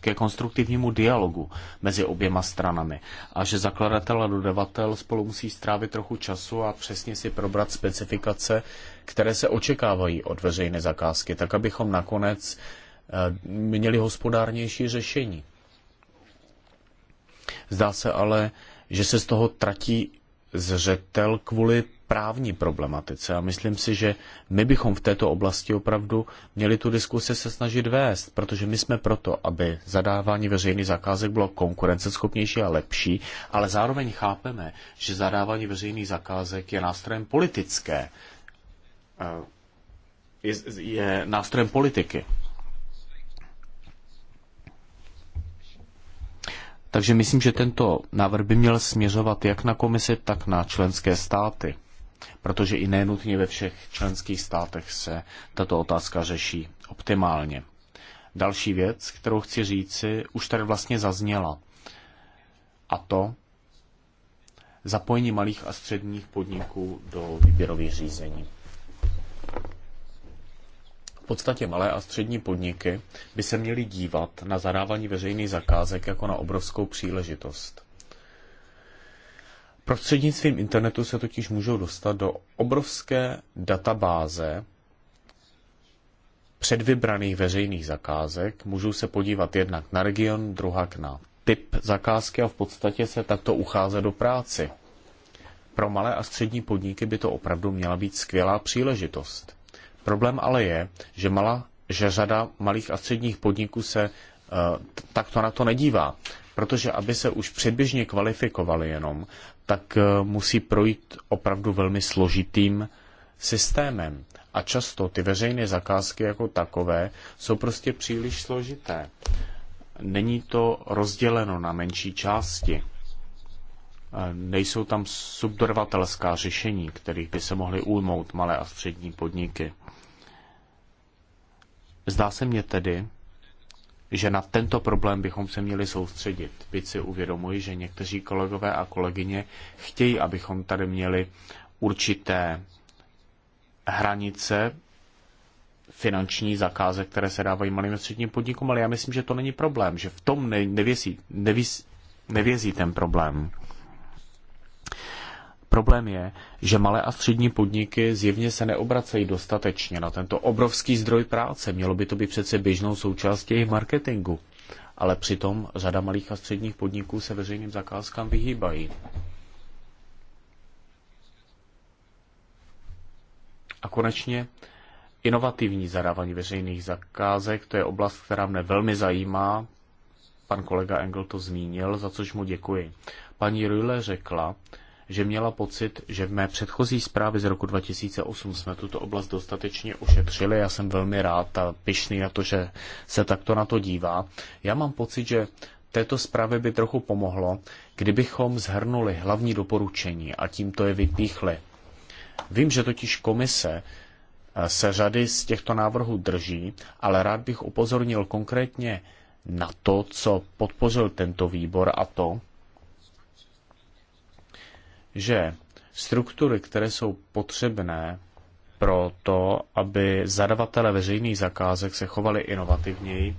ke konstruktivnímu dialogu mezi oběma stranami a že zakladatel a dodavatel spolu musí strávit trochu času a přesně si probrat specifikace, které se očekávají od veřejné zakázky, tak abychom nakonec eh, měli hospodárnější řešení. Zdá se ale, že se z toho tratí zřetel kvůli právní problematice a myslím si, že my bychom v této oblasti opravdu měli tu diskusi se snažit vést, protože my jsme proto, aby zadávání veřejných zakázek bylo konkurenceschopnější a lepší, ale zároveň chápeme, že zadávání veřejných zakázek je nástrojem politické, eh, je, je nástrojem politiky. Takže myslím, že tento návrh by měl směřovat jak na komisi, tak na členské státy protože i nenutně ve všech členských státech se tato otázka řeší optimálně. Další věc, kterou chci říci, už tady vlastně zazněla. A to zapojení malých a středních podniků do výběrových řízení. V podstatě malé a střední podniky by se měly dívat na zadávání veřejných zakázek jako na obrovskou příležitost. Prostřednictvím internetu se totiž můžou dostat do obrovské databáze předvybraných veřejných zakázek. Můžou se podívat jednak na region, druhá na typ zakázky a v podstatě se takto uchází do práci. Pro malé a střední podniky by to opravdu měla být skvělá příležitost. Problém ale je, že, mala, že řada malých a středních podniků se eh, takto na to nedívá, protože aby se už předběžně kvalifikovali jenom, tak eh, musí projít opravdu velmi složitým systémem. A často ty veřejné zakázky jako takové jsou prostě příliš složité. Není to rozděleno na menší části. Eh, nejsou tam subdodavatelská řešení, kterých by se mohly ujmout malé a střední podniky. Zdá se mně tedy, že na tento problém bychom se měli soustředit. Byť si uvědomuji, že někteří kolegové a kolegyně chtějí, abychom tady měli určité hranice finanční zakázek, které se dávají malým a středním podnikům, ale já myslím, že to není problém, že v tom nevěsí, nevěsí, nevězí ten problém. Problém je, že malé a střední podniky zjevně se neobracejí dostatečně na tento obrovský zdroj práce. Mělo by to být přece běžnou součástí jejich marketingu. Ale přitom řada malých a středních podniků se veřejným zakázkám vyhýbají. A konečně inovativní zadávání veřejných zakázek, to je oblast, která mne velmi zajímá. Pan kolega Engel to zmínil, za což mu děkuji. Paní Rüle řekla, že měla pocit, že v mé předchozí zprávy z roku 2008 jsme tuto oblast dostatečně ošetřili. Já jsem velmi rád a pišný na to, že se takto na to dívá. Já mám pocit, že této zprávy by trochu pomohlo, kdybychom zhrnuli hlavní doporučení a tímto je vypíchli. Vím, že totiž komise eh, se řady z těchto návrhů drží, ale rád bych upozornil konkrétně na to, co podpořil tento výbor a to, že struktury, které jsou potřebné pro to, aby zadavatele veřejných zakázek se chovali inovativněji,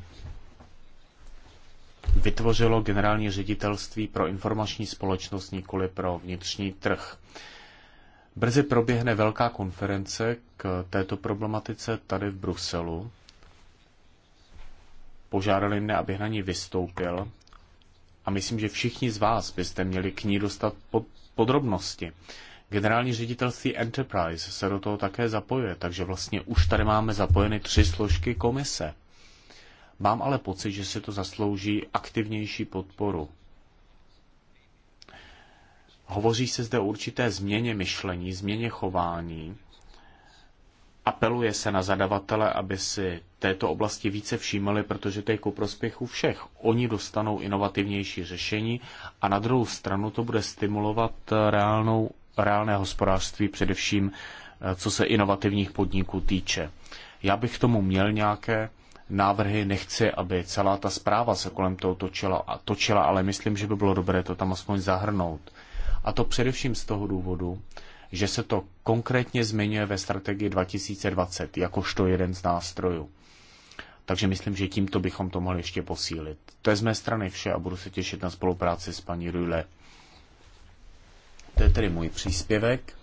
vytvořilo generální ředitelství pro informační společnost, nikoli pro vnitřní trh. Brzy proběhne velká konference k této problematice tady v Bruselu. Požádali mne, abych na ní vystoupil a myslím, že všichni z vás byste měli k ní dostat pod podrobnosti. Generální ředitelství Enterprise se do toho také zapojuje, takže vlastně už tady máme zapojeny tři složky komise. Mám ale pocit, že si to zaslouží aktivnější podporu. Hovoří se zde o určité změně myšlení, změně chování apeluje se na zadavatele, aby si této oblasti více všímali, protože to je ku prospěchu všech. Oni dostanou inovativnější řešení a na druhou stranu to bude stimulovat reálnou, reálné hospodářství, především eh, co se inovativních podniků týče. Já bych tomu měl nějaké návrhy, nechci, aby celá ta zpráva se kolem toho točila, a točila ale myslím, že by bylo dobré to tam aspoň zahrnout. A to především z toho důvodu, že se to konkrétně zmiňuje ve strategii 2020 jakožto jeden z nástrojů. Takže myslím, že tímto bychom to mohli ještě posílit. To je z mé strany vše a budu se těšit na spolupráci s paní Rule. To je tedy můj příspěvek,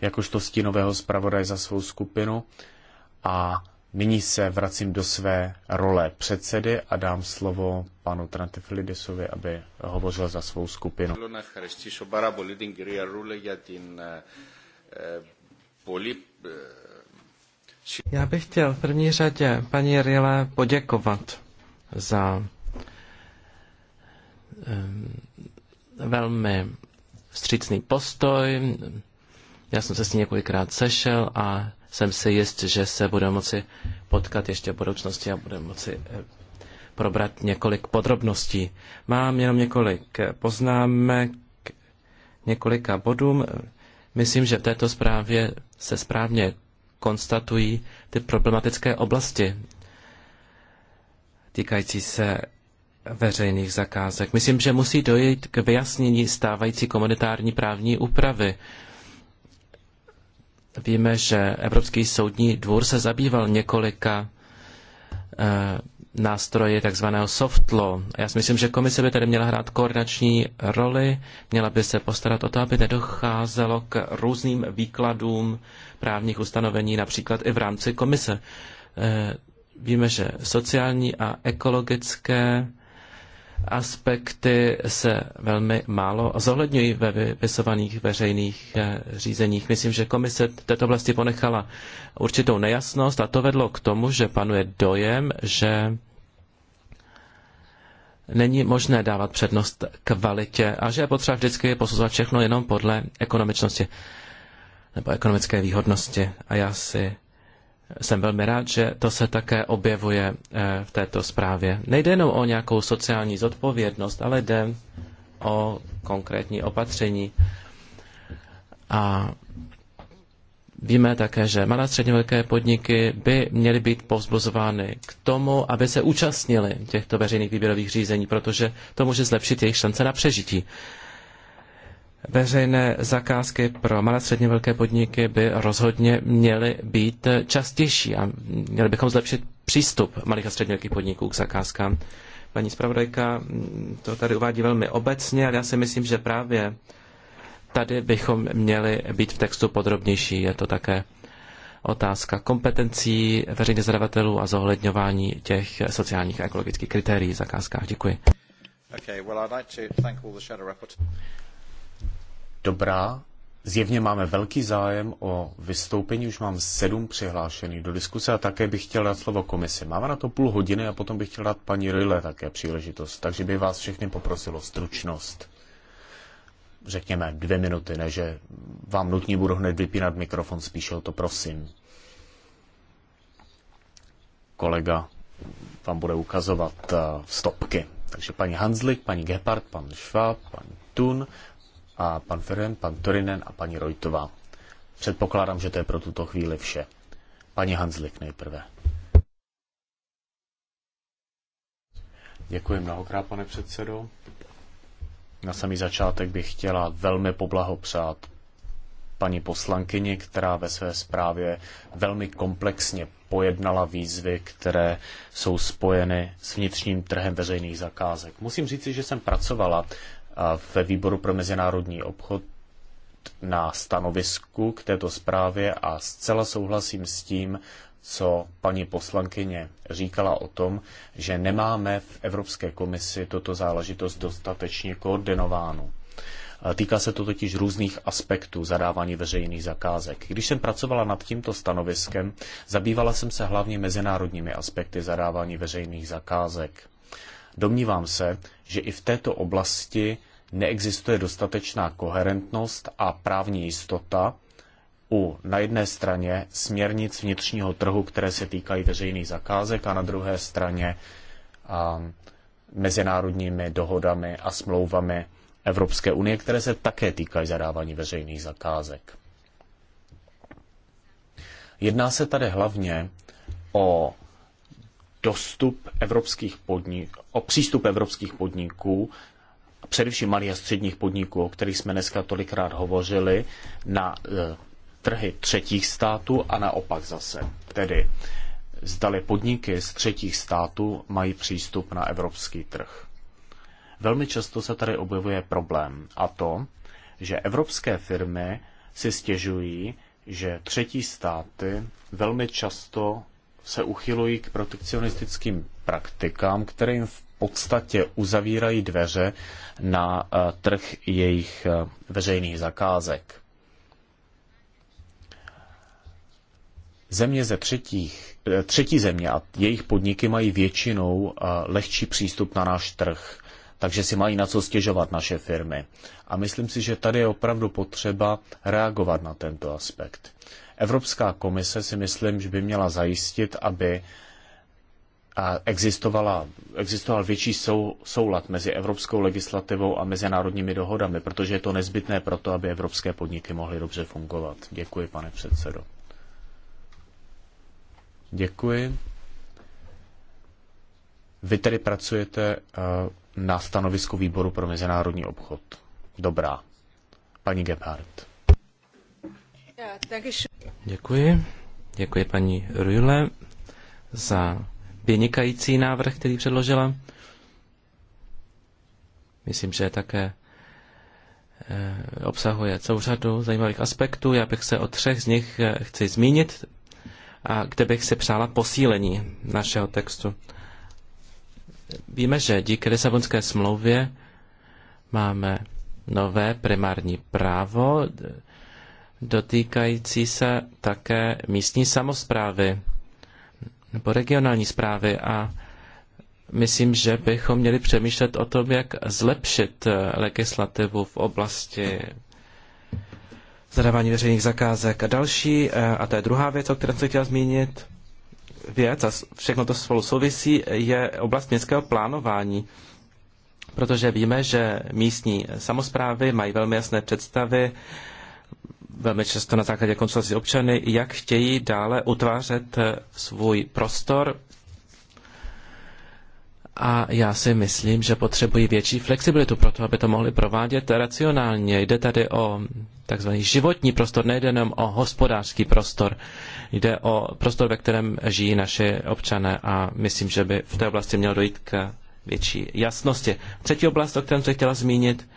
jakožto stínového zpravodaje za svou skupinu a Nyní se vracím do své role předsedy a dám slovo panu Trantefilidisovi, aby hovořil za svou skupinu. Já bych chtěl v první řadě paní Rile poděkovat za velmi vstřícný postoj. Já jsem se s ní několikrát sešel a jsem si jist, že se budeme moci potkat ještě v budoucnosti a budeme moci eh, probrat několik podrobností. Mám jenom několik poznámek několika bodům. Myslím, že v této zprávě se správně konstatují ty problematické oblasti týkající se veřejných zakázek. Myslím, že musí dojít k vyjasnění stávající komunitární právní úpravy. Víme, že Evropský soudní dvůr se zabýval několika eh, nástroji takzvaného soft law. Já si myslím, že komise by tady měla hrát koordinační roli, měla by se postarat o to, aby nedocházelo k různým výkladům právních ustanovení, například i v rámci komise. Eh, víme, že sociální a ekologické aspekty se velmi málo zohledňují ve vypisovaných veřejných eh, řízeních. Myslím, že komise této oblasti ponechala určitou nejasnost a to vedlo k tomu, že panuje dojem, že není možné dávat přednost kvalitě a že je potřeba vždycky posuzovat všechno jenom podle ekonomičnosti nebo ekonomické výhodnosti. A já si jsem velmi rád, že to se také objevuje eh, v této zprávě. Nejde jenom o nějakou sociální zodpovědnost, ale jde o konkrétní opatření. A víme také, že malé a středně velké podniky by měly být povzbuzovány k tomu, aby se účastnili těchto veřejných výběrových řízení, protože to může zlepšit jejich šance na přežití. Veřejné zakázky pro malé středně velké podniky by rozhodně měly být častější a měli bychom zlepšit přístup malých a středně velkých podniků k zakázkám. Paní zpravodajka to tady uvádí velmi obecně, ale já si myslím, že právě tady bychom měli být v textu podrobnější. Je to také otázka kompetencí veřejných zadavatelů a zohledňování těch sociálních a ekologických kritérií v zakázkách. Děkuji. Okay, well, like Dobrá, zjevně máme velký zájem o vystoupení, už mám sedm přihlášených do diskuse a také bych chtěl dát slovo komisi. Máme na to půl hodiny a potom bych chtěl dát paní Rille také příležitost, takže by vás všechny poprosil o stručnost. Řekněme dvě minuty, ne že vám nutně budu hned vypínat mikrofon, spíše o to prosím. Kolega vám bude ukazovat eh, stopky. Takže paní Hanzlik, paní Gepard, pan Schwab, pan Tun, a pan Ferren, pan Torinen a paní Rojtová. Předpokládám, že to je pro tuto chvíli vše. Paní Hanzlik nejprve. Děkuji mnohokrát, pane předsedo. Na samý začátek bych chtěla velmi poblahopřát paní poslankyni, která ve své zprávě velmi komplexně pojednala výzvy, které jsou spojeny s vnitřním trhem veřejných zakázek. Musím říci, že jsem pracovala ve výboru pro mezinárodní obchod na stanovisku k této zprávě a zcela souhlasím s tím, co paní poslankyně říkala o tom, že nemáme v Evropské komisi toto záležitost dostatečně koordinovánu. Týká se to totiž různých aspektů zadávání veřejných zakázek. Když jsem pracovala nad tímto stanoviskem, zabývala jsem se hlavně mezinárodními aspekty zadávání veřejných zakázek. Domnívám se, že i v této oblasti neexistuje dostatečná koherentnost a právní jistota u na jedné straně směrnic vnitřního trhu, které se týkají veřejných zakázek, a na druhé straně a, mezinárodními dohodami a smlouvami Evropské unie, které se také týkají zadávání veřejných zakázek. Jedná se tady hlavně o dostup evropských podniků, o přístup evropských podniků, především malých a středních podniků, o kterých jsme dneska tolikrát hovořili, na e, trhy třetích států a naopak zase. Tedy zdali podniky z třetích států mají přístup na evropský trh. Velmi často se tady objevuje problém a to, že evropské firmy si stěžují, že třetí státy velmi často se uchylují k protekcionistickým praktikám, které jim v podstatě uzavírají dveře na eh, trh jejich eh, veřejných zakázek. Země ze třetích, eh, třetí země a jejich podniky mají většinou lehčí přístup na náš trh, takže si mají na co stěžovat naše firmy. A myslím si, že tady je opravdu potřeba reagovat na tento aspekt. Evropská komise si myslím, že by měla zajistit, aby existovala, existoval větší sou, soulad mezi evropskou legislativou a mezinárodními dohodami, protože je to nezbytné pro to, aby evropské podniky mohly dobře fungovat. Děkuji, pane předsedo. Děkuji. Vy tedy pracujete eh, na stanovisku výboru pro mezinárodní obchod. Dobrá. Paní Gebhardt. Děkuji. Děkuji paní Rühle za vynikající návrh, který předložila. Myslím, že také eh, obsahuje celou řadu zajímavých aspektů. Já bych se o třech z nich eh, chci zmínit a kde bych si přála posílení našeho textu. Víme, že díky Lisabonské smlouvě máme nové primární právo, dotýkající se také místní samozprávy nebo regionální zprávy a myslím, že bychom měli přemýšlet o tom, jak zlepšit eh, legislativu v oblasti zadávání veřejných zakázek. A další, eh, a to je druhá věc, o které jsem chtěl zmínit, věc, a všechno to spolu souvisí, je oblast městského plánování. Protože víme, že místní samozprávy mají velmi jasné představy velmi často na základě konzultací občany, jak chtějí dále utvářet eh, svůj prostor. A já si myslím, že potřebují větší flexibilitu pro to, aby to mohli provádět racionálně. Jde tady o takzvaný životní prostor, nejde jenom o hospodářský prostor. Jde o prostor, ve kterém žijí naše občané a myslím, že by v té oblasti mělo dojít k větší jasnosti. Třetí oblast, o kterém se chtěla zmínit,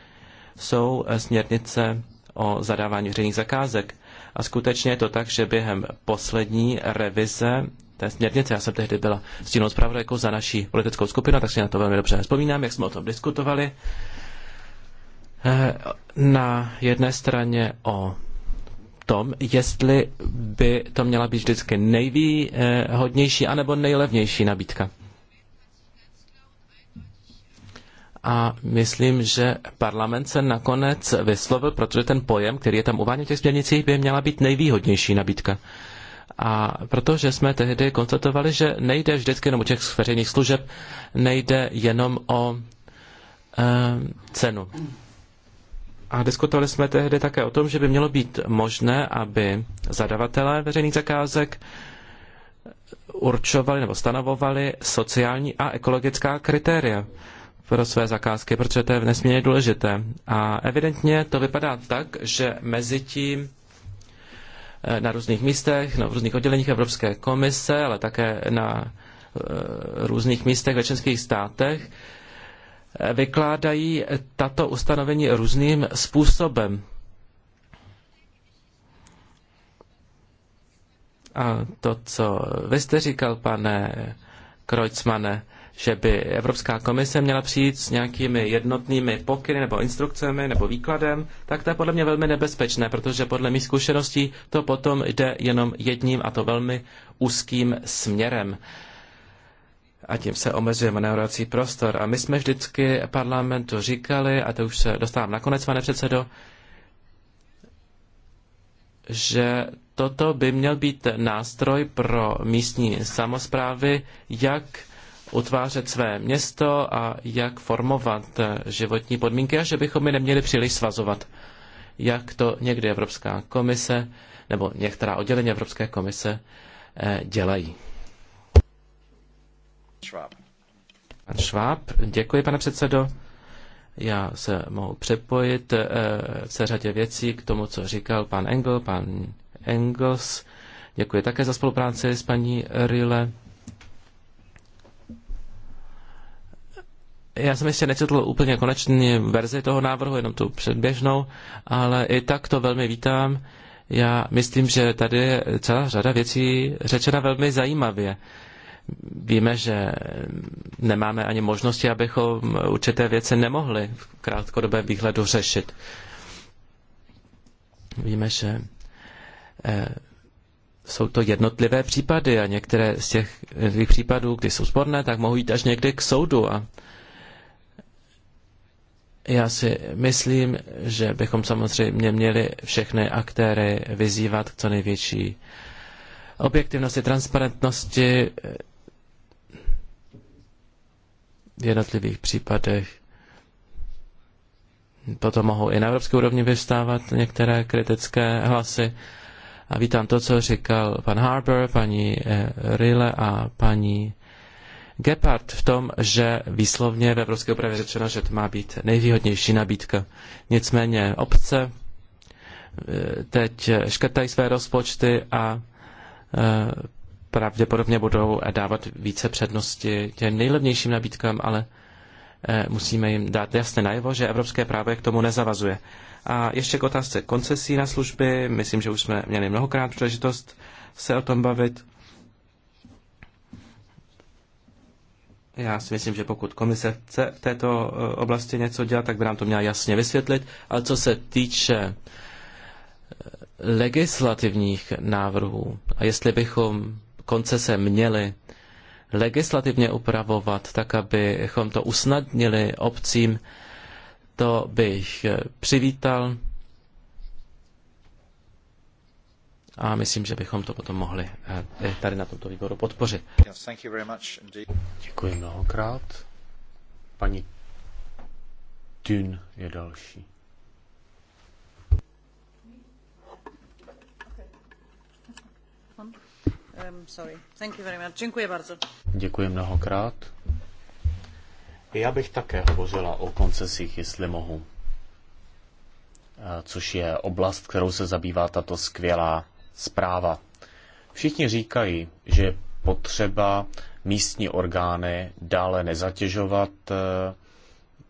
jsou eh, směrnice o zadávání veřejných zakázek. A skutečně je to tak, že během poslední revize té směrnice, já jsem tehdy byla s tím zpravodajkou za naší politickou skupinu, tak si na to velmi dobře vzpomínám, jak jsme o tom diskutovali. Eh, na jedné straně o tom, jestli by to měla být vždycky nejvýhodnější anebo nejlevnější nabídka. a myslím, že parlament se nakonec vyslovil, protože ten pojem, který je tam uváděn v těch směrnicích, by měla být nejvýhodnější nabídka. A protože jsme tehdy konstatovali, že nejde vždycky jenom u těch veřejných služeb, nejde jenom o e, cenu. A diskutovali jsme tehdy také o tom, že by mělo být možné, aby zadavatelé veřejných zakázek určovali nebo stanovovali sociální a ekologická kritéria pro své zakázky, protože to je nesmírně důležité. A evidentně to vypadá tak, že mezi tím eh, na různých místech, na no, různých odděleních Evropské komise, ale také na eh, různých místech ve českých státech eh, vykládají tato ustanovení různým způsobem. A to, co vy jste říkal, pane Kreutzmane, že by Evropská komise měla přijít s nějakými jednotnými pokyny nebo instrukcemi nebo výkladem, tak to je podle mě velmi nebezpečné, protože podle mých zkušeností to potom jde jenom jedním a to velmi úzkým směrem a tím se omezuje manévrovací prostor. A my jsme vždycky parlamentu říkali, a to už se dostávám nakonec, pane předsedo, že toto by měl být nástroj pro místní samozprávy, jak utvářet své město a jak formovat životní podmínky a že bychom je neměli příliš svazovat, jak to někdy Evropská komise nebo některá oddělení Evropské komise eh, dělají. Schwab. Pan Schwab, děkuji, pane předsedo. Já se mohu připojit eh, v se řadě věcí k tomu, co říkal pan Engel, pan Engels. Děkuji také za spolupráci s paní Rille. Já jsem ještě nečetl úplně konečný verzi toho návrhu, jenom tu předběžnou, ale i tak to velmi vítám. Já myslím, že tady je celá řada věcí řečena velmi zajímavě. Víme, že nemáme ani možnosti, abychom určité věci nemohli v krátkodobém výhledu řešit. Víme, že Eh, jsou to jednotlivé případy a některé z eh, těch případů, kdy jsou sporné, tak mohou jít až někdy k soudu. A já si myslím, že bychom samozřejmě měli všechny aktéry vyzývat k co největší objektivnosti, transparentnosti eh, v jednotlivých případech. Potom mohou i na evropské úrovni vystávat některé kritické hlasy. A vítám to, co říkal pan Harper, paní eh, Rille a paní Gepard v tom, že výslovně ve Evropské úpravě řečeno, že to má být nejvýhodnější nabídka. Nicméně obce eh, teď škrtají své rozpočty a eh, pravděpodobně budou dávat více přednosti těm nejlevnějším nabídkám, ale Eh, musíme jim dát jasně najevo, že evropské právo je k tomu nezavazuje. A ještě k otázce koncesí na služby. Myslím, že už jsme měli mnohokrát příležitost se o tom bavit. Já si myslím, že pokud komise chce v této eh, oblasti něco dělat, tak by nám to měla jasně vysvětlit. Ale co se týče eh, legislativních návrhů a jestli bychom koncese měli legislativně upravovat, tak abychom to usnadnili obcím, to bych eh, přivítal. A myslím, že bychom to potom mohli eh, tady na tomto výboru podpořit. Děkuji mnohokrát. Paní Dün je další. Um, Děkuji mnohokrát. Já bych také hovořila o koncesích, jestli mohu. Eh, což je oblast, kterou se zabývá tato skvělá zpráva. Všichni říkají, že potřeba místní orgány dále nezatěžovat eh,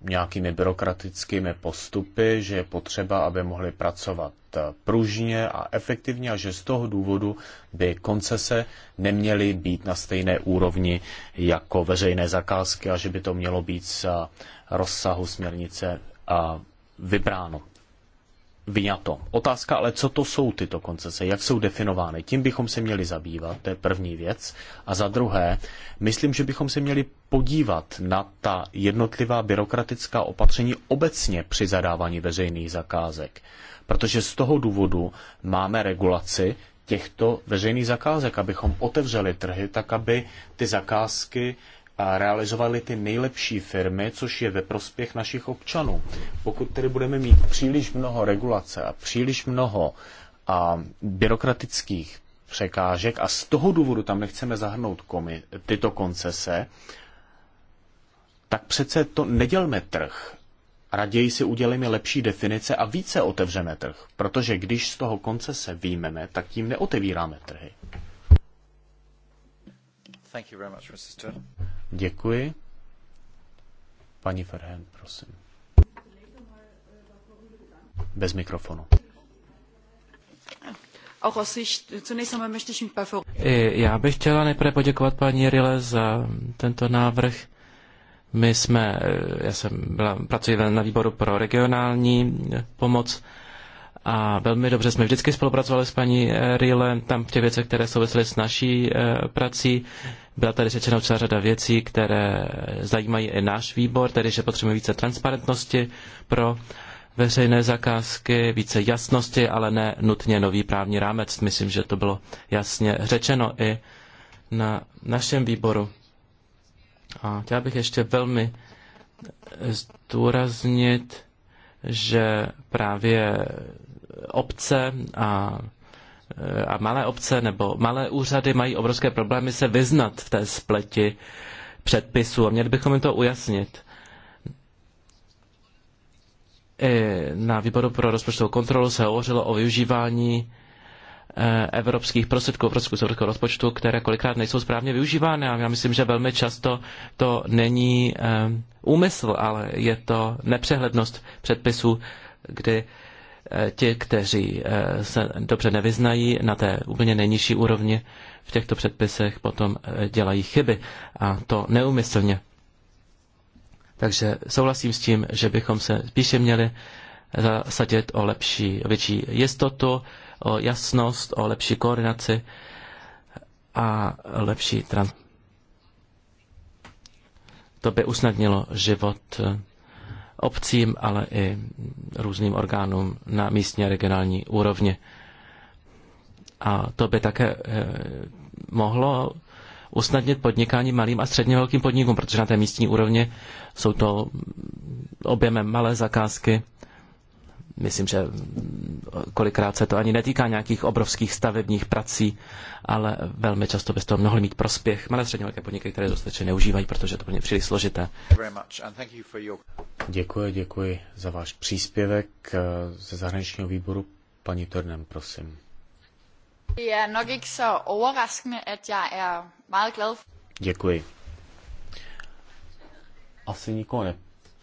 nějakými byrokratickými postupy, že je potřeba, aby mohli pracovat eh, pružně a efektivně a že z toho důvodu by koncese neměly být na stejné úrovni jako veřejné zakázky a že by to mělo být z rozsahu směrnice eh, vybráno vyňato. Otázka ale, co to jsou tyto koncese, jak jsou definovány, tím bychom se měli zabývat, to je první věc. A za druhé, myslím, že bychom se měli podívat na ta jednotlivá byrokratická opatření obecně při zadávání veřejných zakázek. Protože z toho důvodu máme regulaci těchto veřejných zakázek, abychom otevřeli trhy tak, aby ty zakázky realizovali ty nejlepší firmy, což je ve prospěch našich občanů. Pokud tedy budeme mít příliš mnoho regulace a příliš mnoho a byrokratických překážek a z toho důvodu tam nechceme zahrnout komi- tyto koncese, tak přece to nedělme trh. Raději si udělíme lepší definice a více otevřeme trh, protože když z toho koncese výjmeme, tak tím neotevíráme trhy. Thank you very much, Mr. Děkuji. Paní Ferhen, prosím. Bez mikrofonu. Já bych chtěla nejprve poděkovat paní Rile za tento návrh. My jsme, já jsem byla, pracuji na výboru pro regionální pomoc a velmi dobře jsme vždycky spolupracovali s paní Rile tam v těch věcech, které souvisely s naší eh, prací. Byla tady řečena celá řada věcí, které zajímají i náš výbor, tedy že potřebujeme více transparentnosti pro veřejné zakázky, více jasnosti, ale ne nutně nový právní rámec. Myslím, že to bylo jasně řečeno i na našem výboru. A chtěla bych ještě velmi zdůraznit, že právě obce a Eh, a malé obce nebo malé úřady mají obrovské problémy se vyznat v té spleti předpisů a měli bychom jim to ujasnit. I na výboru pro rozpočtovou kontrolu se hovořilo o využívání eh, evropských prostředků, prostředků z evropského rozpočtu, které kolikrát nejsou správně využívány. A já myslím, že velmi často to není eh, úmysl, ale je to nepřehlednost předpisů, kdy ti, kteří eh, se dobře nevyznají na té úplně nejnižší úrovni v těchto předpisech, potom eh, dělají chyby a to neumyslně. Takže souhlasím s tím, že bychom se spíše měli zasadit o lepší, větší jistotu, o jasnost, o lepší koordinaci a lepší trans. To by usnadnilo život eh, obcím, ale i různým orgánům na místní a regionální úrovni. A to by také eh, mohlo usnadnit podnikání malým a středně velkým podnikům, protože na té místní úrovni jsou to objemem malé zakázky Myslím, že mm, kolikrát se to ani netýká nějakých obrovských stavebních prací, ale velmi často by z toho mohly mít prospěch malé střední velké podniky, které dostatečně neužívají, protože to je příliš složité. Děkuji, děkuji za váš příspěvek eh, ze zahraničního výboru. Paní Tornem, prosím. Er je er Děkuji. Asi nikoho ne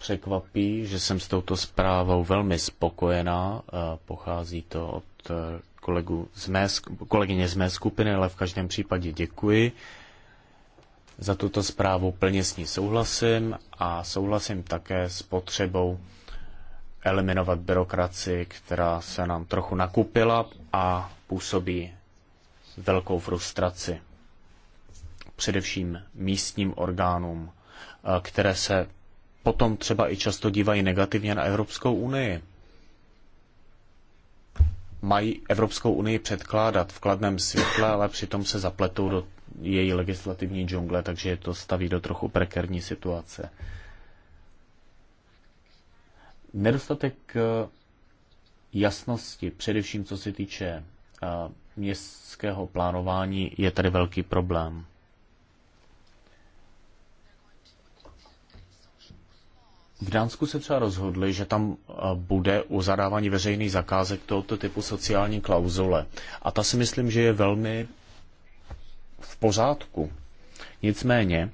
překvapí, že jsem s touto zprávou velmi spokojená. Eh, pochází to od eh, kolegu z mé, kolegyně z mé skupiny, ale v každém případě děkuji. Za tuto zprávu plně s ní souhlasím a souhlasím také s potřebou eliminovat byrokracii, která se nám trochu nakupila a působí velkou frustraci především místním orgánům, eh, které se potom třeba i často dívají negativně na Evropskou unii. Mají Evropskou unii předkládat v kladném světle, ale přitom se zapletou do její legislativní džungle, takže je to staví do trochu prekerní situace. Nedostatek eh, jasnosti, především co se týče eh, městského plánování, je tady velký problém. V Dánsku se třeba rozhodli, že tam eh, bude u zadávání veřejných zakázek tohoto typu sociální klauzule. A ta si myslím, že je velmi v pořádku. Nicméně,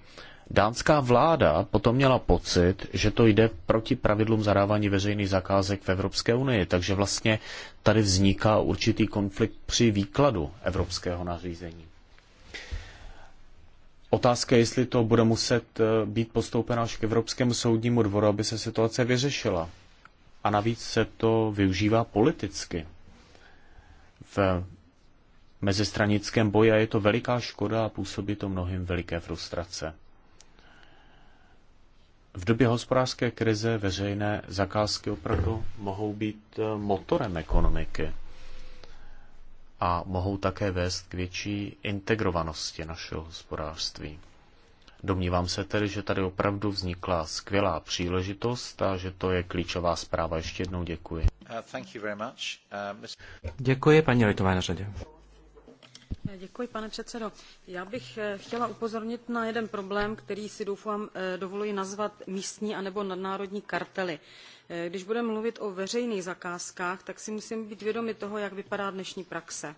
dánská vláda potom měla pocit, že to jde proti pravidlům zadávání veřejných zakázek v Evropské unii, takže vlastně tady vzniká určitý konflikt při výkladu evropského nařízení. Otázka je, jestli to bude muset eh, být postoupeno až k Evropskému soudnímu dvoru, aby se situace vyřešila. A navíc se to využívá politicky. V mezistranickém boji a je to veliká škoda a působí to mnohým veliké frustrace. V době hospodářské krize veřejné zakázky opravdu mohou být eh, motorem ekonomiky a mohou také vést k větší integrovanosti našeho hospodářství. Domnívám se tedy, že tady opravdu vznikla skvělá příležitost a že to je klíčová zpráva. Ještě jednou děkuji. Uh, uh, děkuji, paní Litová na řadě. Eh, děkuji, pane předsedo. Já bych eh, chtěla upozornit na jeden problém, který si doufám eh, dovoluji nazvat místní anebo nadnárodní kartely Eh, když budeme mluvit o veřejných zakázkách, tak si musíme být vědomi toho, jak vypadá dnešní praxe.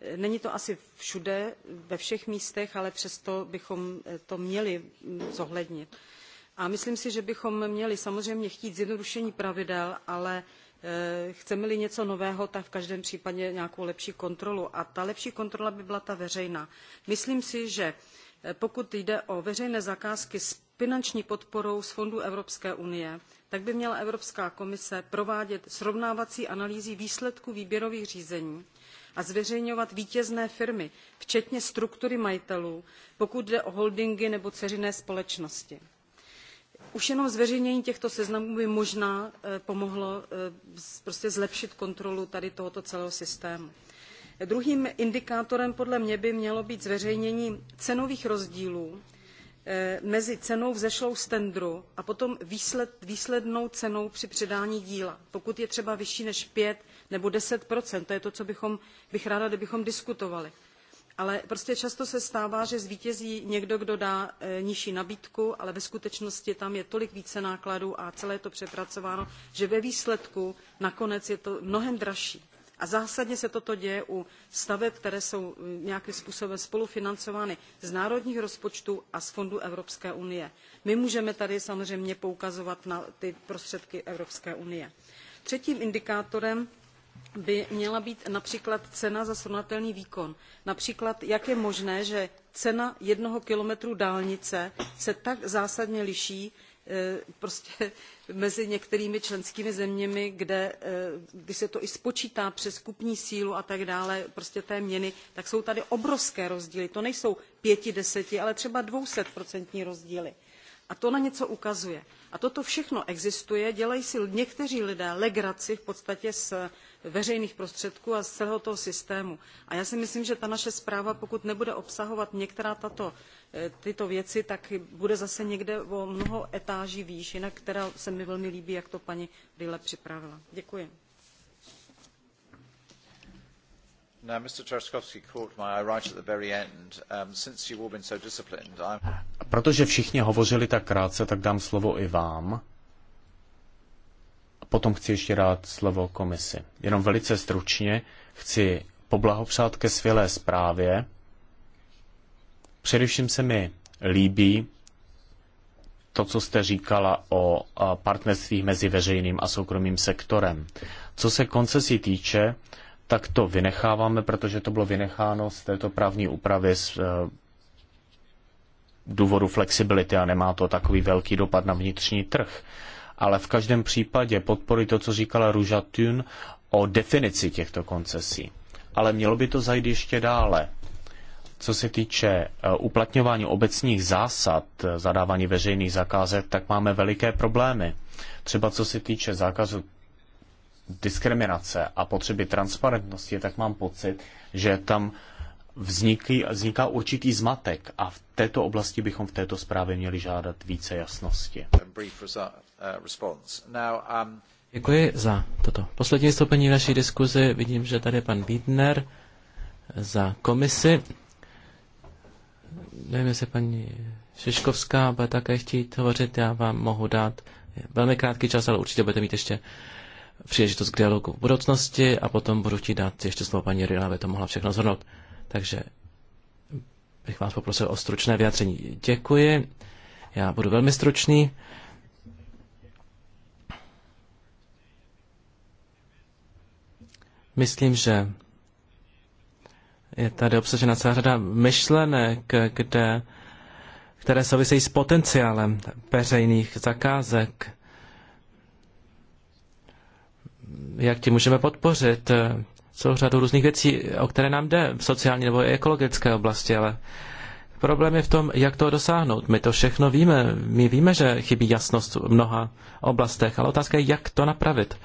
Eh, není to asi všude, ve všech místech, ale přesto bychom eh, to měli mm, zohlednit. A myslím si, že bychom měli samozřejmě chtít zjednodušení pravidel, ale chceme-li něco nového, tak v každém případě nějakou lepší kontrolu. A ta lepší kontrola by byla ta veřejná. Myslím si, že pokud jde o veřejné zakázky z finanční podporou z fondů Evropské unie, tak by měla Evropská komise provádět srovnávací analýzy výsledků výběrových řízení a zveřejňovat vítězné firmy, včetně struktury majitelů, pokud jde o holdingy nebo dceřiné společnosti. Už jenom zveřejnění těchto seznamů by možná eh, pomohlo eh, prostě zlepšit kontrolu tady tohoto celého systému. Druhým indikátorem podle mě by mělo být zveřejnění cenových rozdílů Eh, mezi cenou vzešlou z tendru a potom výslednou cenou při předání díla. Pokud je třeba vyšší než 5 nebo 10 to je to, co bychom, bych ráda, kdybychom diskutovali. Ale prostě často se stává, že zvítězí někdo, kdo dá eh, nižší nabídku, ale ve skutečnosti tam je tolik více nákladů a celé je to přepracováno, že ve výsledku nakonec je to mnohem dražší a zásadně se toto děje u staveb, které jsou mm, nějakým způsobem spolufinancovány z národních rozpočtů a z fondů Evropské unie. My můžeme tady samozřejmě poukazovat na ty prostředky Evropské unie. Třetím indikátorem by měla být například cena za srovnatelný výkon. Například, jak je možné, že cena jednoho kilometru dálnice se tak zásadně liší Eh, prostě mezi některými členskými zeměmi, kde, eh, když se to i spočítá přes kupní sílu a tak dále, prostě té měny, tak jsou tady obrovské rozdíly. To nejsou pěti, deseti, ale třeba dvousetprocentní rozdíly. A to na něco ukazuje. A toto všechno existuje, dělají si někteří lidé legraci v podstatě s veřejných prostředků a z celého toho systému. A já si myslím, že ta naše zpráva, pokud nebude obsahovat některá tato, eh, tyto věci, tak bude zase někde o mnoho etáží výš, jinak která se mi velmi líbí, jak to paní Rille připravila. Děkuji. Now, Mr. caught my eye right at the very end. Um, since you've all been so disciplined, I'm... Protože všichni hovořili tak krátce, tak dám slovo i vám potom chci ještě dát slovo komisi. Jenom velice stručně chci poblahopřát ke svělé zprávě. Především se mi líbí to, co jste říkala o partnerství mezi veřejným a soukromým sektorem. Co se koncesí týče, tak to vynecháváme, protože to bylo vynecháno z této právní úpravy z e, důvodu flexibility a nemá to takový velký dopad na vnitřní trh ale v každém případě podporuji to, co říkala Růža Thun o definici těchto koncesí. Ale mělo by to zajít ještě dále. Co se týče e, uplatňování obecních zásad e, zadávání veřejných zakázek, tak máme veliké problémy. Třeba co se týče zákazu diskriminace a potřeby transparentnosti, tak mám pocit, že tam vzniky, vzniká určitý zmatek a v této oblasti bychom v této zprávě měli žádat více jasnosti. Uh, um, Děkuji za toto. Poslední vystoupení v naší diskuzi. Vidím, že tady je pan Wiedner za komisi. Nevím, jestli paní Šiškovská bude také chtít hovořit. Já vám mohu dát velmi krátký čas, ale určitě budete mít ještě příležitost k dialogu v budoucnosti a potom budu chtít dát ještě slovo paní Rina, aby to mohla všechno zhrnout. Takže bych vás poprosil o stručné vyjádření. Děkuji. Já budu velmi stručný. Myslím, že je tady obsažena celá řada myšlenek, kde, které souvisejí s potenciálem peřejných zakázek. Jak ti můžeme podpořit celou řadu různých věcí, o které nám jde v sociální nebo i ekologické oblasti, ale problém je v tom, jak to dosáhnout. My to všechno víme, my víme, že chybí jasnost v mnoha oblastech, ale otázka je, jak to napravit.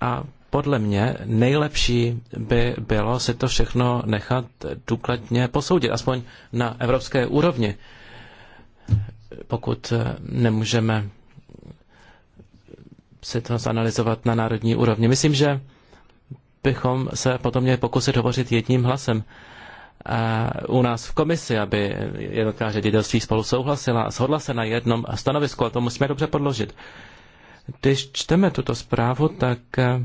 A podle mě nejlepší by bylo si to všechno nechat důkladně posoudit, aspoň na evropské úrovni, pokud nemůžeme si to zanalizovat na národní úrovni. Myslím, že bychom se potom měli pokusit hovořit jedním hlasem eh, u nás v komisi, aby jednotlivá ředitelství spolu souhlasila a shodla se na jednom stanovisku a to musíme dobře podložit. Když čteme tuto zprávu, tak eh,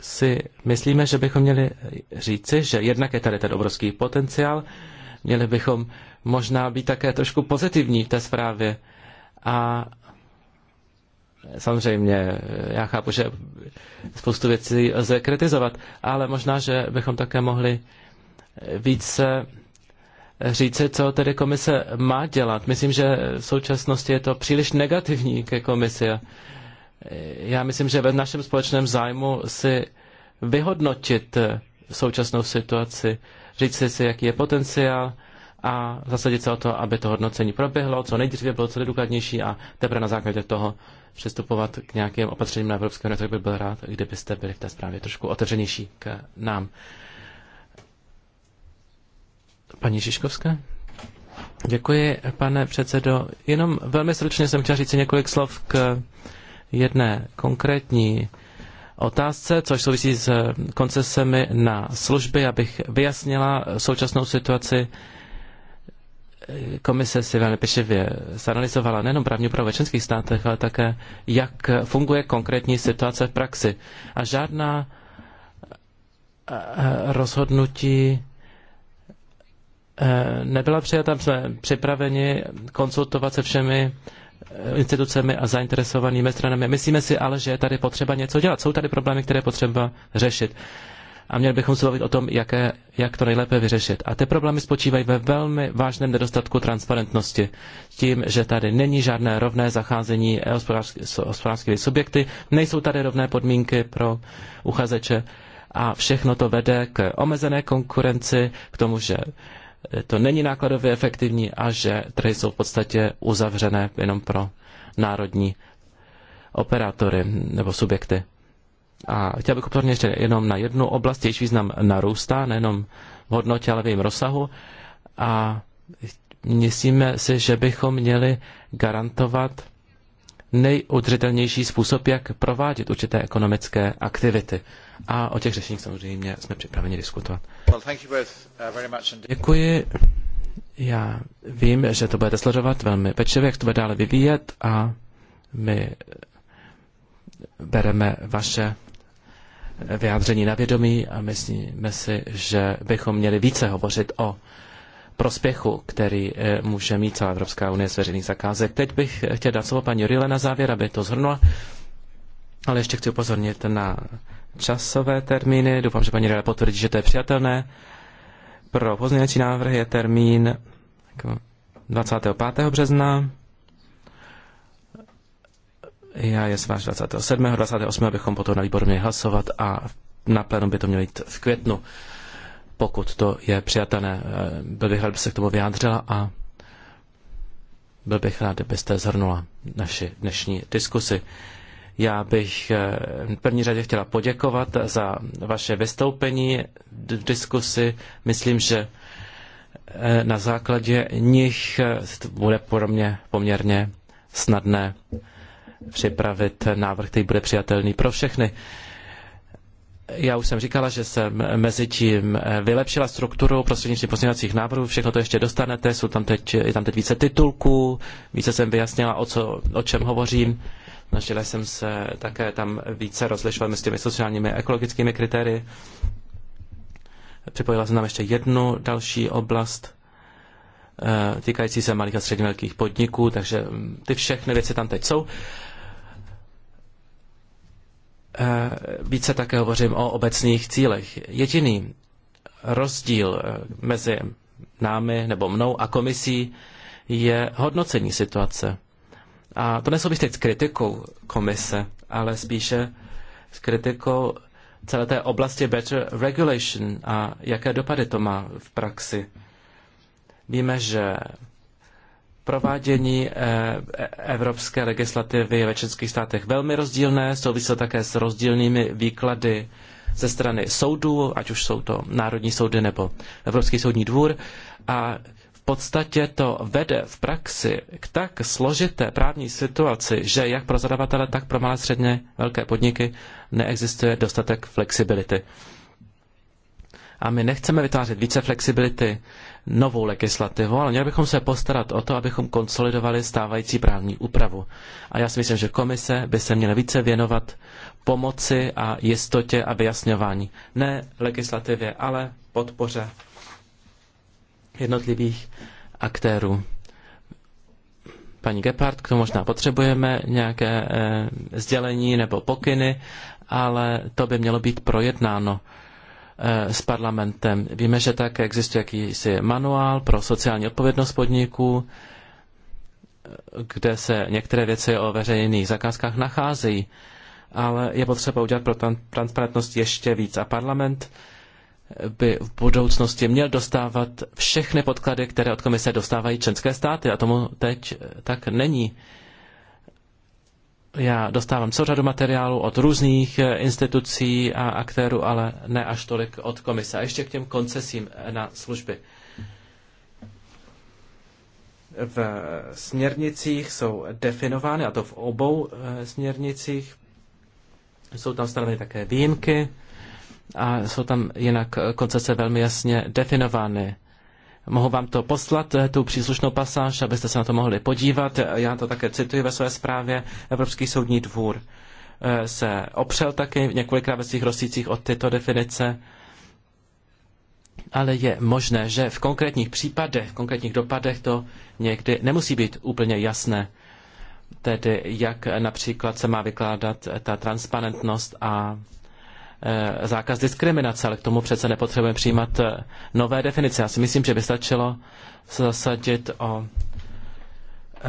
si myslíme, že bychom měli říci, že jednak je tady ten obrovský potenciál, měli bychom možná být také trošku pozitivní v té zprávě a Samozřejmě, já chápu, že spoustu věcí lze kritizovat, ale možná, že bychom také mohli více říci, co tedy komise má dělat. Myslím, že v současnosti je to příliš negativní ke komisi. Já myslím, že ve našem společném zájmu si vyhodnotit současnou situaci, říct si, jaký je potenciál a zasadit se o to, aby to hodnocení proběhlo, co nejdříve bylo co nejdůkladnější a teprve na základě toho přistupovat k nějakým opatřením na Evropské unii, tak bych byl rád, kdybyste byli v té zprávě trošku otevřenější k nám. Paní Žižkovská? Děkuji, pane předsedo. Jenom velmi stručně jsem chtěl říct několik slov k jedné konkrétní otázce, což souvisí s koncesemi na služby, abych vyjasnila současnou situaci komise si velmi pečlivě zanalizovala nejenom právní úpravu ve členských státech, ale také, jak funguje konkrétní situace v praxi. A žádná eh, rozhodnutí eh, nebyla přijata. Jsme připraveni konzultovat se všemi eh, institucemi a zainteresovanými stranami. Myslíme si ale, že je tady potřeba něco dělat. Jsou tady problémy, které potřeba řešit a měli bychom se bavit o tom, jaké, jak to nejlépe vyřešit. A ty problémy spočívají ve velmi vážném nedostatku transparentnosti. Tím, že tady není žádné rovné zacházení hospodářskými subjekty, nejsou tady rovné podmínky pro uchazeče a všechno to vede k omezené konkurenci, k tomu, že to není nákladově efektivní a že trhy jsou v podstatě uzavřené jenom pro národní operátory nebo subjekty. A chtěl bych upozornit ještě jenom na jednu oblast, jejíž význam narůstá, nejenom v hodnotě, ale v jejím rozsahu. A myslíme si, že bychom měli garantovat nejudřitelnější způsob, jak provádět určité ekonomické aktivity. A o těch řešeních samozřejmě jsme připraveni diskutovat. Uh, Děkuji. Já vím, že to budete sledovat velmi pečlivě, jak to bude dále vyvíjet a my bereme vaše vyjádření na vědomí a myslíme si, že bychom měli více hovořit o prospěchu, který eh, může mít celá Evropská unie z veřejných zakázek. Teď bych chtěl dát slovo paní Jurile na závěr, aby to zhrnula, ale ještě chci upozornit na časové termíny. Doufám, že paní Jurile potvrdí, že to je přijatelné. Pro pozměňovací návrh je termín 25. Jako března já je sváž 27. 28. bychom potom na výboru měli hlasovat a na plénu by to mělo jít v květnu, pokud to je přijatelné. Eh, byl bych rád, kdyby se k tomu vyjádřila a byl bych rád, kdybyste zhrnula naši dnešní diskusi. Já bych eh, v první řadě chtěla poděkovat za vaše vystoupení v diskusi. Myslím, že eh, na základě nich bude pro mě poměrně snadné připravit návrh, který bude přijatelný pro všechny. Já už jsem říkala, že jsem mezi tím eh, vylepšila strukturu prostřednictvím pozměňovacích návrhů, všechno to ještě dostanete, jsou tam teď, je tam teď více titulků, více jsem vyjasnila, o, co, o čem hovořím. Snažila jsem se také tam více rozlišovat mezi těmi sociálními ekologickými kritérii. Připojila jsem tam ještě jednu další oblast eh, týkající se malých a středně velkých podniků, takže mm, ty všechny věci tam teď jsou. Eh, více také hovořím o obecných cílech. Jediný rozdíl eh, mezi námi nebo mnou a komisí je hodnocení situace. A to nesouvisí teď s kritikou komise, ale spíše s kritikou celé té oblasti better regulation a jaké dopady to má v praxi. Víme, že Provádění eh, e, evropské legislativy ve českých státech velmi rozdílné, souvisí také s rozdílnými výklady ze strany soudů, ať už jsou to národní soudy nebo Evropský soudní dvůr. A v podstatě to vede v praxi k tak složité právní situaci, že jak pro zadavatele, tak pro malé středně velké podniky neexistuje dostatek flexibility. A my nechceme vytvářet více flexibility novou legislativu, ale měli bychom se postarat o to, abychom konsolidovali stávající právní úpravu. A já si myslím, že komise by se měla více věnovat pomoci a jistotě a vyjasňování. Ne legislativě, ale podpoře jednotlivých aktérů. Paní Gepard, k tomu možná potřebujeme nějaké e, sdělení nebo pokyny, ale to by mělo být projednáno Eh, s parlamentem. Víme, že také existuje jakýsi manuál pro sociální odpovědnost podniků, kde se některé věci o veřejných zakázkách nacházejí, ale je potřeba udělat pro transparentnost ještě víc. A parlament by v budoucnosti měl dostávat všechny podklady, které od komise dostávají členské státy. A tomu teď tak není. Já dostávám celou řadu materiálu od různých eh, institucí a aktérů, ale ne až tolik od komise. A ještě k těm koncesím na služby. V eh, směrnicích jsou definovány, a to v obou eh, směrnicích, jsou tam stanoveny také výjimky a jsou tam jinak koncese velmi jasně definovány. Mohu vám to poslat, eh, tu příslušnou pasáž, abyste se na to mohli podívat. Já to také cituji ve své zprávě. Evropský soudní dvůr eh, se opřel taky několikrát ve svých rozsících od tyto definice, ale je možné, že v konkrétních případech, v konkrétních dopadech to někdy nemusí být úplně jasné. Tedy jak například se má vykládat ta transparentnost a Eh, zákaz diskriminace, ale k tomu přece nepotřebujeme přijímat eh, nové definice. Já si myslím, že by stačilo se zasadit o eh,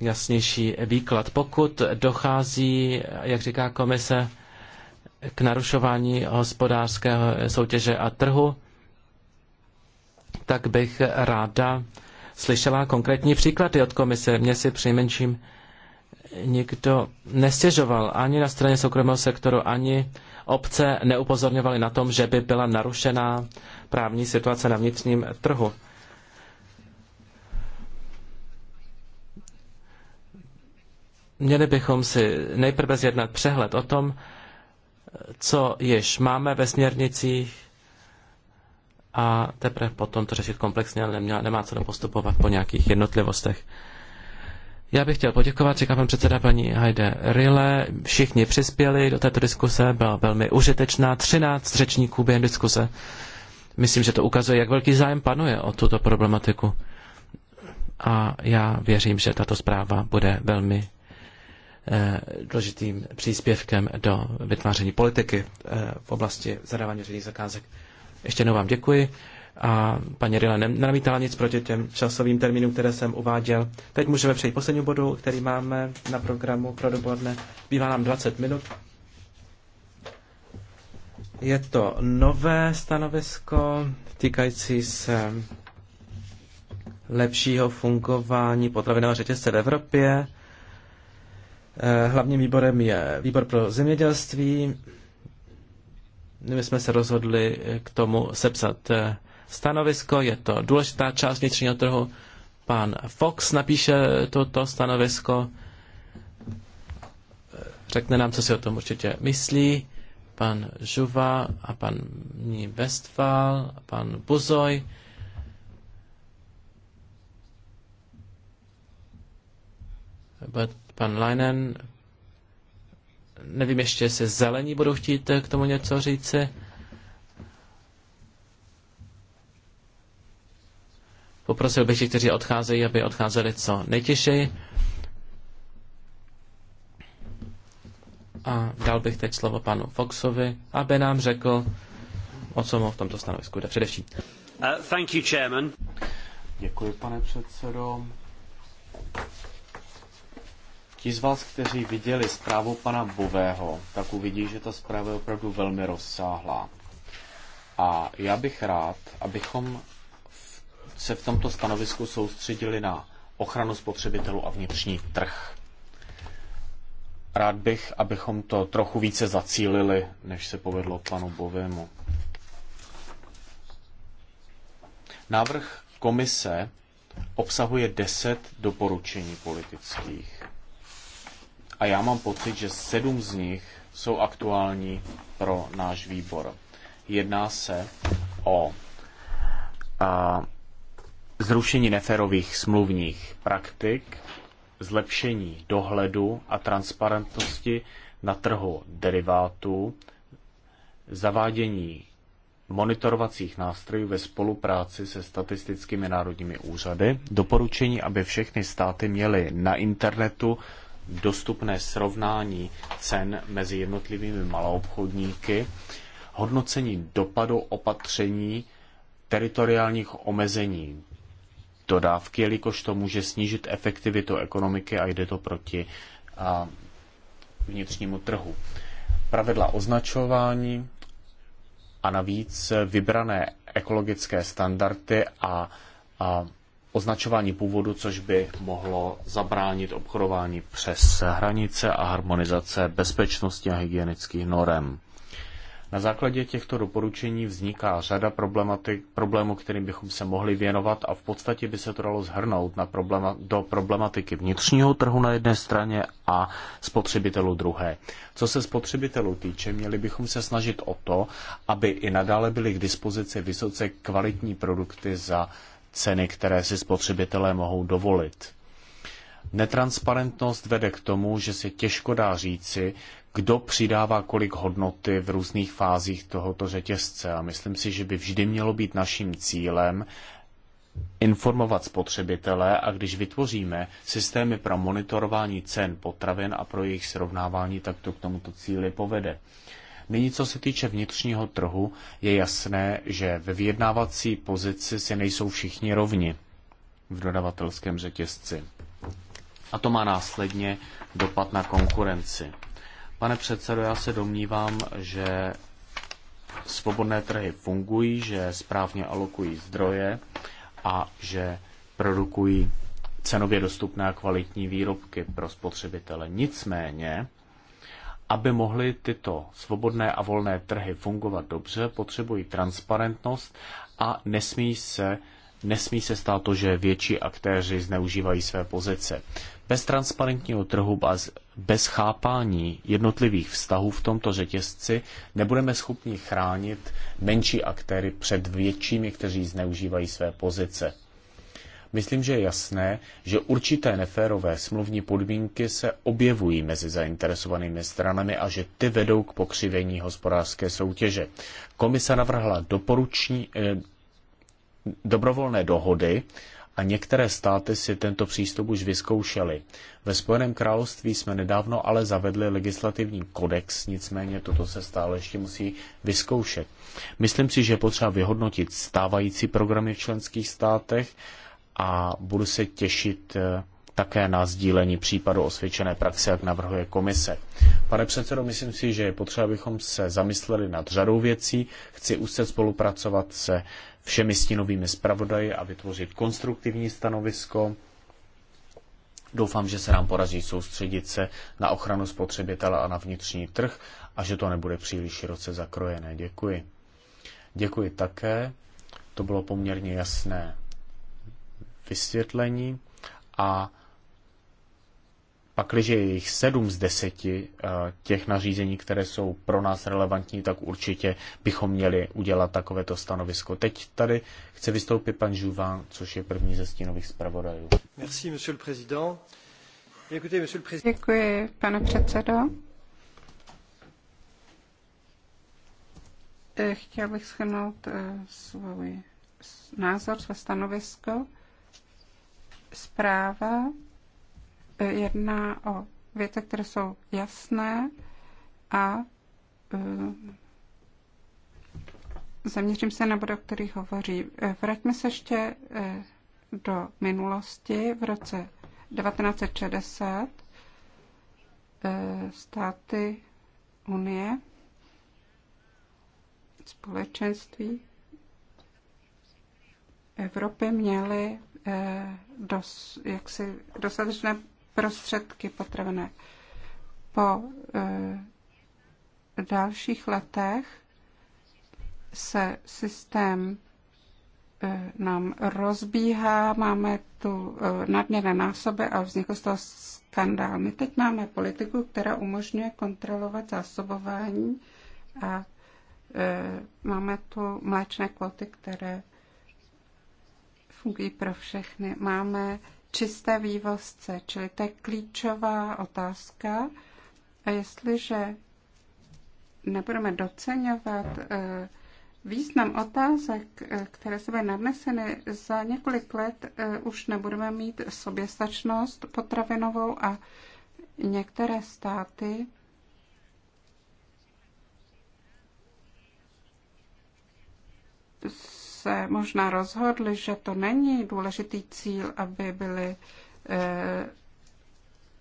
jasnější výklad. Pokud dochází, jak říká komise, k narušování hospodářské soutěže a trhu, tak bych ráda slyšela konkrétní příklady od komise. Mně si přinejmenším nikdo nestěžoval ani na straně soukromého sektoru, ani obce neupozorňovaly na tom, že by byla narušená právní situace na vnitřním trhu. Měli bychom si nejprve zjednat přehled o tom, co již máme ve směrnicích a teprve potom to řešit komplexně, ale nemá, nemá co postupovat po nějakých jednotlivostech. Já bych chtěl poděkovat, říká pan předseda paní Heide Rille. Všichni přispěli do této diskuse, byla velmi užitečná. 13 řečníků během diskuse. Myslím, že to ukazuje, jak velký zájem panuje o tuto problematiku. A já věřím, že tato zpráva bude velmi eh, důležitým příspěvkem do vytváření politiky eh, v oblasti zadávání veřejných zakázek. Ještě jednou vám děkuji a paní Rila nenamítala nic proti těm časovým termínům, které jsem uváděl. Teď můžeme přejít poslední bodu, který máme na programu pro dopoledne. Bývá nám 20 minut. Je to nové stanovisko týkající se lepšího fungování potravinového řetězce v Evropě. Eh, hlavním výborem je výbor pro zemědělství. My jsme se rozhodli k tomu sepsat eh, stanovisko, je to důležitá část vnitřního trhu. Pan Fox napíše toto stanovisko, řekne nám, co si o tom určitě myslí. Pan Žuva a pan Westfal a pan Buzoj. Pan Leinen, nevím ještě, jestli zelení budou chtít k tomu něco říci. Poprosil bych těch, kteří odcházejí, aby odcházeli co nejtěžší. A dal bych teď slovo panu Foxovi, aby nám řekl, o co mu v tomto stanovisku jde především. Uh, thank you, chairman. Děkuji, pane předsedo. Ti z vás, kteří viděli zprávu pana Bového, tak uvidí, že ta zpráva je opravdu velmi rozsáhlá. A já bych rád, abychom se v tomto stanovisku soustředili na ochranu spotřebitelů a vnitřní trh. Rád bych, abychom to trochu více zacílili, než se povedlo panu Bovému. Návrh komise obsahuje deset doporučení politických. A já mám pocit, že sedm z nich jsou aktuální pro náš výbor. Jedná se o a, zrušení neférových smluvních praktik, zlepšení dohledu a transparentnosti na trhu derivátů, zavádění monitorovacích nástrojů ve spolupráci se statistickými národními úřady, doporučení, aby všechny státy měly na internetu dostupné srovnání cen mezi jednotlivými maloobchodníky, hodnocení dopadu opatření teritoriálních omezení dodávky, jelikož to může snížit efektivitu ekonomiky a jde to proti a, vnitřnímu trhu. Pravidla označování a navíc vybrané ekologické standardy a, a označování původu, což by mohlo zabránit obchodování přes hranice a harmonizace bezpečnosti a hygienických norem. Na základě těchto doporučení vzniká řada problematik, problémů, kterým bychom se mohli věnovat a v podstatě by se to dalo zhrnout na problema, do problematiky vnitřního trhu na jedné straně a spotřebitelů druhé. Co se spotřebitelů týče, měli bychom se snažit o to, aby i nadále byly k dispozici vysoce kvalitní produkty za ceny, které si spotřebitelé mohou dovolit. Netransparentnost vede k tomu, že se těžko dá říci, kdo přidává kolik hodnoty v různých fázích tohoto řetězce. A myslím si, že by vždy mělo být naším cílem informovat spotřebitele a když vytvoříme systémy pro monitorování cen potravin a pro jejich srovnávání, tak to k tomuto cíli povede. Nyní, co se týče vnitřního trhu, je jasné, že ve vyjednávací pozici si nejsou všichni rovni v dodavatelském řetězci. A to má následně dopad na konkurenci. Pane předsedo, já se domnívám, že svobodné trhy fungují, že správně alokují zdroje a že produkují cenově dostupné a kvalitní výrobky pro spotřebitele. Nicméně, aby mohly tyto svobodné a volné trhy fungovat dobře, potřebují transparentnost a nesmí se, nesmí se stát to, že větší aktéři zneužívají své pozice. Bez transparentního trhu, bez chápání jednotlivých vztahů v tomto řetězci nebudeme schopni chránit menší aktéry před většími, kteří zneužívají své pozice. Myslím, že je jasné, že určité neférové smluvní podmínky se objevují mezi zainteresovanými stranami a že ty vedou k pokřivení hospodářské soutěže. Komise navrhla doporuční, eh, dobrovolné dohody a některé státy si tento přístup už vyzkoušely. Ve Spojeném království jsme nedávno ale zavedli legislativní kodex, nicméně toto se stále ještě musí vyzkoušet. Myslím si, že je potřeba vyhodnotit stávající programy v členských státech a budu se těšit eh, také na sdílení případu osvědčené praxe, jak navrhuje komise. Pane předsedo, myslím si, že je potřeba, abychom se zamysleli nad řadou věcí. Chci už se spolupracovat se všemi stínovými zpravodaji a vytvořit konstruktivní stanovisko. Doufám, že se nám podaří soustředit se na ochranu spotřebitele a na vnitřní trh a že to nebude příliš široce zakrojené. Děkuji. Děkuji také. To bylo poměrně jasné vysvětlení a Pakliže je jich sedm z deseti eh, těch nařízení, které jsou pro nás relevantní, tak určitě bychom měli udělat takovéto stanovisko. Teď tady chce vystoupit pan Žuvan, což je první ze stínových zpravodajů. Merci, monsieur le président. Děkuji, pane předsedo. Eh, chtěl bych schrnout eh, svůj názor, své stanovisko. Zpráva jedná o věce, které jsou jasné a e, zaměřím se na bod, o kterých hovoří. E, vraťme se ještě e, do minulosti. V roce 1960 státy Unie, společenství Evropy měly dos, jaksi dostatečné prostředky potravené. Po e, dalších letech se systém e, nám rozbíhá, máme tu e, nadměrné násoby a vznikl z toho skandál. My teď máme politiku, která umožňuje kontrolovat zásobování a e, máme tu mléčné kvoty, které fungují pro všechny. Máme čisté vývozce, čili to je klíčová otázka. A jestliže nebudeme doceňovat eh, význam otázek, eh, které se byly nadneseny, za několik let eh, už nebudeme mít soběstačnost potravinovou a některé státy se možná rozhodli, že to není důležitý cíl, aby byly e,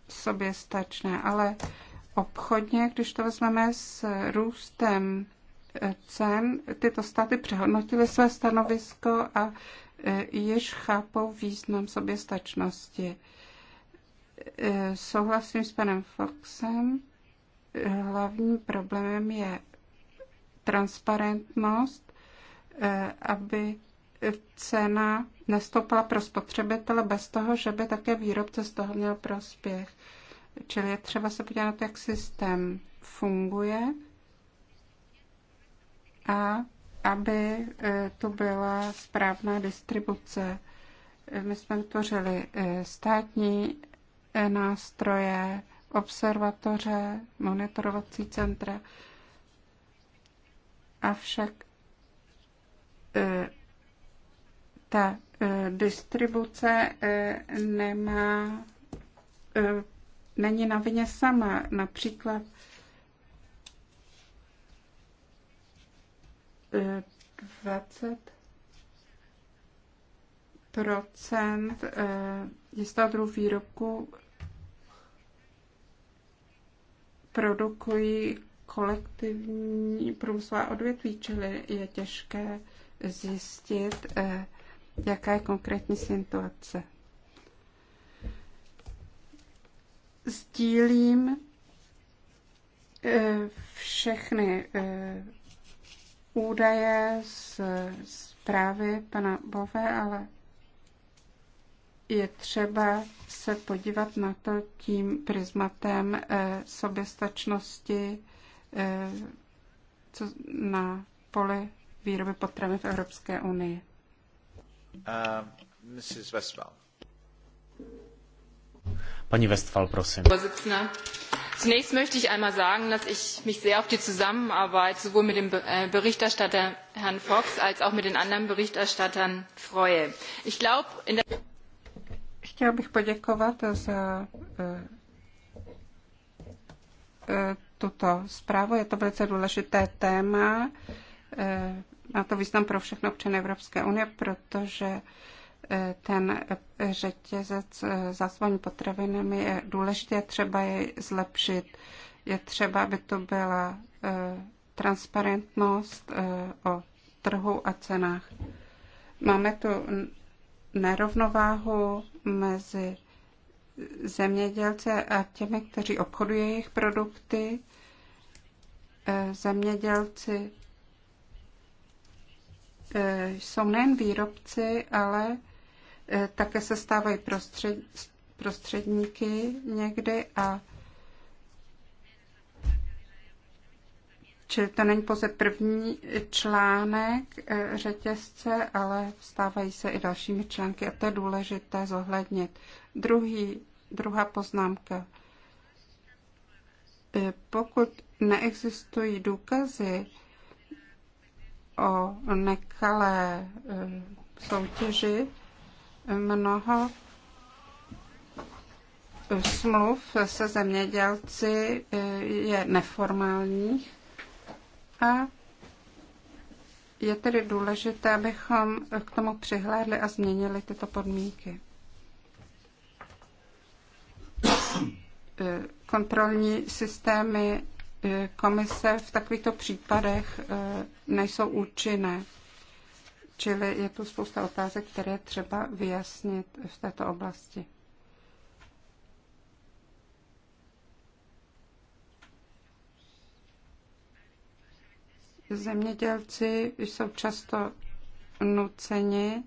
soběstačné, ale obchodně, když to vezmeme s růstem eh, cen, tyto státy přehodnotily své stanovisko a eh, již chápou význam soběstačnosti. Souhlasím s panem Foxem. Hlavním problémem je transparentnost Eh, aby cena nestoupala pro spotřebitele bez toho, že by také výrobce z toho měl prospěch. Čili je třeba se podívat jak systém funguje a aby eh, tu byla správná distribuce. Eh, my jsme vytvořili státní nástroje, observatoře, monitorovací centra. Avšak E, ta e, distribuce e, nemá, není na vině sama. Například dvacet procent jistého druhu výrobku produkují kolektivní průmyslová odvětví, čili je těžké zjistit, eh, jaká je konkrétní situace. Sdílím eh, všechny eh, údaje z zprávy pana Bové, ale je třeba se podívat na to tím prismatem soběstačnosti na poli výroby potravin v Evropské unii. Uh, Mrs. Westphal. Paní Westphal, prosím. Zunächst möchte ich einmal sagen, dass ich mich sehr auf die Zusammenarbeit sowohl mit dem äh, Berichterstatter Herrn Fox als auch mit den anderen Berichterstattern freue. Ich glaube, in der Chtěl bych poděkovat za e, e, tuto zprávu. Je to velice důležité téma. E, má to význam pro všechny občany Evropské unie, protože eh, ten eh, řetězec eh, zásobování potravinami je důležitý, je třeba jej zlepšit. Je třeba, aby to byla transparentnost o trhu a cenách. Máme tu nerovnováhu mezi zemědělce a těmi, kteří obchodují jejich produkty. Zemědělci E, jsou nejen výrobci, ale e, také se stávají prostřed, prostředníky někdy a Čili to není pouze první článek e, řetězce, ale stávají se i dalšími články a to je důležité zohlednit. Druhý, druhá poznámka. Pokud neexistují důkazy, o nekalé e, soutěži. Mnoho smluv se zemědělci e, je neformálních a je tedy důležité, abychom k tomu přihlédli a změnili tyto podmínky. E, kontrolní systémy komise v takovýchto případech eh, nejsou účinné. Čili je tu spousta otázek, které třeba vyjasnit v této oblasti. Zemědělci jsou často nuceni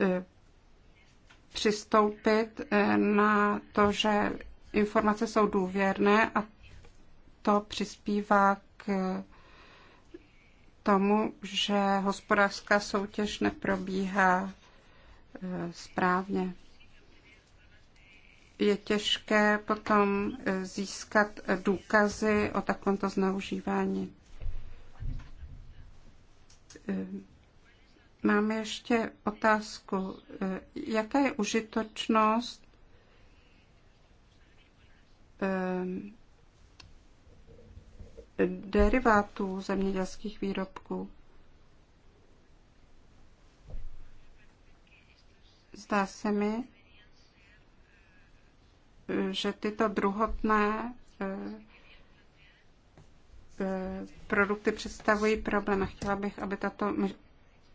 eh, přistoupit eh, na to, že informace jsou důvěrné a to přispívá k tomu, že hospodářská soutěž neprobíhá e, správně. Je těžké potom e, získat důkazy o takovémto zneužívání. E, máme ještě otázku. Jaká je užitočnost Eh, derivátů zemědělských výrobků. Zdá se mi, že tyto druhotné eh, eh, produkty představují problém. Chtěla bych, aby tato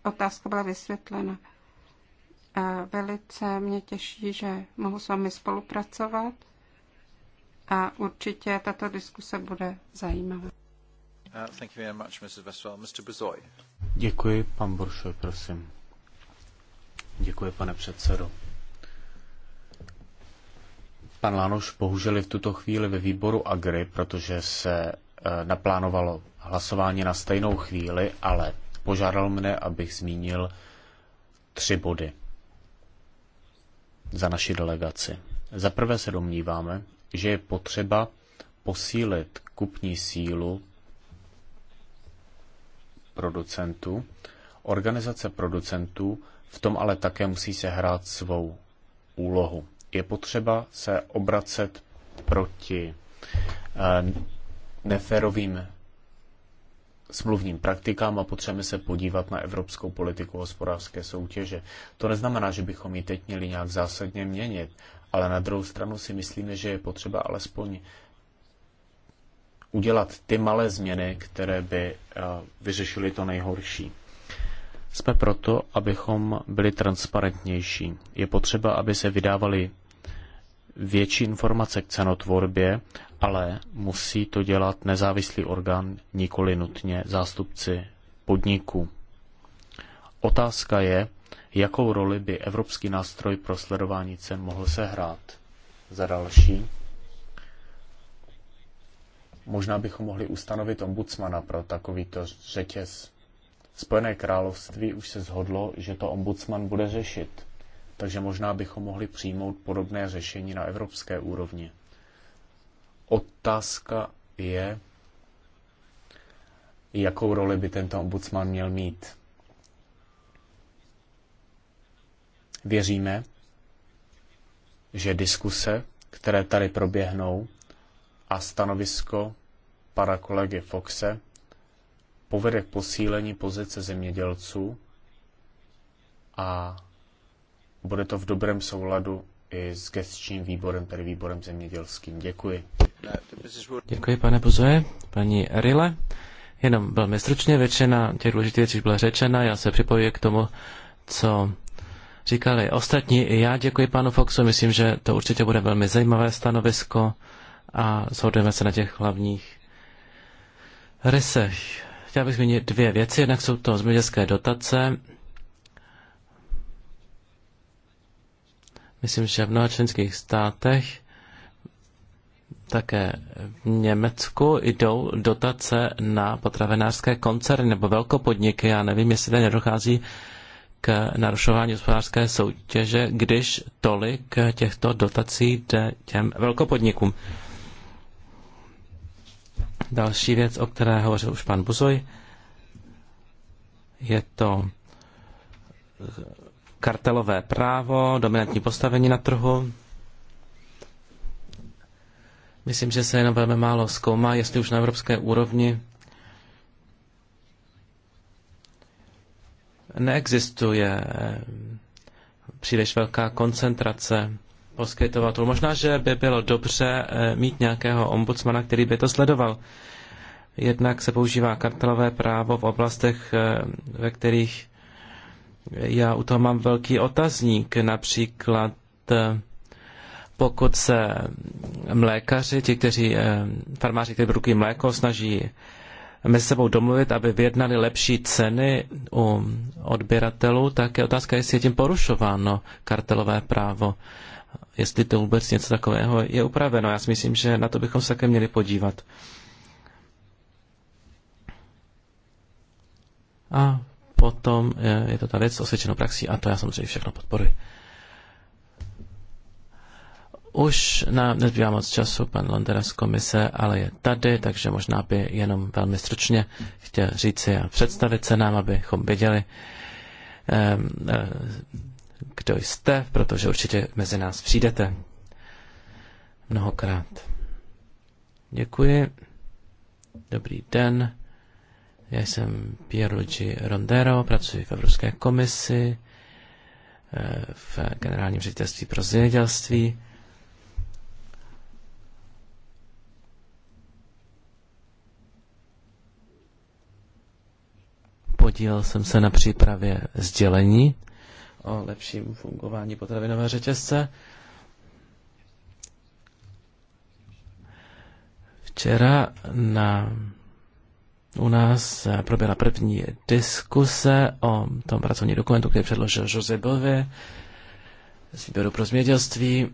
otázka byla vysvětlena. Velice mě těší, že mohu s vámi spolupracovat a určitě tato diskuse bude zajímavá. Uh, Děkuji, pan Boršoj, prosím. Děkuji, pane předsedo. Pan Lánoš bohužel je v tuto chvíli ve výboru Agri, protože se eh, naplánovalo hlasování na stejnou chvíli, ale požádal mne, abych zmínil tři body za naši delegaci. Za prvé se domníváme, že je potřeba posílit kupní sílu producentů. Organizace producentů v tom ale také musí se hrát svou úlohu. Je potřeba se obracet proti eh, neférovým smluvním praktikám a potřebujeme se podívat na evropskou politiku hospodářské soutěže. To neznamená, že bychom ji teď měli nějak zásadně měnit ale na druhou stranu si myslíme, že je potřeba alespoň udělat ty malé změny, které by eh, vyřešily to nejhorší. Jsme proto, abychom byli transparentnější. Je potřeba, aby se vydávaly větší informace k cenotvorbě, ale musí to dělat nezávislý orgán, nikoli nutně zástupci podniků. Otázka je, Jakou roli by evropský nástroj pro sledování cen mohl sehrát? Za další. Možná bychom mohli ustanovit ombudsmana pro takovýto řetěz. Spojené království už se zhodlo, že to ombudsman bude řešit, takže možná bychom mohli přijmout podobné řešení na evropské úrovni. Otázka je, jakou roli by tento ombudsman měl mít. Věříme, že diskuse, které tady proběhnou, a stanovisko para kolegy Foxe povede k posílení pozice zemědělců a bude to v dobrém souladu i s gestčním výborem, tedy výborem zemědělským. Děkuji. Děkuji, pane Buzoje. Paní Rile, jenom velmi stručně většina těch důležitých věcí byla řečena. Já se připojuji k tomu, co říkali ostatní. I já děkuji panu Foxu, myslím, že to určitě bude velmi zajímavé stanovisko a shodujeme se na těch hlavních rysech. Chtěl bych zmínit dvě věci, jednak jsou to zemědělské dotace. Myslím, že v mnoha členských státech také v Německu jdou dotace na potravinářské koncerny nebo velkopodniky. Já nevím, jestli tady nedochází k narušování hospodářské soutěže, když tolik těchto dotací jde těm velkopodnikům. Další věc, o které hovořil už pan Buzoj, je to kartelové právo, dominantní postavení na trhu. Myslím, že se jenom velmi málo zkoumá, jestli už na evropské úrovni neexistuje eh, příliš velká koncentrace poskytovatelů. Možná, že by bylo dobře eh, mít nějakého ombudsmana, který by to sledoval. Jednak se používá kartelové právo v oblastech, eh, ve kterých já u toho mám velký otazník, například pokud se mlékaři, ti, kteří, farmáři, kteří produkují mléko, snaží mezi sebou domluvit, aby vyjednali lepší ceny u odběratelů, tak je otázka, jestli je tím porušováno kartelové právo. Jestli to vůbec něco takového je upraveno. Já si myslím, že na to bychom se také měli podívat. A potom je to ta věc s osvědčenou praxí a to já samozřejmě všechno podporuji. Už nám nezbývá moc času, pan Londera z komise, ale je tady, takže možná by jenom velmi stručně chtěl říci a představit se nám, abychom věděli, ehm, eh, kdo jste, protože určitě mezi nás přijdete mnohokrát. Děkuji. Dobrý den. Já jsem Pierluigi Rondero, pracuji v Evropské komisi, eh, v Generálním ředitelství pro zemědělství Podílel jsem se na přípravě sdělení o lepším fungování potravinové řetězce. Včera na, u nás proběhla první diskuse o tom pracovní dokumentu, který předložil Jose Bové z výběru pro změdělství.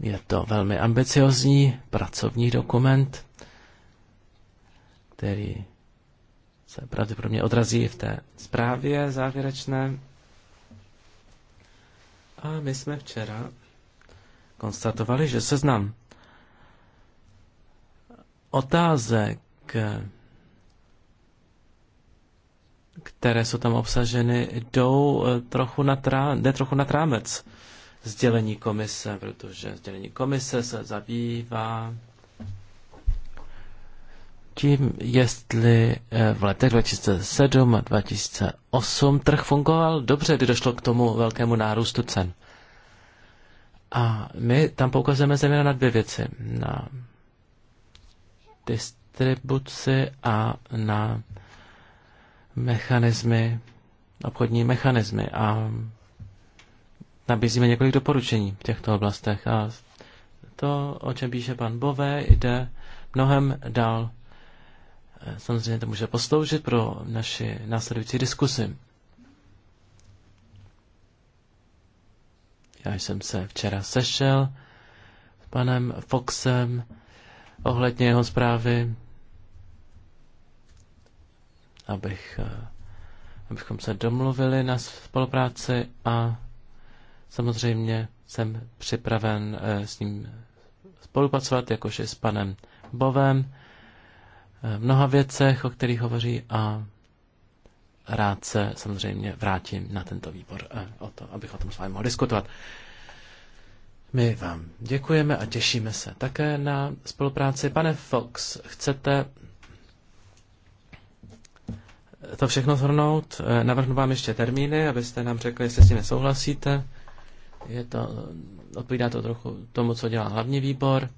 Je to velmi ambiciozní pracovní dokument, který se pravděpodobně odrazí v té zprávě závěrečné. A my jsme včera konstatovali, že seznam otázek, které jsou tam obsaženy, jdou eh, trochu na trá, jde trochu na trámec sdělení komise, protože sdělení komise se zabývá tím, jestli eh, v letech 2007 a 2008 trh fungoval dobře, kdy došlo k tomu velkému nárůstu cen. A my tam poukazujeme zejména na dvě věci. Na distribuci a na mechanismy, obchodní mechanismy. A nabízíme několik doporučení v těchto oblastech. A to, o čem píše pan Bové, jde mnohem dál Eh, samozřejmě to může posloužit pro naši následující diskusy. Já jsem se včera sešel s panem Foxem ohledně jeho zprávy, abych, eh, abychom se domluvili na spolupráci a samozřejmě jsem připraven eh, s ním spolupracovat, jakož i s panem Bovem v eh, mnoha věcech, o kterých hovoří a rád se samozřejmě vrátím na tento výbor, eh, o to, abych o tom s vámi mohl diskutovat. My vám děkujeme a těšíme se také na spolupráci. Pane Fox, chcete to všechno zhrnout? Eh, navrhnu vám ještě termíny, abyste nám řekli, jestli s tím nesouhlasíte. Je to, odpovídá to trochu tomu, co dělá hlavní výbor.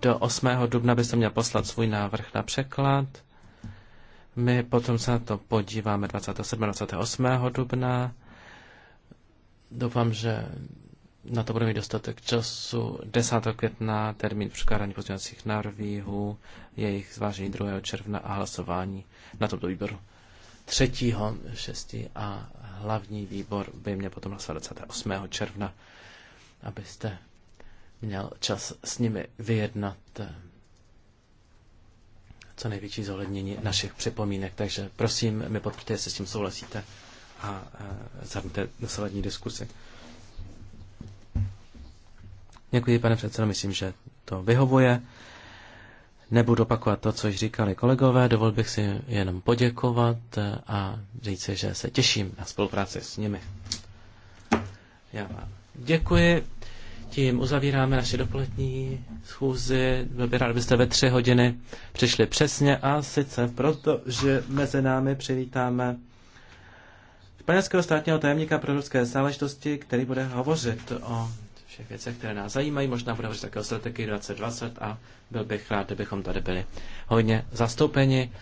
Do 8. dubna byste měl poslat svůj návrh na překlad. My potom se na to podíváme 27. 28. dubna. Doufám, že na to bude mít dostatek času. 10. května termín předkládání pozměňovacích návrhů, jejich zvážení 2. června a hlasování na tomto výboru 3. 6. a hlavní výbor by mě potom hlasoval 28. června, abyste měl čas s nimi vyjednat eh, co největší zohlednění našich připomínek. Takže prosím, mi podpořte, jestli s tím souhlasíte a eh, zahrňte dosavadní diskusy. Děkuji, pane předsedo, myslím, že to vyhovuje. Nebudu opakovat to, co již říkali kolegové, dovol bych si jenom poděkovat eh, a říci, že se těším na spolupráci s nimi. Já vám děkuji. Tím uzavíráme naše dopolední schůzi. Byl by rád, byste ve tři hodiny přišli přesně a sice proto, že mezi námi přivítáme španělského státního tajemníka pro ruské záležitosti, který bude hovořit o všech věcech, které nás zajímají. Možná bude hovořit také o strategii 2020 a byl bych rád, kdybychom tady byli hodně zastoupeni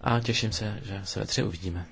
a těším se, že se ve tři uvidíme.